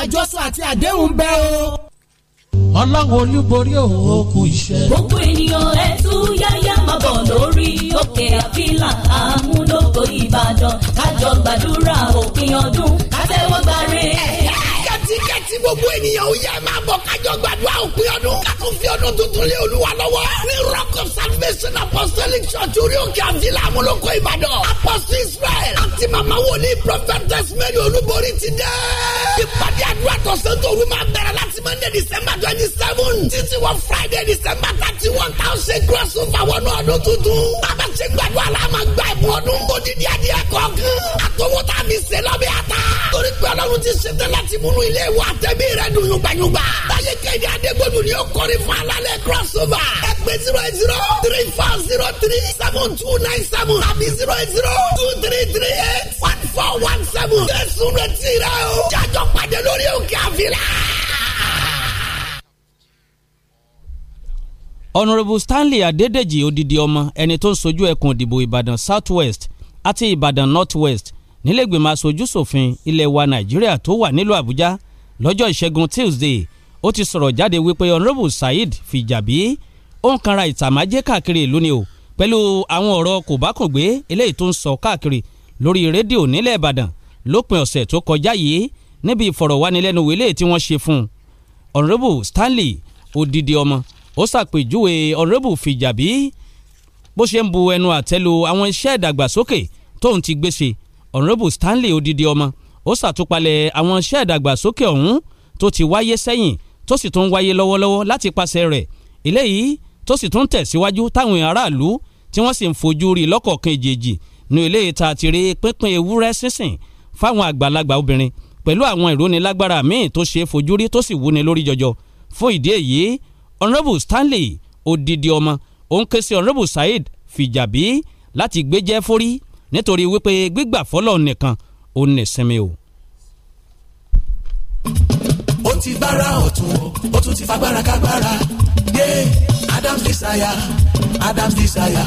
àjọsọ àti àdéhùn bẹ́ẹ̀ o. ọlọ́run olúborí òun kú iṣẹ́. gbogbo ènìyàn ẹ tú yáyá máa bọ̀ lórí òkè àfílà àmúlòkọ ìbàdàn kájọ gbàdúrà òpin ọdún kátẹ́wọ́ gbàre tíkẹ́ẹ̀tì gbogbo ènìyàn ó yẹ máa bọ̀ kájọ gbàdúrà òpin ọdún kátó fi ọdún tuntun lé olúwa lọ́wọ́ ní rock of salvation apostolic church orí òkè àfilà àmúlòkọ ìbàdàn apostle israel àti màmá wòlíì prophetess mary olúborí ti dẹ́. ìpàdé àdúrà tọ̀sán tòru máa bẹ̀rẹ̀ láti monday december twenty seven títí wọ friday december thirty one thousand cross over wọnú ọdún tuntun. bàbá ṣe gbàdúrà la máa gba ẹ̀bùn ọdún odidi adìẹ kọ̀ọ̀kan àtọwọ́ta mi ṣe lọ́bẹ̀ àtà. torí pé ọlọ́run ti ṣetán láti múnú ilé ayé wa tẹ̀mí rẹ̀ dùn yùgbàyùgbà. báyìí kẹ́hìn adégbòdù ni ó kọrin fún alalẹ̀ crossover. ẹ pè zero eight zero three four zero three seven two nine seven àbí zero eight zero two three three eight one four one seven. jésù rẹ̀ ti rẹ̀ o. jájọ́ pàdé lórí òkè àfilà. honourable stanley adédèjì odidi ọmọ ẹni tó ń sojú ẹkùn ìdìbò ìbàdàn south west àti ìbàdàn north west nílẹ̀gbìmọ̀ aṣojú ṣòfin ilẹ̀ wa nàìjíríà tó wà nílùú àbújá lọ́jọ́ ìṣẹ́gun Tuesday ó ti sọ̀rọ̀ jáde wípé honourable Saheed Fìjàbí ó ń kanra ìtàmájẹ́ káàkiri ìlú ni o pẹ̀lú àwọn ọ̀rọ̀ kòbákùngbé eléyìí tó ń sọ káàkiri lórí rédíò nílẹ̀ Ìbàdàn lópin ọ̀sẹ̀ tó kọjá yìí níbi ìfọ̀rọ̀wánilẹ́nuwò eléyìí tí wọ́n ṣe fún un honourable Stanley odidi ọmọ ó ṣàpèjúwe honourable Fìjàbí bó ṣe ń bu ẹnu àtẹ́lu àwọn iṣẹ́ ìdàgbàsókè tóun ti gbéṣe honourable Stanley odidi ọmọ ó ṣàtúpalẹ̀ àwọn iṣẹ́ ìdàgbàsókè ọ̀hún tó ti wáyé sẹ́yìn tó sì tún wáyé lọ́wọ́lọ́wọ́ láti pàṣẹ rẹ̀ eléyìí tó sì tún tẹ̀síwájú táwọn aráàlú tí wọ́n sì ń fojú rí lọ́kọ̀ọ̀kan ìjèjì ní ilé ìta àti rí pínpín ewúrẹ́ sínsìn fáwọn àgbàlagbà obìnrin pẹ̀lú àwọn ìrónilágbára míì tó ṣe fojú rí tó sì wúni lórí jọjọ fún ìdí èyí honourable Stanley odidi ọmọ òun ké sí honourable Saheed Fìjàbí láti gbéjẹ́ fórí nítorí wípé gbígbà fọlọ́ nìkan ó nìsinmi o. ó ti bára ọ̀tún ó tún ti fagbára kágbára yé yeah. Adam's Desire Adam's Desire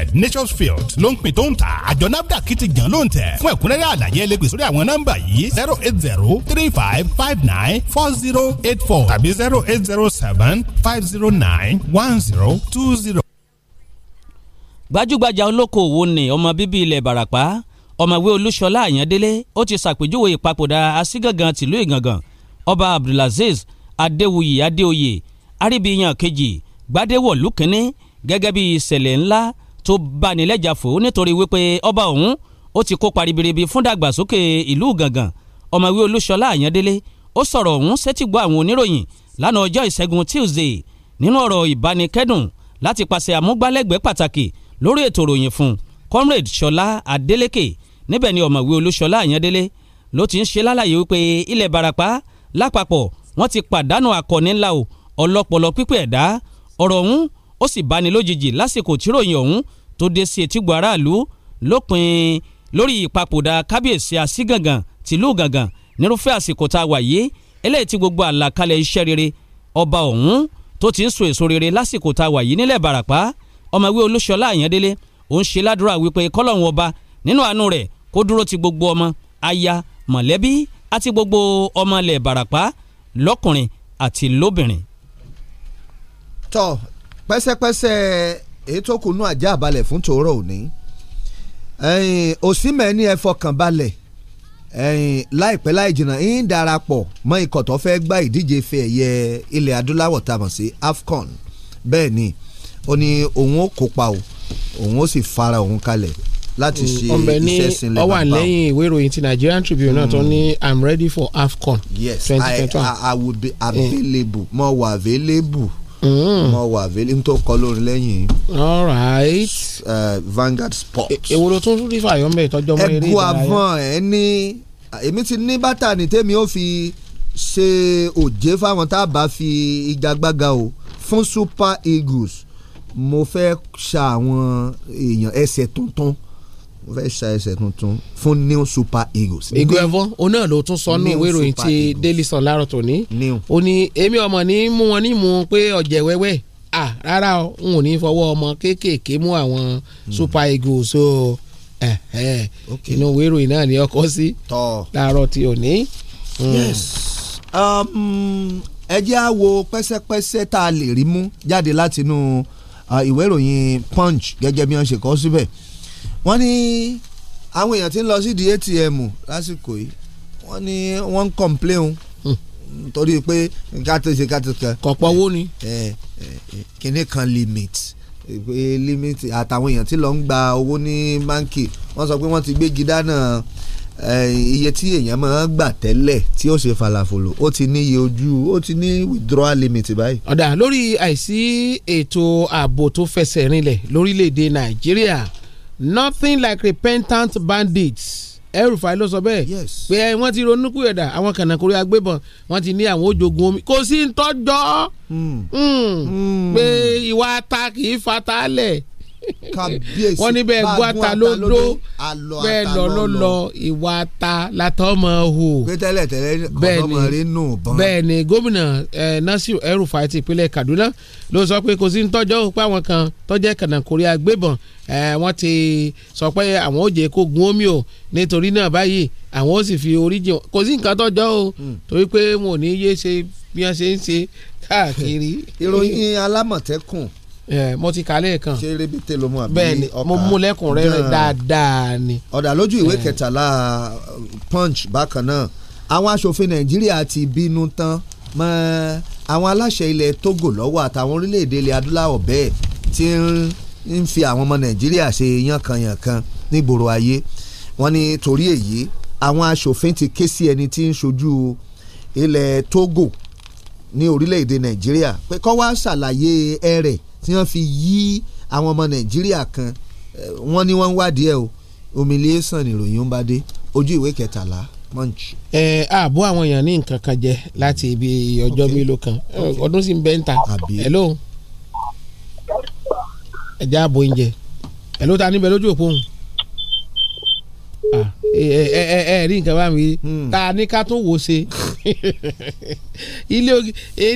hundred nature's field ló ń pin tó ń tà àjọ nafdac ti jàn ló ń tẹ̀ fún ẹ̀kúnrẹ́rẹ́ àlàyé ẹlẹ́gbẹ̀ sórí àwọn nọ́mbà yìí zero eight zero three five five nine four zero eight four tàbí zero eight zero seven five zero nine one zero two zero. gbajúgbajà olókoòwò ni ọmọ bíbí ilẹ̀ Ìbàràpá ọ̀mọ̀wé olúṣọlá àyàndélé ó ti ṣàpèjúwe ìpapòdà asígangan tìlú ìgangan ọba abdulaziz adéwuyì adéoyè aríbíyàn kejì gbadéwọ̀lú kínní gẹ́gẹ́ bí ìṣẹ̀lẹ̀ ńlá tó bani lẹ́jà fò nítorí wípé ọba òun ó ti kópa ribiribi fún dàgbàsókè ìlú Ìgàngàn ọ̀mọ̀wé Olúṣọlá Àyándélé ó sọ̀rọ̀ ọ̀hún sétígbọ́ àwọn oníròyìn lánàá ọjọ́ ìṣẹ́gun Tuesday nínú ọ̀rọ̀ ìbánikẹ́dùn láti pàṣẹ àmúgbálẹ́gbẹ̀ẹ́ pàtàkì lórí ètò ìròyìn fún comrade Ṣọlá Adélékè níbẹ̀ ni ọ̀mọ̀wé Olúṣọlá Àyándélé ló ti ń ṣe lálàyé wípé ilẹ̀ Ìbàràpá lápapọ̀ wọ́n ti pàdánù akọni ńlá o ọlọ́pọlọ pípẹ́ ẹ̀dá ọ̀rọ̀ ọ̀hún ó sì báni lójijì lásìkò tíròyìn ọ̀hún tó dé sí etígbọ̀ aráàlú lópin lórí ìpapòdà kábíyèsí àṣìgàngàn tìlú gàngàn nírúfẹ́ àsìkò tá a wà yìí eléyìí tí gbogbo àlàkalẹ̀ iṣẹ́ rere ọba ọ̀hún tó ti ń so èso rere lásìkò tá a wà yìí nílẹ̀ bàràpá ọmọwé olóṣọlá àyàndélé ó ṣe ládùúrà wípé kọ́lọ́hún ọba nínú àánú rẹ̀ kó dúró ti gbogbo ọmọ aya mọ̀lẹ́bí àti gbogbo ọmọ ilẹ̀ bàràpá lọ́kùnrin àti lóbìnrin. tọ́ pẹ́sẹ́pẹ́sẹ́ ètò kùnú àjẹ́ àbalẹ̀ fún tòórọ́ òní òsínmẹ́ ní ẹ fọkàn balẹ̀ láìpẹ́ láì jìnnà ń darapọ̀ mọ́ ikọ̀ tó fẹ́ gba ìdíje fẹ́ ẹ̀yẹ ilẹ̀ adúláwọ̀ tá a mọ̀ sí AFCON bẹ́ẹ̀ ni ó ní òun ó kópa o òun ó sì fara òun kalẹ̀ láti ṣe mm, iṣẹ́ sílẹ̀ bàbá ọwọ́ àlẹ́yìn ìwé ìròyìn ti Nigerian Tribune náà tó ní mm. I'm ready for AFCON yes 2021. I, I, I will be available More available Mm. mo wà vélé tó kọ lórin lẹ́yìn. all right. Uh, Vanguard Sports. E, èwo ló tún rí fàyọ̀ ìtọ́jọ́ mọ́ eré ìdárayá. ẹ̀kú àvọ̀n ẹ̀ ní èmi ti ní bàtà ní tèmi ó fi ṣe òjé fáwọn tá a bá fi ìjàgbága o fún Super Eagles mo fẹ́ ṣa èèyàn ẹsẹ̀ tuntun mo fẹ́ ṣa ẹsẹ̀ tuntun fún new super eagles. ìgò ẹ̀fọ́ òun náà ló tún sọ nù ìwé ìròyìn ti daily sun láàárọ̀ tòní. ó ní èmi ọmọ ní mú wọn ní mú pé ọ̀jẹ̀ wẹ́wẹ́ à rárá o n ò ní fọwọ́ ọmọ kéékèèké mú àwọn hmm. super eagles o inú ìwé ìròyìn náà ni ọkọ sí láàárọ̀ ti òní. Hmm. yes um, ẹ jẹ́ á wo pẹ́sẹ́pẹ́sẹ́ tá a lè rí mú jáde látinú uh, ìwé ìròyìn punch gẹ́gẹ́ bí wọ́n ṣe kọ síbẹ̀ wọ́n ní àwọn èèyàn tí ń lọ sídìí ATM lásìkò yìí wọ́n ní wọ́n ń complain hmm. nítorí pé gàtẹ́sẹ̀ gàtẹ́sẹ̀. kọ̀pọ̀ owó ni. kìnìún kan limit limit àtàwọn èèyàn tí lọ ń gba owó ní báńkì wọ́n sọ pé wọ́n ti gbégi dáná iye tí èèyàn máa ń gbà tẹ́lẹ̀ tí ó ṣe falafolo ó ti ní iye ojú ó ti ní withdrawal limit báyìí. ọ̀dà lórí àìsí ètò ààbò tó fẹsẹ̀ rinlẹ̀ lórílẹ̀‐èdè nàìjíríà nothing like repentant bandits El-Rufai ló sọ bẹ́ẹ̀ pé wọ́n ti ronú kúrẹ̀dà àwọn kànáńkórí agbébọn wọ́n ti ní àwọn ojogun omi kò sí ntọ́jọ́ hmm. hmm. hmm. pé ìwà ata kì í fata lẹ̀ wọ́n ní bẹ́ẹ̀ gbọ́ ata ló dó bẹ́ẹ̀ lọ ló lọ ìwà ata látọ́ mọ̀ hù. pé tẹ́lẹ̀ tẹ́lẹ̀ kọ́tọ́mọ rí nù bọ́n. bẹ́ẹ̀ ni gómìnà Nasir El-Rufai ti ìpínlẹ̀ Kaduna ló sọ pé kò sí ntọ́jọ́ pé àwọn kan tó jẹ́ kànáńkórí agbébọn wọ́n ti sọ pé àwọn ò jẹ́ kó gun omi o nítorí náà báyìí àwọn ò sì fi oríjì kò sí nǹkan tó jọ o hmm. torí pé wọn ò ní yé ṣe bí wọ́n ṣe ń ṣe káàkiri. ìròyìn alámọ̀tẹ́kùn ẹ mo ti kà lẹ́ẹ̀kan ṣe rébìtẹ́ ló mú àbí ọkà bẹ́ẹ̀ni mo mú lẹ́kùnrẹ́rẹ́ dáadáa ni. ọ̀dà lójú ìwé kẹtàlá punch bákan náà àwọn aṣòfin nàìjíríà ti bínú tán mọ́ àwọn aláṣẹ ilẹ̀ togo lọ́wọ́ àtàwọn orílẹ̀-èdè ilẹ̀ adúláwọ̀ bẹ́ẹ̀ ti ń ń fi àwọn ọmọ nàìjíríà ṣe yànkanyànkan nígboro ayé wọ́n ní torí èyí àwọn aṣòfin ti ké sí ẹni tí ń ṣojú ilẹ̀ Togo ní orílẹ̀-èdè nàìjíríà pé kó wá ṣàlàyé ẹrẹ̀ tí wọ́n fi yí àwọn ọmọ nàìjíríà kan wọ́n ní wọ́n ń wádìí ẹ̀ o humiliation nìròyìn ń bá dé ojú ìwé kẹtàlá Punch. ẹ ààbò àwọn èèyàn ní nǹkan kan jẹ láti ibi ọjọ́ mélòó kan ọdún sì ń bẹ́ńtà hello ẹ̀jẹ̀ ààbò oúnjẹ ẹ̀ ló ta níbẹ̀ lójú òpó òun ẹ ẹ ẹ rí nǹkan bá mi hmm. ta ní ká tún wò ṣe ilé